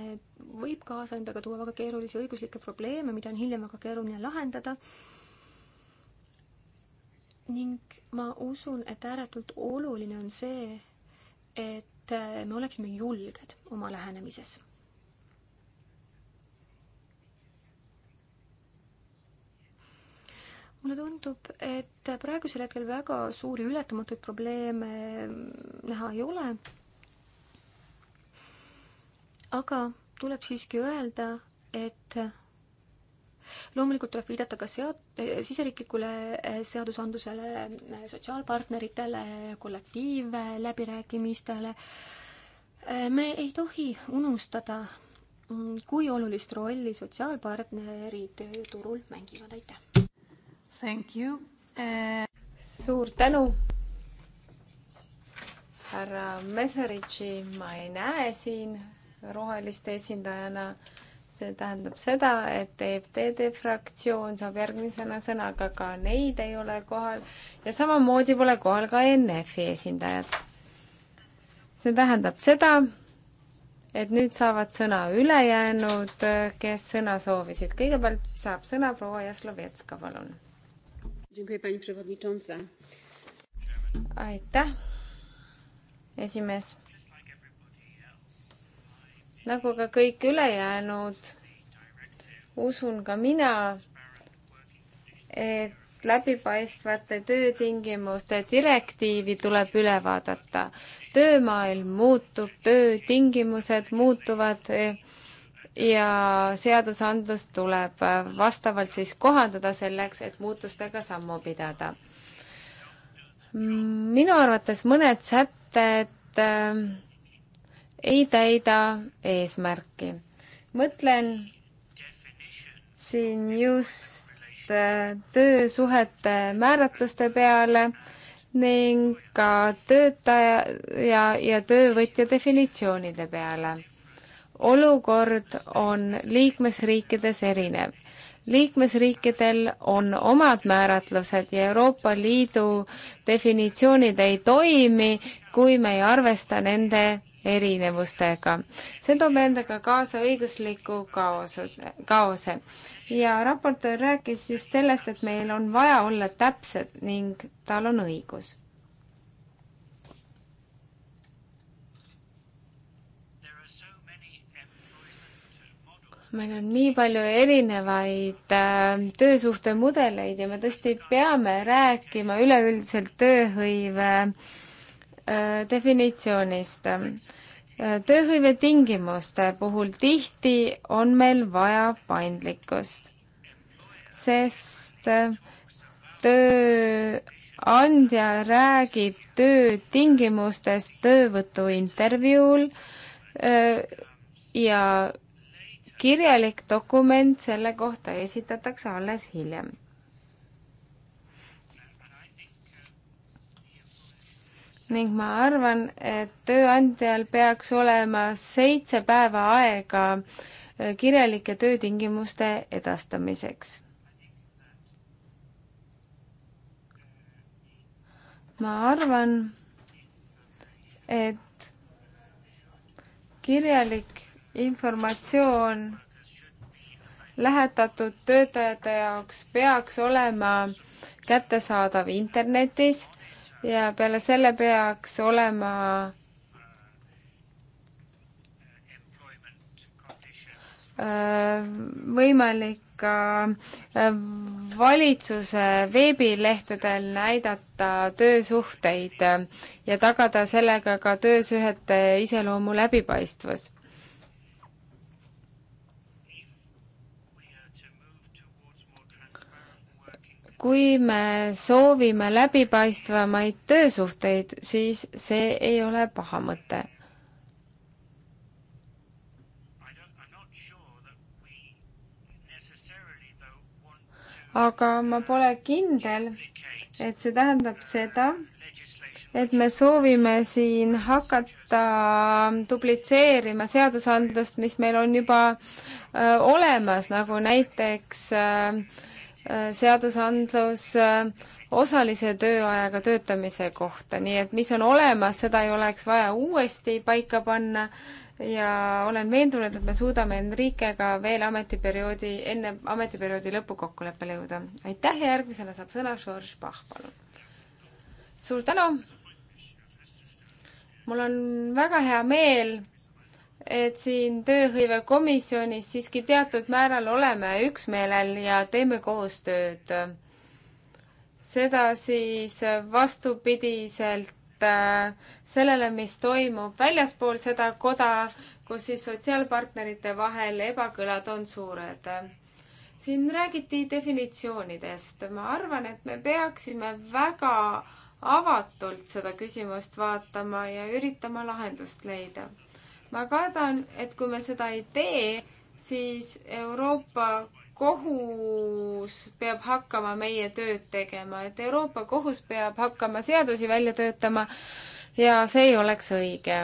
võib kaasa endaga tuua väga keerulisi õiguslikke probleeme, mida on hiljem väga keeruline lahendada. ning ma usun, et ääretult oluline on see, et äh, me oleksime julged oma lähenemises mulle tundub, et praegusel hetkel väga suuri ületamatuid probleeme näha ei ole. aga tuleb siiski öelda, et loomulikult tuleb viidata ka sead-, siseriiklikule seadusandlusele, sotsiaalpartneritele, kollektiivläbirääkimistele. me ei tohi unustada, kui olulist rolli sotsiaalpartnerid tööturul mängivad, aitäh! Thank you eh.... suur tänu. härra Meseritši ma ei näe siin roheliste esindajana. see tähendab seda, et EFTD fraktsioon saab järgmisena sõna, aga ka neid ei ole kohal ja samamoodi pole kohal ka e NF-i esindajat. see tähendab seda, et nüüd saavad sõna ülejäänud, kes sõna soovisid. kõigepealt saab sõna proua Jaslovetska, palun aitäh, esimees. nagu ka kõik ülejäänud, usun ka mina, et läbipaistvate töötingimuste direktiivi tuleb üle vaadata. töömaailm muutub, töötingimused muutuvad ja seadusandlust tuleb äh, vastavalt siis kohandada selleks, et muutustega sammu pidada. minu arvates mõned sätted äh, ei täida eesmärki. mõtlen siin just äh, töösuhete määratluste peale ning ka töötaja ja, ja töövõtja definitsioonide peale olukord on liikmesriikides erinev. liikmesriikidel on omad määratlused ja Euroopa Liidu definitsioonid ei toimi, kui me ei arvesta nende erinevustega. see toob endaga kaasa õigusliku kaosuse, kaose. ja raportöör rääkis just sellest, et meil on vaja olla täpsed ning tal on õigus. meil on nii palju erinevaid äh, töösuhtemudeleid ja me tõesti peame rääkima üleüldiselt tööhõive äh, definitsioonist äh,. tööhõive tingimuste puhul tihti on meil vaja paindlikkust, sest äh, tööandja räägib töötingimustest töövõtuintervjuul äh, ja kirjalik dokument selle kohta esitatakse alles hiljem. ning ma arvan, et tööandjal peaks olema seitse päeva aega äh, kirjalike töötingimuste edastamiseks. ma arvan, et kirjalik informatsioon lähetatud töötajate jaoks peaks olema kättesaadav internetis ja peale selle peaks olema äh, võimalik ka äh, valitsuse veebilehtedel näidata töösuhteid ja tagada sellega ka töösuhete iseloomu läbipaistvus kui me soovime läbipaistvamaid töösuhteid, siis see ei ole paha mõte. aga ma pole kindel, et see tähendab seda, et me soovime siin hakata duplitseerima seadusandlust, mis meil on juba öö, äh, olemas, nagu näiteks öö, äh, Äh, seadusandlus äh, osalise tööajaga töötamise kohta, nii et mis on olemas, seda ei oleks vaja uuesti paika panna ja olen veendunud, et me suudame Enriquega veel ametiperioodi, enne ametiperioodi lõppu kokkuleppele jõuda. aitäh ja järgmisena saab sõna George Bach, palun. suur tänu! mul on väga hea meel et siin tööhõivekomisjonis siiski teatud määral oleme üksmeelel ja teeme koostööd. seda siis vastupidiselt äh, sellele, mis toimub väljaspool seda koda, kus siis sotsiaalpartnerite vahel ebakõlad on suured. siin räägiti definitsioonidest. ma arvan, et me peaksime väga avatult seda küsimust vaatama ja üritama lahendust leida ma kardan, et kui me seda ei tee, siis Euroopa kohus peab hakkama meie tööd tegema, et Euroopa kohus peab hakkama seadusi välja töötama ja see ei oleks õige.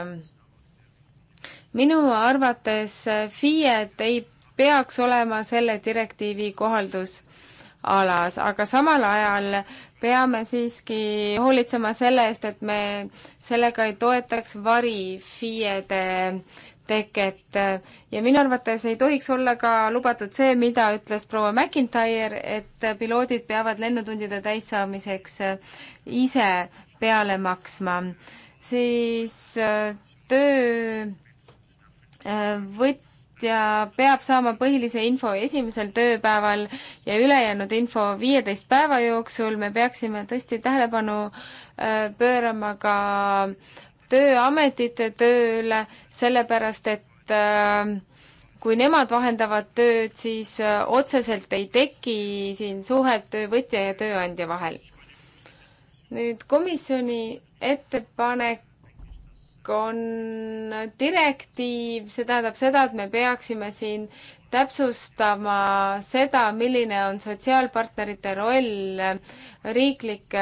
minu arvates FIE-d ei peaks olema selle direktiivi kohaldusalas, aga samal ajal peame siiski hoolitsema selle eest, et me sellega ei toetaks varifiiede teket ja minu arvates ei tohiks olla ka lubatud see, mida ütles proua McIntyre, et piloodid peavad lennutundide täissaamiseks ise peale maksma. siis äh, töö äh, võtt-, töövõtja peab saama põhilise info esimesel tööpäeval ja ülejäänud info viieteist päeva jooksul. me peaksime tõesti tähelepanu äh, pöörama ka tööametite tööle, sellepärast et äh, kui nemad vahendavad tööd, siis äh, otseselt ei teki siin suhet töövõtja ja tööandja vahel. nüüd komisjoni ettepanek on direktiiv, see tähendab seda, et me peaksime siin täpsustama seda, milline on sotsiaalpartnerite roll riiklike,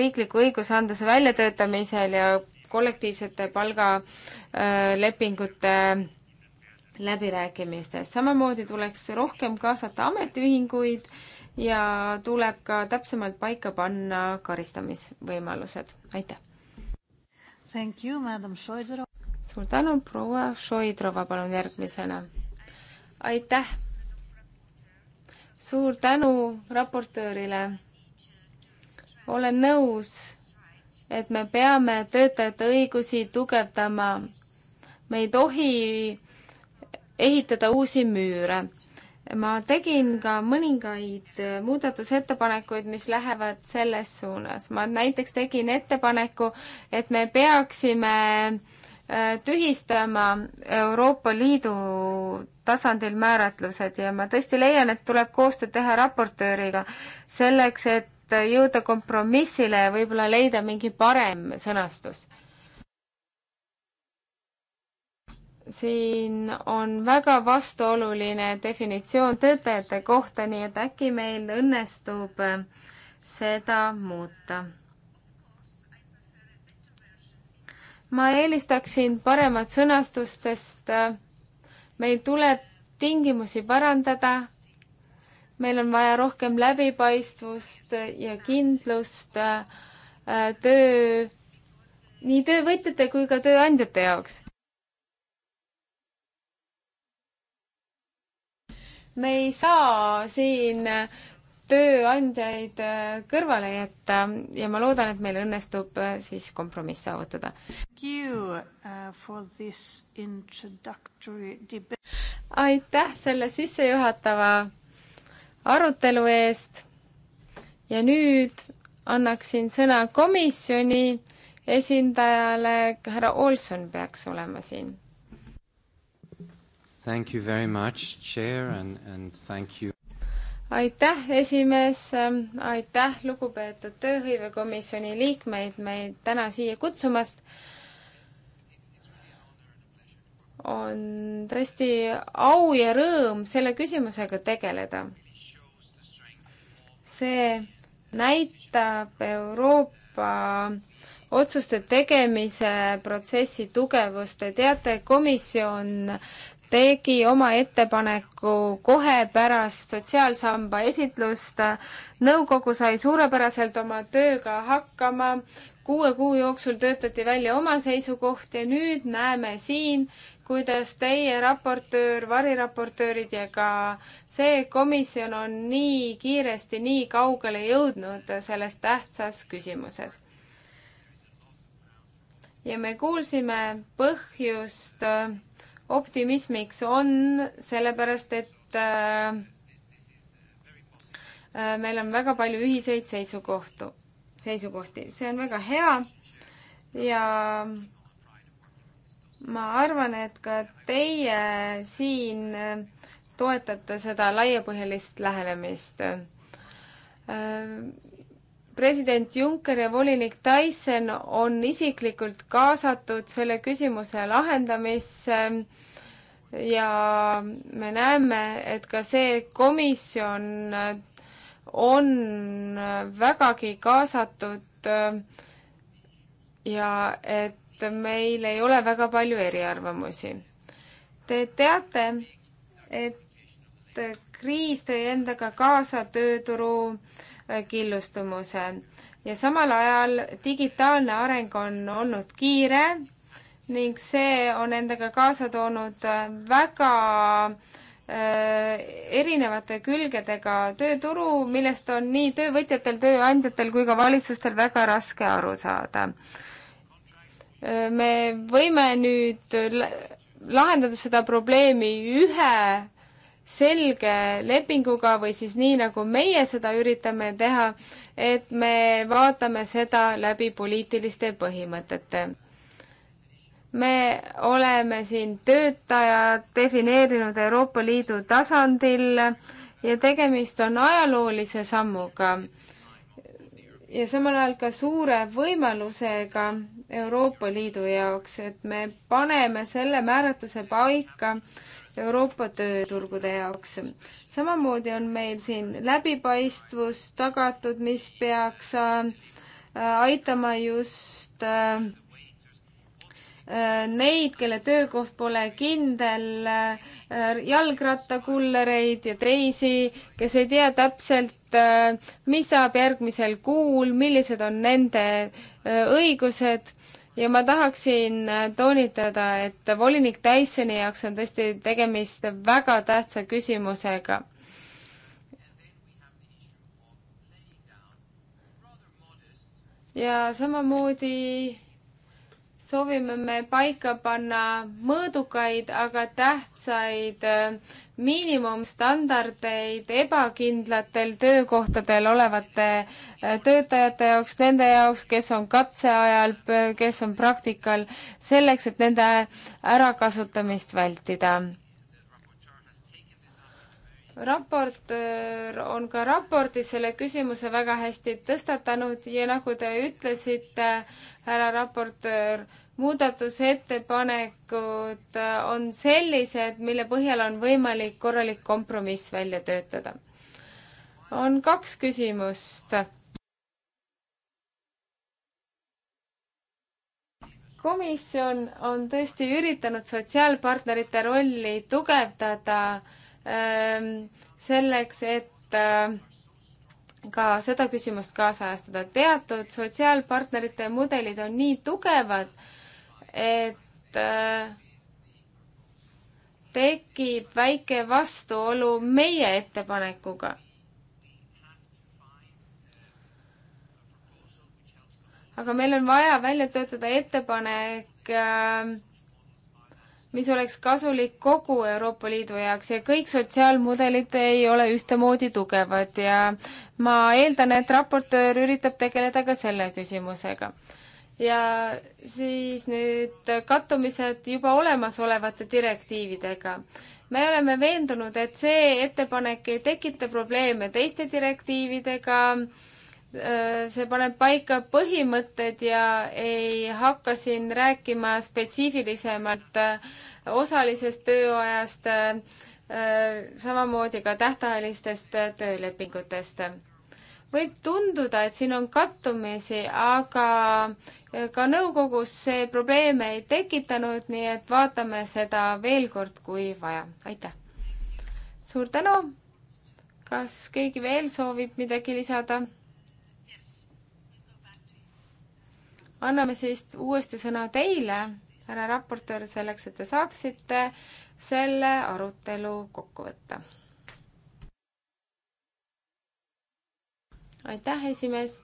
riikliku õigusandluse väljatöötamisel ja kollektiivsete palgalepingute läbirääkimistes. samamoodi tuleks rohkem kaasata ametiühinguid ja tuleb ka täpsemalt paika panna karistamisvõimalused. aitäh! suur tänu, proua Šoidrova, palun järgmisena. aitäh! suur tänu raportöörile. olen nõus, et me peame töötajate õigusi tugevdama. me ei tohi ehitada uusi müüre ma tegin ka mõningaid äh, muudatusettepanekuid, mis lähevad selles suunas. ma näiteks tegin ettepaneku, et me peaksime äh, tühistama Euroopa Liidu tasandil määratlused ja ma tõesti leian, et tuleb koostööd teha raportööriga selleks, et jõuda kompromissile ja võib-olla leida mingi parem sõnastus siin on väga vastuoluline definitsioon töötajate kohta, nii et äkki meil õnnestub äh, seda muuta. ma eelistaksin paremat sõnastust, sest äh, meil tuleb tingimusi parandada. meil on vaja rohkem läbipaistvust ja kindlust äh, töö, nii töövõtjate kui ka tööandjate jaoks me ei saa siin tööandjaid äh, kõrvale jätta ja ma loodan, et meil õnnestub äh, siis kompromiss saavutada. Äh, aitäh selle sissejuhatava arutelu eest. ja nüüd annaksin sõna komisjoni esindajale, härra Olson peaks olema siin Thank you very much, chair and, and thank you. aitäh, esimees, ähm, aitäh, lugupeetud tööhõivekomisjoni liikmeid meid täna siia kutsumast. on tõesti au ja rõõm selle küsimusega tegeleda. see näitab Euroopa otsuste tegemise protsessi tugevust. Te teate, komisjon tegi oma ettepaneku kohe pärast sotsiaalsamba esitlust. nõukogu sai suurepäraselt oma tööga hakkama, kuue kuu jooksul töötati välja oma seisukoht ja nüüd näeme siin, kuidas teie raportöör, variraportöörid ja ka see komisjon on nii kiiresti nii kaugele jõudnud selles tähtsas küsimuses. ja me kuulsime põhjust äh, optimismiks on sellepärast, et äh, äh, meil on väga palju ühiseid seisukohtu, seisukohti, see on väga hea ja ma arvan, et ka teie siin toetate seda laiapõhjalist lähenemist äh, president Juncker ja volinik Tyson on isiklikult kaasatud selle küsimuse lahendamisse ja me näeme, et ka see komisjon on vägagi kaasatud ja et meil ei ole väga palju eriarvamusi. Te teate, et kriis tõi endaga kaasa tööturu äh, killustumuse ja samal ajal digitaalne areng on olnud kiire ning see on endaga kaasa toonud äh, väga äh, erinevate külgedega tööturu, millest on nii töövõtjatel, tööandjatel kui ka valitsustel väga raske aru saada. Äh, me võime nüüd lahendada seda probleemi ühe selge lepinguga või siis nii, nagu meie seda üritame teha, et me vaatame seda läbi poliitiliste põhimõtete. me oleme siin töötajad defineerinud Euroopa Liidu tasandil ja tegemist on ajaloolise sammuga ja samal ajal ka suure võimalusega Euroopa Liidu jaoks, et me paneme selle määratluse paika, Euroopa tööturgude jaoks. samamoodi on meil siin läbipaistvus tagatud, mis peaks äh, aitama just äh, äh, neid, kelle töökoht pole kindel, jalgrattakullereid ja teisi, kes ei tea täpselt, mis saab järgmisel kuul, millised on nende õigused ja ma tahaksin äh, toonitada, et volinik Tysoni jaoks on tõesti tegemist väga tähtsa küsimusega. ja samamoodi soovime me paika panna mõõdukaid, aga tähtsaid äh, miinimumstandardeid ebakindlatel töökohtadel olevate äh, töötajate jaoks, nende jaoks, kes on katse ajal, kes on praktikal, selleks, et nende ärakasutamist vältida raportöör on ka raportis selle küsimuse väga hästi tõstatanud ja nagu te ütlesite, härra raportöör, muudatusettepanekud äh, on sellised, mille põhjal on võimalik korralik kompromiss välja töötada. on kaks küsimust. komisjon on tõesti üritanud sotsiaalpartnerite rolli tugevdada ähm, selleks, et äh, ka seda küsimust kaasajastada. teatud sotsiaalpartnerite mudelid on nii tugevad, et äh, tekib väike vastuolu meie ettepanekuga. aga meil on vaja välja töötada ettepanek äh, mis oleks kasulik kogu Euroopa Liidu jaoks ja kõik sotsiaalmudelid ei ole ühtemoodi tugevad ja ma eeldan, et raportöör üritab tegeleda ka selle küsimusega ja siis nüüd kattumised juba olemasolevate direktiividega. me oleme veendunud, et see ettepanek ei tekita probleeme teiste direktiividega, äh, see paneb paika põhimõtted ja ei hakka siin rääkima spetsiifilisemalt äh, osalisest tööajast, äh, samamoodi ka tähtajalistest töölepingutest võib tunduda, et siin on kattumisi, aga ka nõukogus see probleeme ei tekitanud, nii et vaatame seda veel kord, kui vaja. aitäh! suur tänu! kas keegi veel soovib midagi lisada? anname siis uuesti sõna teile, härra raportöör, selleks, et te saaksite selle arutelu kokku võtta. aitäh, esimees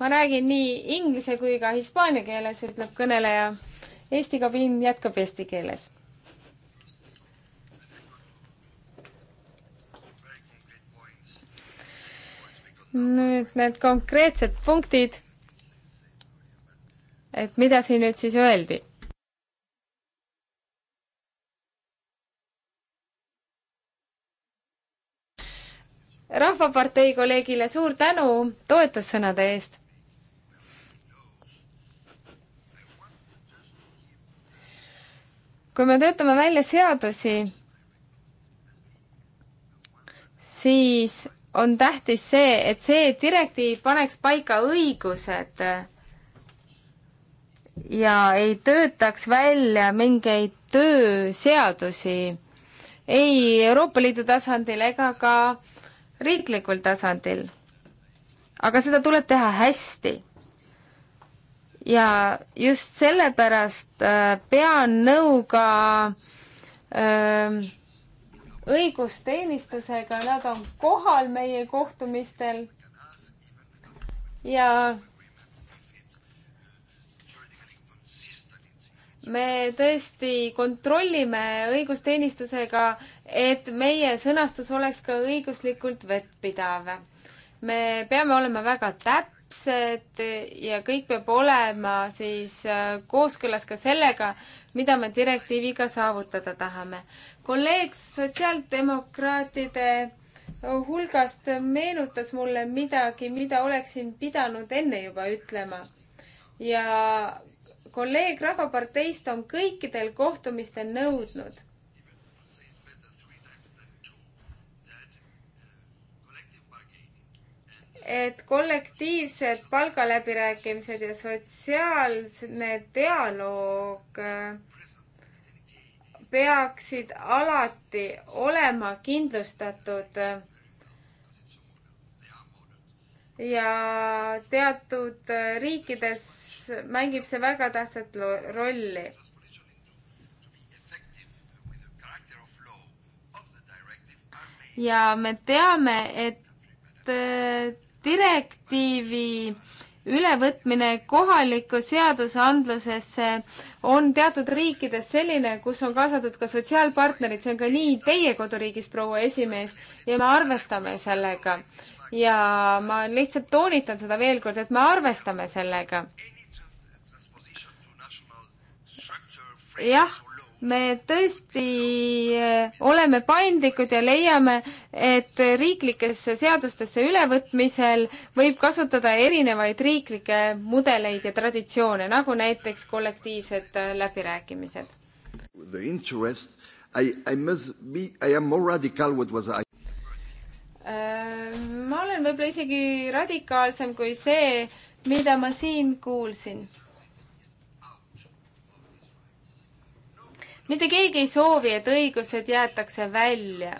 ma räägin nii inglise kui ka hispaania keeles, ütleb kõneleja. Eesti kabiin jätkab eesti keeles. nüüd need konkreetsed punktid. et mida siin nüüd siis öeldi rahvapartei kolleegile suur tänu toetussõnade eest. kui me töötame välja seadusi, siis on tähtis see, et see direktiiv paneks paika õigused ja ei töötaks välja mingeid tööseadusi ei Euroopa Liidu tasandil ega ka riiklikul tasandil. aga seda tuleb teha hästi ja just sellepärast äh, pean nõu ka ähm, õigusteenistusega, nad on kohal meie kohtumistel ja me tõesti kontrollime õigusteenistusega, et meie sõnastus oleks ka õiguslikult vettpidav. me peame olema väga täpsed täpsed ja kõik peab olema siis äh, kooskõlas ka sellega, mida me direktiiviga saavutada tahame. kolleeg sotsiaaldemokraatide hulgast meenutas mulle midagi, mida oleksin pidanud enne juba ütlema. ja kolleeg Rahvaparteist on kõikidel kohtumistel nõudnud et kollektiivsed palgaläbirääkimised ja sotsiaalne dialoog äh, peaksid alati olema kindlustatud ja teatud äh, riikides mängib see väga tähtsat rolli. ja me teame, et äh, direktiivi ülevõtmine kohalikku seadusandlusesse on teatud riikides selline, kus on kaasatud ka sotsiaalpartnerid, see on ka nii teie koduriigis, proua esimees, ja me arvestame sellega. ja ma lihtsalt toonitan seda veel kord, et me arvestame sellega. jah me tõesti eh, oleme paindlikud ja leiame, et riiklikesse seadustesse ülevõtmisel võib kasutada erinevaid riiklikke mudeleid ja traditsioone, nagu näiteks kollektiivsed eh, läbirääkimised. The interest, I, I must be, I am more radical what was I eh, ma olen võib-olla isegi radikaalsem kui see, mida ma siin kuulsin mitte keegi ei soovi, et õigused jäetakse välja.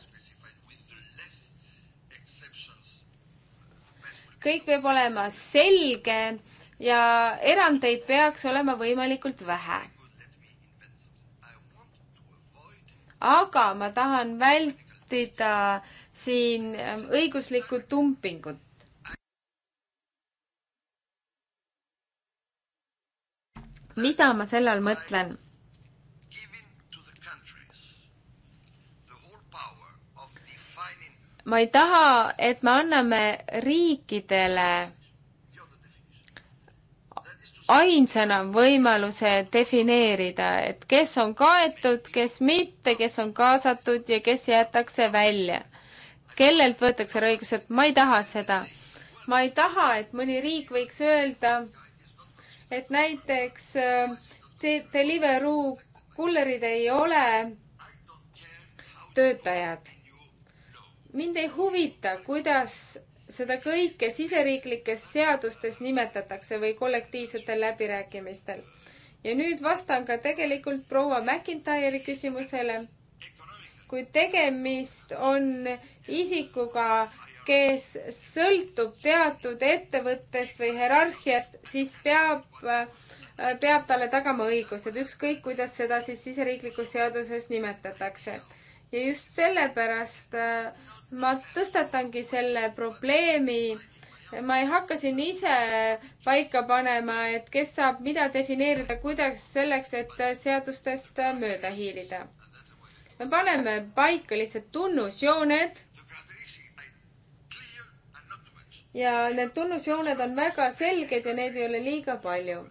kõik peab olema selge ja erandeid peaks olema võimalikult vähe. aga ma tahan vältida siin ähm, õiguslikku dumpingut. mida ma selle all mõtlen? ma ei taha, et me anname riikidele ainsana võimaluse defineerida, et kes on kaetud, kes mitte, kes on kaasatud ja kes jäetakse välja. kellelt võetakse ära õigused, ma ei taha seda. ma ei taha, et mõni riik võiks öelda, et näiteks äh, Deliveroo kullerid ei ole töötajad mind ei huvita, kuidas seda kõike siseriiklikes seadustes nimetatakse või kollektiivsetel läbirääkimistel. ja nüüd vastan ka tegelikult proua McIntyre'i küsimusele. kui tegemist on isikuga, kes sõltub teatud ettevõttest või hierarhiast, siis peab, peab talle tagama õigused, ükskõik kuidas seda siis siseriiklikus seaduses nimetatakse ja just sellepärast äh, ma tõstatangi selle probleemi. ma ei hakka siin ise paika panema, et kes saab mida defineerida, kuidas selleks, et seadustest mööda hiilida. me paneme paika lihtsalt tunnusjooned. ja need tunnusjooned on väga selged ja neid ei ole liiga palju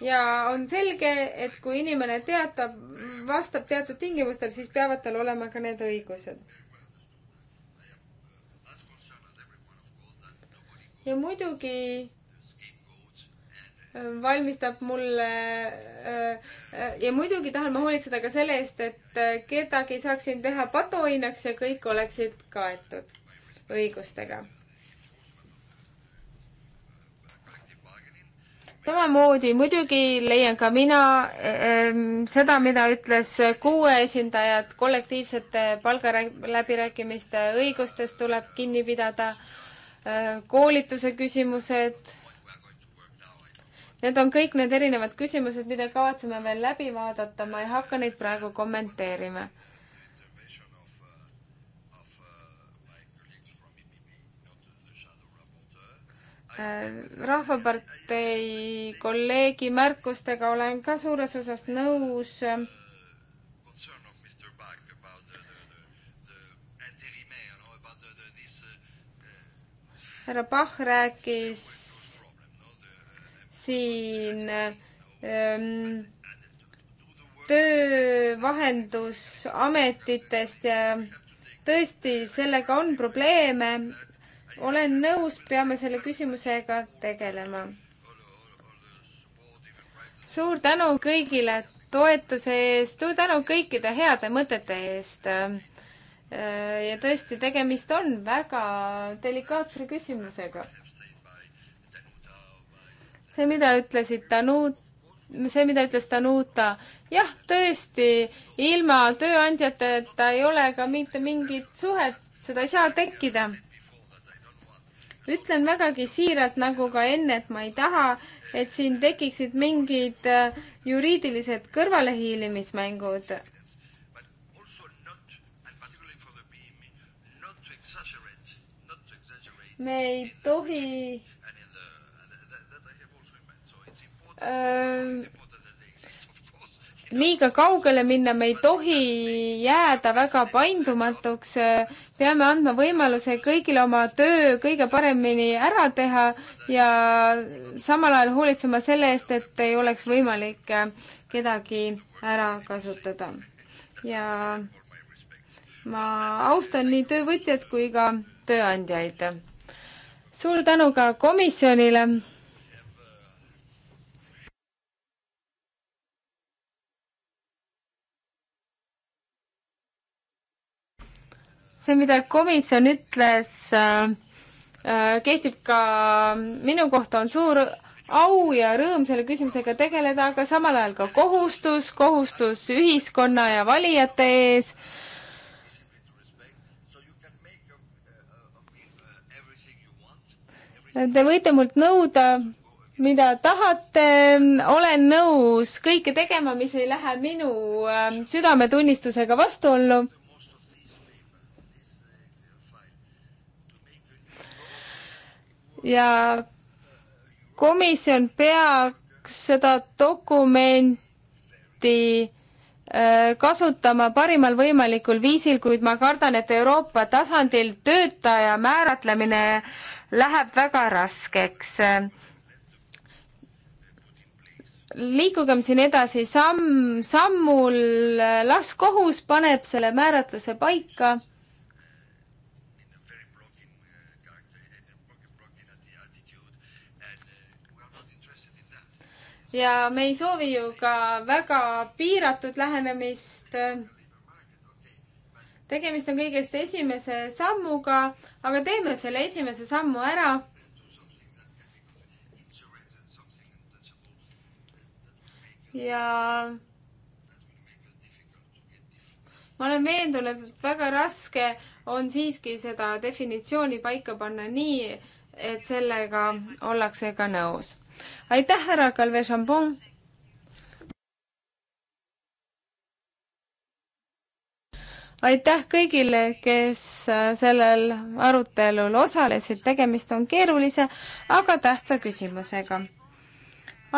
ja on selge, et kui inimene teatab, vastab teatud tingimustel, siis peavad tal olema ka need õigused. ja muidugi äh, valmistab mulle äh, äh, ja muidugi tahan ma hoolitseda ka selle eest, et kedagi saaksin teha patuoinaks ja kõik oleksid kaetud õigustega. samamoodi muidugi leian ka mina ähm, seda, mida ütles kuue esindajad, kollektiivsete palgaläbirääkimiste õigustest tuleb kinni pidada äh,, koolituse küsimused. Need on kõik need erinevad küsimused, mida kavatseme veel läbi vaadata, ma ei hakka neid praegu kommenteerima. Rahvapartei kolleegi märkustega olen ka suures osas nõus. härra Bach rääkis siin ähm, töövahendusametitest ja tõesti, sellega on probleeme olen nõus, peame selle küsimusega tegelema. suur tänu kõigile toetuse eest, suur tänu kõikide heade mõtete eest. ja tõesti, tegemist on väga delikaatse küsimusega. see, mida ütlesid Danut, see, mida ütles Danuta, jah, tõesti, ilma tööandjateta ei ole ka mitte mingit suhet, seda ei saa tekkida ütlen vägagi siiralt, nagu ka enne, et ma ei taha, et siin tekiksid mingid äh, juriidilised kõrvalehiilimismängud. me ei tohi öö, liiga kaugele minna, me ei tohi jääda väga paindumatuks, peame andma võimaluse kõigile oma töö kõige paremini ära teha ja samal ajal hoolitsema selle eest, et ei oleks võimalik kedagi ära kasutada. ja ma austan nii töövõtjat kui ka tööandjaid. suur tänu ka komisjonile see, mida komisjon ütles, äh, äh, kehtib ka minu kohta, on suur au ja rõõm selle küsimusega tegeleda, aga samal ajal ka kohustus, kohustus ühiskonna ja valijate ees. Te võite mult nõuda, mida tahate, olen nõus kõike tegema, mis ei lähe minu äh, südametunnistusega vastuollu ja komisjon peaks seda dokumenti äh, kasutama parimal võimalikul viisil, kuid ma kardan, et Euroopa tasandil töötaja määratlemine läheb väga raskeks. liikugem siin edasi samm, sammul, las kohus paneb selle määratluse paika ja me ei soovi ju ka väga piiratud lähenemist. tegemist on kõigest esimese sammuga, aga teeme selle esimese sammu ära. ja ma olen veendunud, et väga raske on siiski seda definitsiooni paika panna nii, et sellega ollakse ka nõus aitäh, härra Calve Chambon! aitäh kõigile, kes äh, sellel arutelul osalesid, tegemist on keerulise, aga tähtsa küsimusega.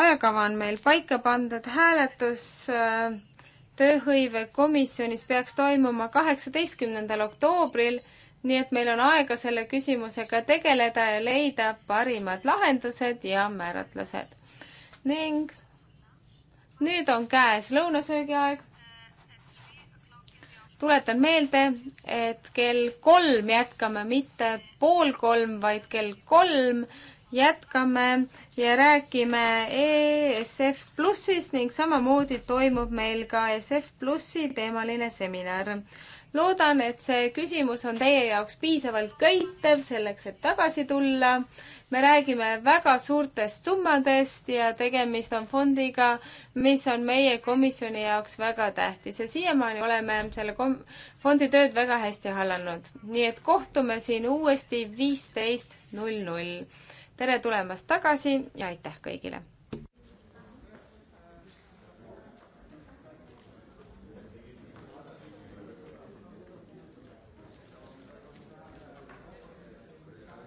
ajakava on meil paika pandud, hääletus äh, tööhõivekomisjonis peaks toimuma kaheksateistkümnendal oktoobril nii et meil on aega selle küsimusega tegeleda ja leida parimad lahendused ja määratlused. ning nüüd on käes lõunasöögi aeg. tuletan meelde, et kell kolm jätkame mitte pool kolm, vaid kell kolm jätkame ja räägime ESF Plussist ning samamoodi toimub meil ka ESF Plussi teemaline seminar loodan, et see küsimus on teie jaoks piisavalt köitev selleks, et tagasi tulla. me räägime väga suurtest summadest ja tegemist on fondiga, mis on meie komisjoni jaoks väga tähtis ja siiamaani oleme selle kom-, fondi tööd väga hästi hallanud. nii et kohtume siin uuesti viisteist null null. tere tulemast tagasi ja aitäh kõigile!